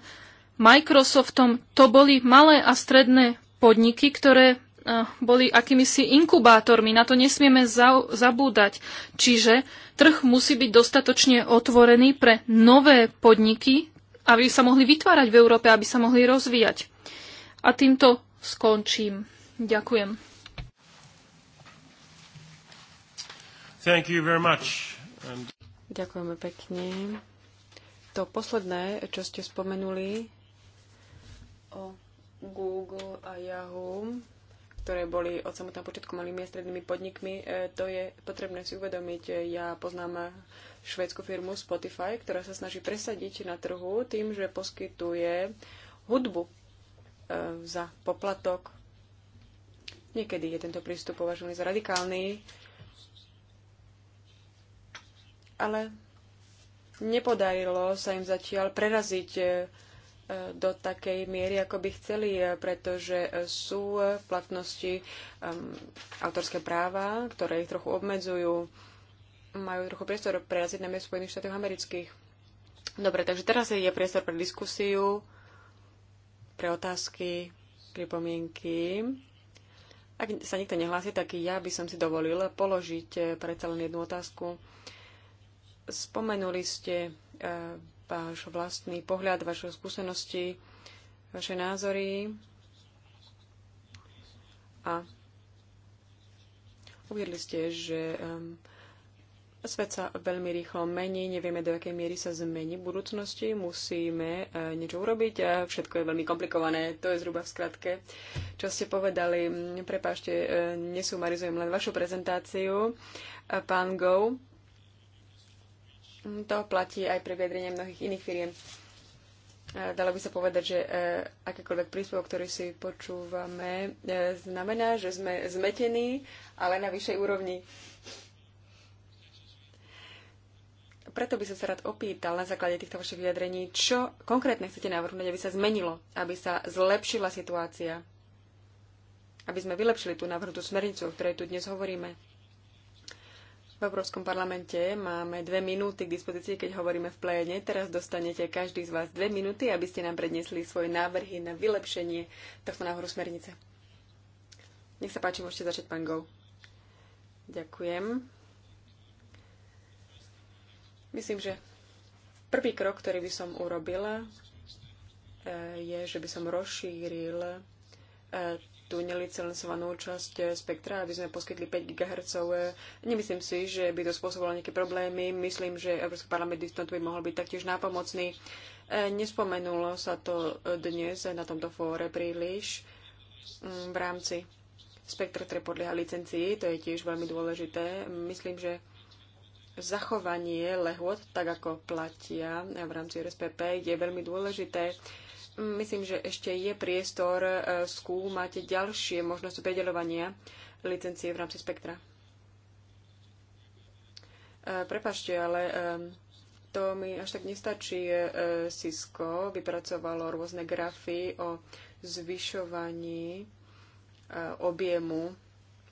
Microsoftom, to boli malé a stredné podniky, ktoré eh, boli akýmisi inkubátormi. Na to nesmieme zabúdať. Čiže trh musí byť dostatočne otvorený pre nové podniky, aby sa mohli vytvárať v Európe, aby sa mohli rozvíjať. A týmto skončím. Ďakujem. Thank you very much. And... Ďakujeme pekne. To posledné, čo ste spomenuli, o Google a Yahoo, ktoré boli od samotného počiatku malými a strednými podnikmi, e, to je potrebné si uvedomiť. Ja poznám švédsku firmu Spotify, ktorá sa snaží presadiť na trhu tým, že poskytuje hudbu e, za poplatok. Niekedy je tento prístup považovaný za radikálny, ale nepodarilo sa im zatiaľ preraziť e, do takej miery, ako by chceli, eh, pretože eh, sú eh, v platnosti ehm, autorské práva, ktoré ich trochu obmedzujú, majú trochu priestor pre v Spojených štátoch amerických. Dobre, takže teraz je priestor pre diskusiu, pre otázky, pripomienky. Ak sa nikto nehlási, tak ja by som si dovolil položiť predsa len jednu otázku. Spomenuli ste váš vlastný pohľad, vaše skúsenosti, vaše názory a uviedli ste, že um, svet sa veľmi rýchlo mení, nevieme do akej miery sa zmení v budúcnosti, musíme uh, niečo urobiť a všetko je veľmi komplikované. To je zhruba v skratke, čo ste povedali. Hm, Prepášte, uh, e, nesumarizujem len vašu prezentáciu. Uh, pán Gou. To platí aj pre vyjadrenie mnohých iných firiem. Dalo by sa povedať, že e, akýkoľvek príspevok, ktorý si počúvame, e, znamená, že sme zmetení, ale na vyššej úrovni. Preto by som sa rád opýtal na základe týchto vašich vyjadrení, čo konkrétne chcete navrhnúť, aby sa zmenilo, aby sa zlepšila situácia, aby sme vylepšili tú navrhnutú smernicu, o ktorej tu dnes hovoríme. V Európskom parlamente máme dve minúty k dispozícii, keď hovoríme v pléne. Teraz dostanete každý z vás dve minúty, aby ste nám predniesli svoje návrhy na vylepšenie tohto návrhu smernice. Nech sa páči, môžete začať, pán Gou. Ďakujem. Myslím, že prvý krok, ktorý by som urobila, eh, je, že by som rozšíril eh, tú nelicencovanú časť eh, spektra, aby sme poskytli 5 GHz. Eh, nemyslím si, že by to spôsobilo nejaké problémy. Myslím, že Európsky parlament v tomto by mohol byť taktiež nápomocný. Eh, nespomenulo sa to dnes na tomto fóre príliš mm, v rámci spektra, ktoré podlieha licencii. To je tiež veľmi dôležité. Myslím, že zachovanie lehôd, tak ako platia v rámci RSPP, je veľmi dôležité. Myslím, že ešte je priestor e, skúmať ďalšie možnosti predelovania licencie v rámci spektra. E, Prepašte, ale e, to mi až tak nestačí. Cisco vypracovalo rôzne grafy o zvyšovaní objemu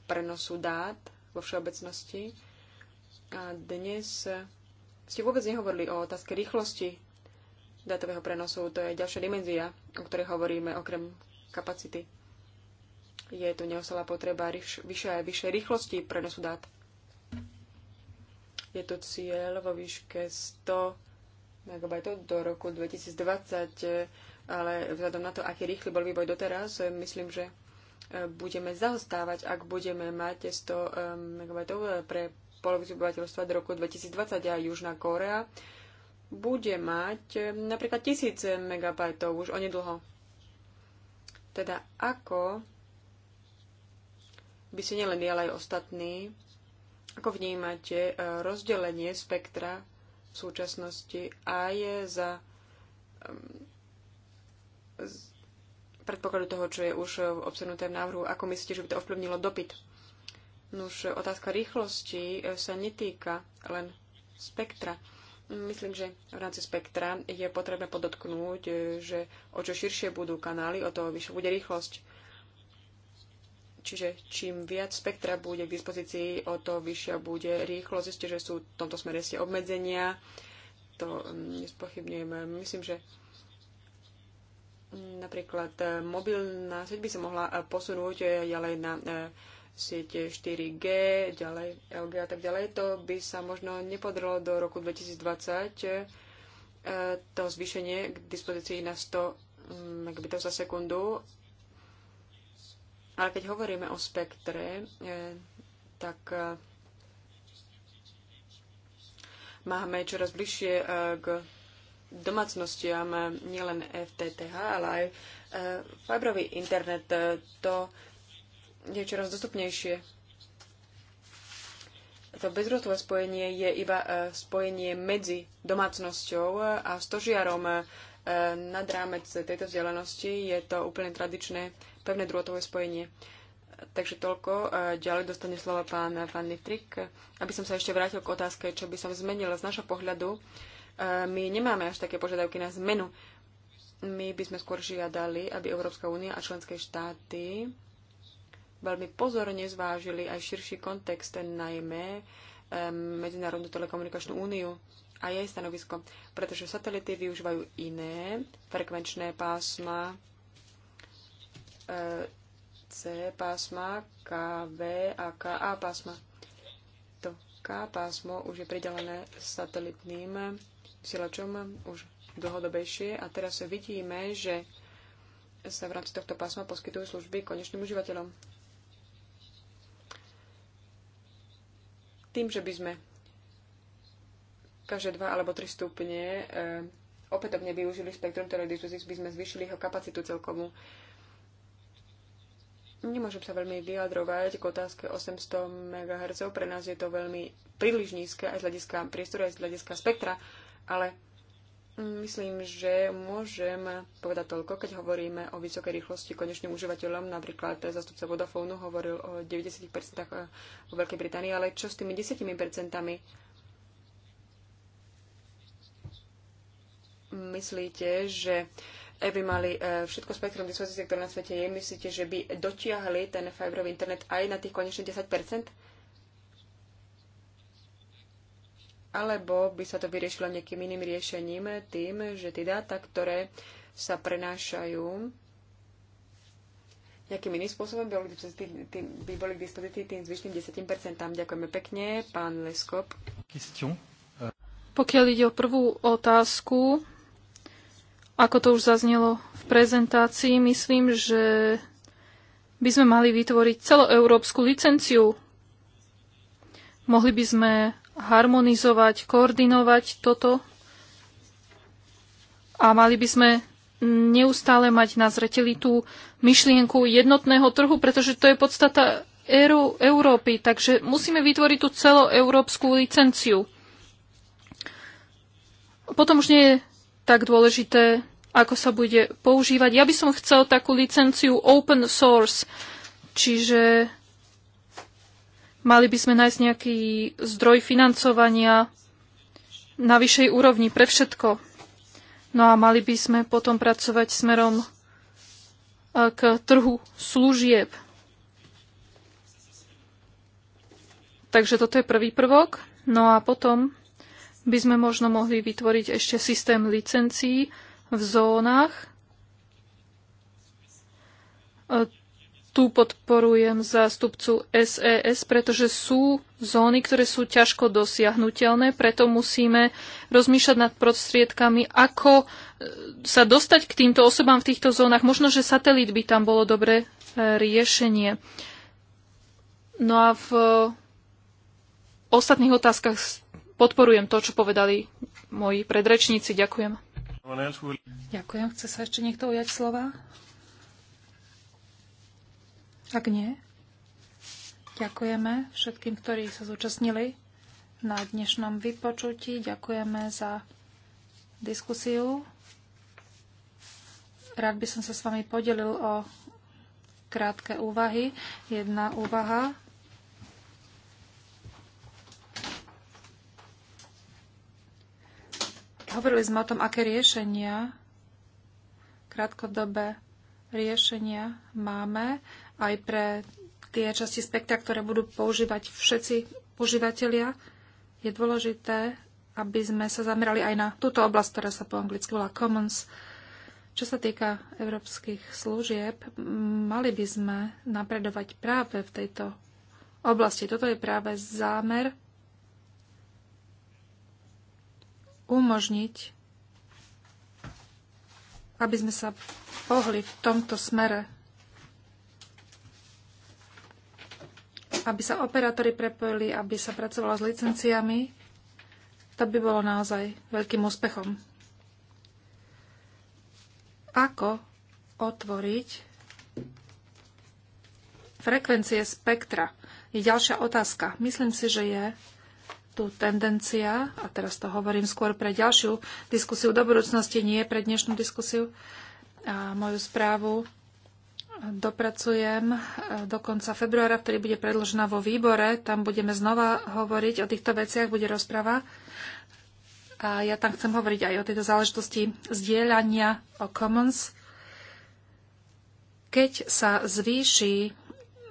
prenosu dát vo všeobecnosti. A dnes ste vôbec nehovorili o otázke rýchlosti datového prenosu. To je ďalšia dimenzia, o ktorej hovoríme okrem kapacity. Je tu neustála potreba vyššej a vyššej rýchlosti prenosu dát. Je to cieľ vo výške 100 MB do roku 2020, ale vzhľadom na to, aký rýchly bol vývoj doteraz, myslím, že e, budeme zaostávať, ak budeme mať 100 e, MB pre polovicu obyvateľstva do roku 2020 a Južná Kórea bude mať eh, napríklad 1000 MB už onedlho. Teda ako by si nielen ale aj ostatní, ako vnímate eh, rozdelenie spektra v súčasnosti a je za eh, predpokladu toho, čo je už obsahnuté v návrhu, ako myslíte, že by to ovplyvnilo dopyt? Nuž, otázka rýchlosti sa netýka len spektra. Myslím, že v rámci spektra je potrebné podotknúť, že o čo širšie budú kanály, o to vyššia bude rýchlosť. Čiže čím viac spektra bude k dispozícii, o to vyššia bude rýchlosť. Zistite, že sú v tomto smere ste obmedzenia, to mm, nespochybňujeme. Myslím, že mm, napríklad e, mobilná sieť by sa mohla e, posunúť e, ďalej na siete 4G, ďalej, LG a tak ďalej, to by sa možno nepodrlo do roku 2020 e, to zvýšenie k dispozícii na 100 megabitov za sekundu. Ale keď hovoríme o spektre, e, tak e, máme čoraz bližšie k domácnostiam nielen FTTH, ale aj fibrový internet. To je čoraz dostupnejšie. To bezrotové spojenie je iba e, spojenie medzi domácnosťou a stožiarom. E, nad rámec tejto vzdialenosti je to úplne tradičné pevné drôtové spojenie. Takže toľko. E, ďalej dostane slovo pán Van Nitrik. Aby som sa ešte vrátil k otázke, čo by som zmenila z našho pohľadu. My nemáme až také požiadavky na zmenu. My by sme skôr žiadali, aby Európska únia a členské štáty veľmi pozorne zvážili aj širší kontext, ten najmä Medzinárodnú telekomunikačnú úniu a jej stanovisko, pretože satelity využívajú iné frekvenčné pásma, e, C pásma, KV a KA pásma. To K pásmo už je pridelené satelitným vysielačom už dlhodobejšie a teraz vidíme, že sa v rámci tohto pásma poskytujú služby konečným užívateľom. Tým, že by sme každé dva alebo tri stupne e, opätovne využili spektrum, ktoré by sme zvýšili jeho kapacitu celkovú. Nemôžem sa veľmi vyjadrovať k otázke 800 MHz. Pre nás je to veľmi príliš nízke aj z hľadiska priestoru, aj z hľadiska spektra, ale Myslím, že môžem povedať toľko, keď hovoríme o vysokej rýchlosti konečným užívateľom. Napríklad zastupca Vodafónu hovoril o 90% eh, vo Veľkej Británii, ale čo s tými 10%? Myslíte, že eh, by mali eh, všetko spektrum dispozície, ktoré na svete je, myslíte, že by dotiahli ten fibrový internet aj na tých konečných 10%? alebo by sa to vyriešilo nejakým iným riešením, tým, že tie dáta, ktoré sa prenášajú nejakým iným spôsobom, by boli k dispozícii tým zvyšným 10%. Ďakujeme pekne, pán Leskop. Pokiaľ ide o prvú otázku, ako to už zaznelo v prezentácii, myslím, že by sme mali vytvoriť celoeurópsku licenciu. Mohli by sme harmonizovať, koordinovať toto a mali by sme neustále mať na zreteli tú myšlienku jednotného trhu, pretože to je podstata éru Európy, takže musíme vytvoriť tú celoeurópsku licenciu. Potom už nie je tak dôležité, ako sa bude používať. Ja by som chcel takú licenciu open source, čiže Mali by sme nájsť nejaký zdroj financovania na vyššej úrovni pre všetko. No a mali by sme potom pracovať smerom e, k trhu služieb. Takže toto je prvý prvok. No a potom by sme možno mohli vytvoriť ešte systém licencií v zónach. E, tu podporujem zástupcu SES, e pretože sú zóny, ktoré sú ťažko dosiahnutelné, preto musíme rozmýšľať nad prostriedkami, ako e, sa dostať k týmto osobám v týchto zónach. Možno, že satelit by tam bolo dobré e, riešenie. No a v ostatných otázkach podporujem to, čo povedali moji predrečníci. Ďakujem. Ďakujem. Chce sa ešte niekto ujať slova? Ak nie, ďakujeme všetkým, ktorí sa zúčastnili na dnešnom vypočutí. Ďakujeme za diskusiu. Rád by som sa s vami podelil o krátke úvahy. Jedna úvaha. Hovorili sme o tom, aké riešenia, krátkodobé riešenia máme aj pre tie časti spektra, ktoré budú používať všetci užívateľia, je dôležité, aby sme sa zamerali aj na túto oblasť, ktorá sa po anglicky volá Commons. Čo sa týka európskych služieb, mali by sme napredovať práve v tejto oblasti. Toto je práve zámer umožniť, aby sme sa pohli v tomto smere aby sa operátori prepojili, aby sa pracovalo s licenciami, to by bolo naozaj veľkým úspechom. Ako otvoriť frekvencie spektra? Je ďalšia otázka. Myslím si, že je tu tendencia, a teraz to hovorím skôr pre ďalšiu diskusiu do budúcnosti, nie pre dnešnú diskusiu, a moju správu dopracujem e, do konca februára, vtedy bude predložená vo výbore. Tam budeme znova hovoriť o týchto veciach, bude rozprava. A ja tam chcem hovoriť aj o tejto záležitosti zdieľania o commons. Keď sa zvýši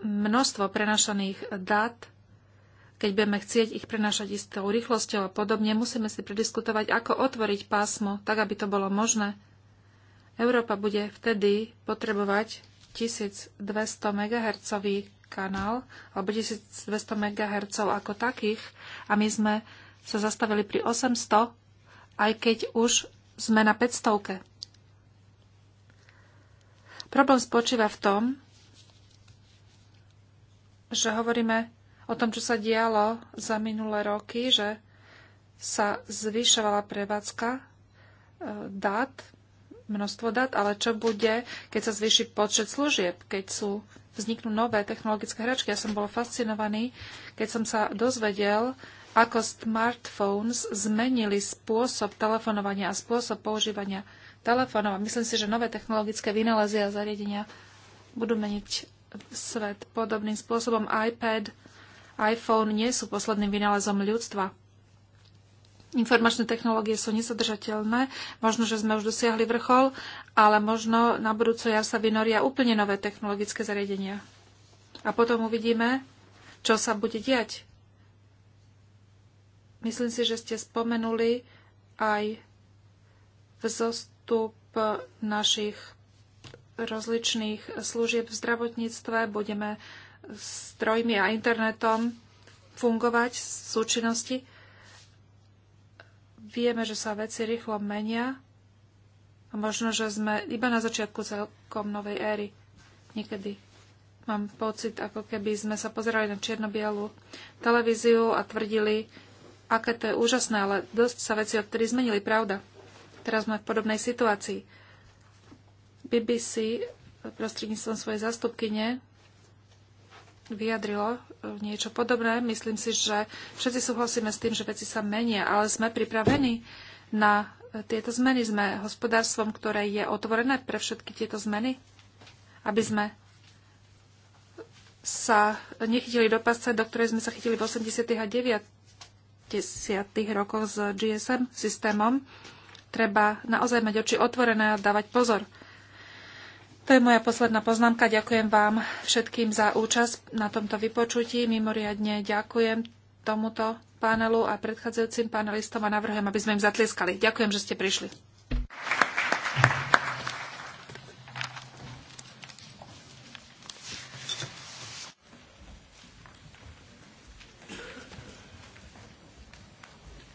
množstvo prenašaných dát, keď budeme chcieť ich prenašať istou rýchlosťou a podobne, musíme si prediskutovať, ako otvoriť pásmo, tak aby to bolo možné. Európa bude vtedy potrebovať 1200 MHz kanál alebo 1200 MHz ako takých a my sme sa zastavili pri 800, aj keď už sme na 500. Problém spočíva v tom, že hovoríme o tom, čo sa dialo za minulé roky, že sa zvyšovala prevádzka e, dát množstvo dát, ale čo bude, keď sa zvýši počet služieb, keď sú, vzniknú nové technologické hračky. Ja som bol fascinovaný, keď som sa dozvedel, ako smartphones zmenili spôsob telefonovania a spôsob používania telefónov. myslím si, že nové technologické vynálezy a zariadenia budú meniť svet podobným spôsobom. iPad, iPhone nie sú posledným vynálezom ľudstva informačné technológie sú nezadržateľné. Možno, že sme už dosiahli vrchol, ale možno na budúco jar sa vynoria úplne nové technologické zariadenia. A potom uvidíme, čo sa bude diať. Myslím si, že ste spomenuli aj vzostup našich rozličných služieb v zdravotníctve. Budeme strojmi a internetom fungovať v súčinnosti Vieme, že sa veci rýchlo menia a možno, že sme iba na začiatku celkom novej éry. Niekedy mám pocit, ako keby sme sa pozerali na čierno televíziu a tvrdili, aké to je úžasné, ale dosť sa veci odtedy zmenili, pravda. Teraz sme v podobnej situácii. BBC prostredníctvom svojej zastupkyne vyjadrilo e, niečo podobné. Myslím si, že všetci súhlasíme s tým, že veci sa menia, ale sme pripravení na e, tieto zmeny. Sme hospodárstvom, ktoré je otvorené pre všetky tieto zmeny, aby sme sa nechytili do pasce, do ktorej sme sa chytili v 80. a 90. rokoch s GSM systémom. Treba naozaj mať oči otvorené a dávať pozor. To je moja posledná poznámka. Ďakujem vám všetkým za účasť na tomto vypočutí. Mimoriadne ďakujem tomuto panelu a predchádzajúcim panelistom a navrhujem, aby sme im zatlieskali. Ďakujem, že ste prišli.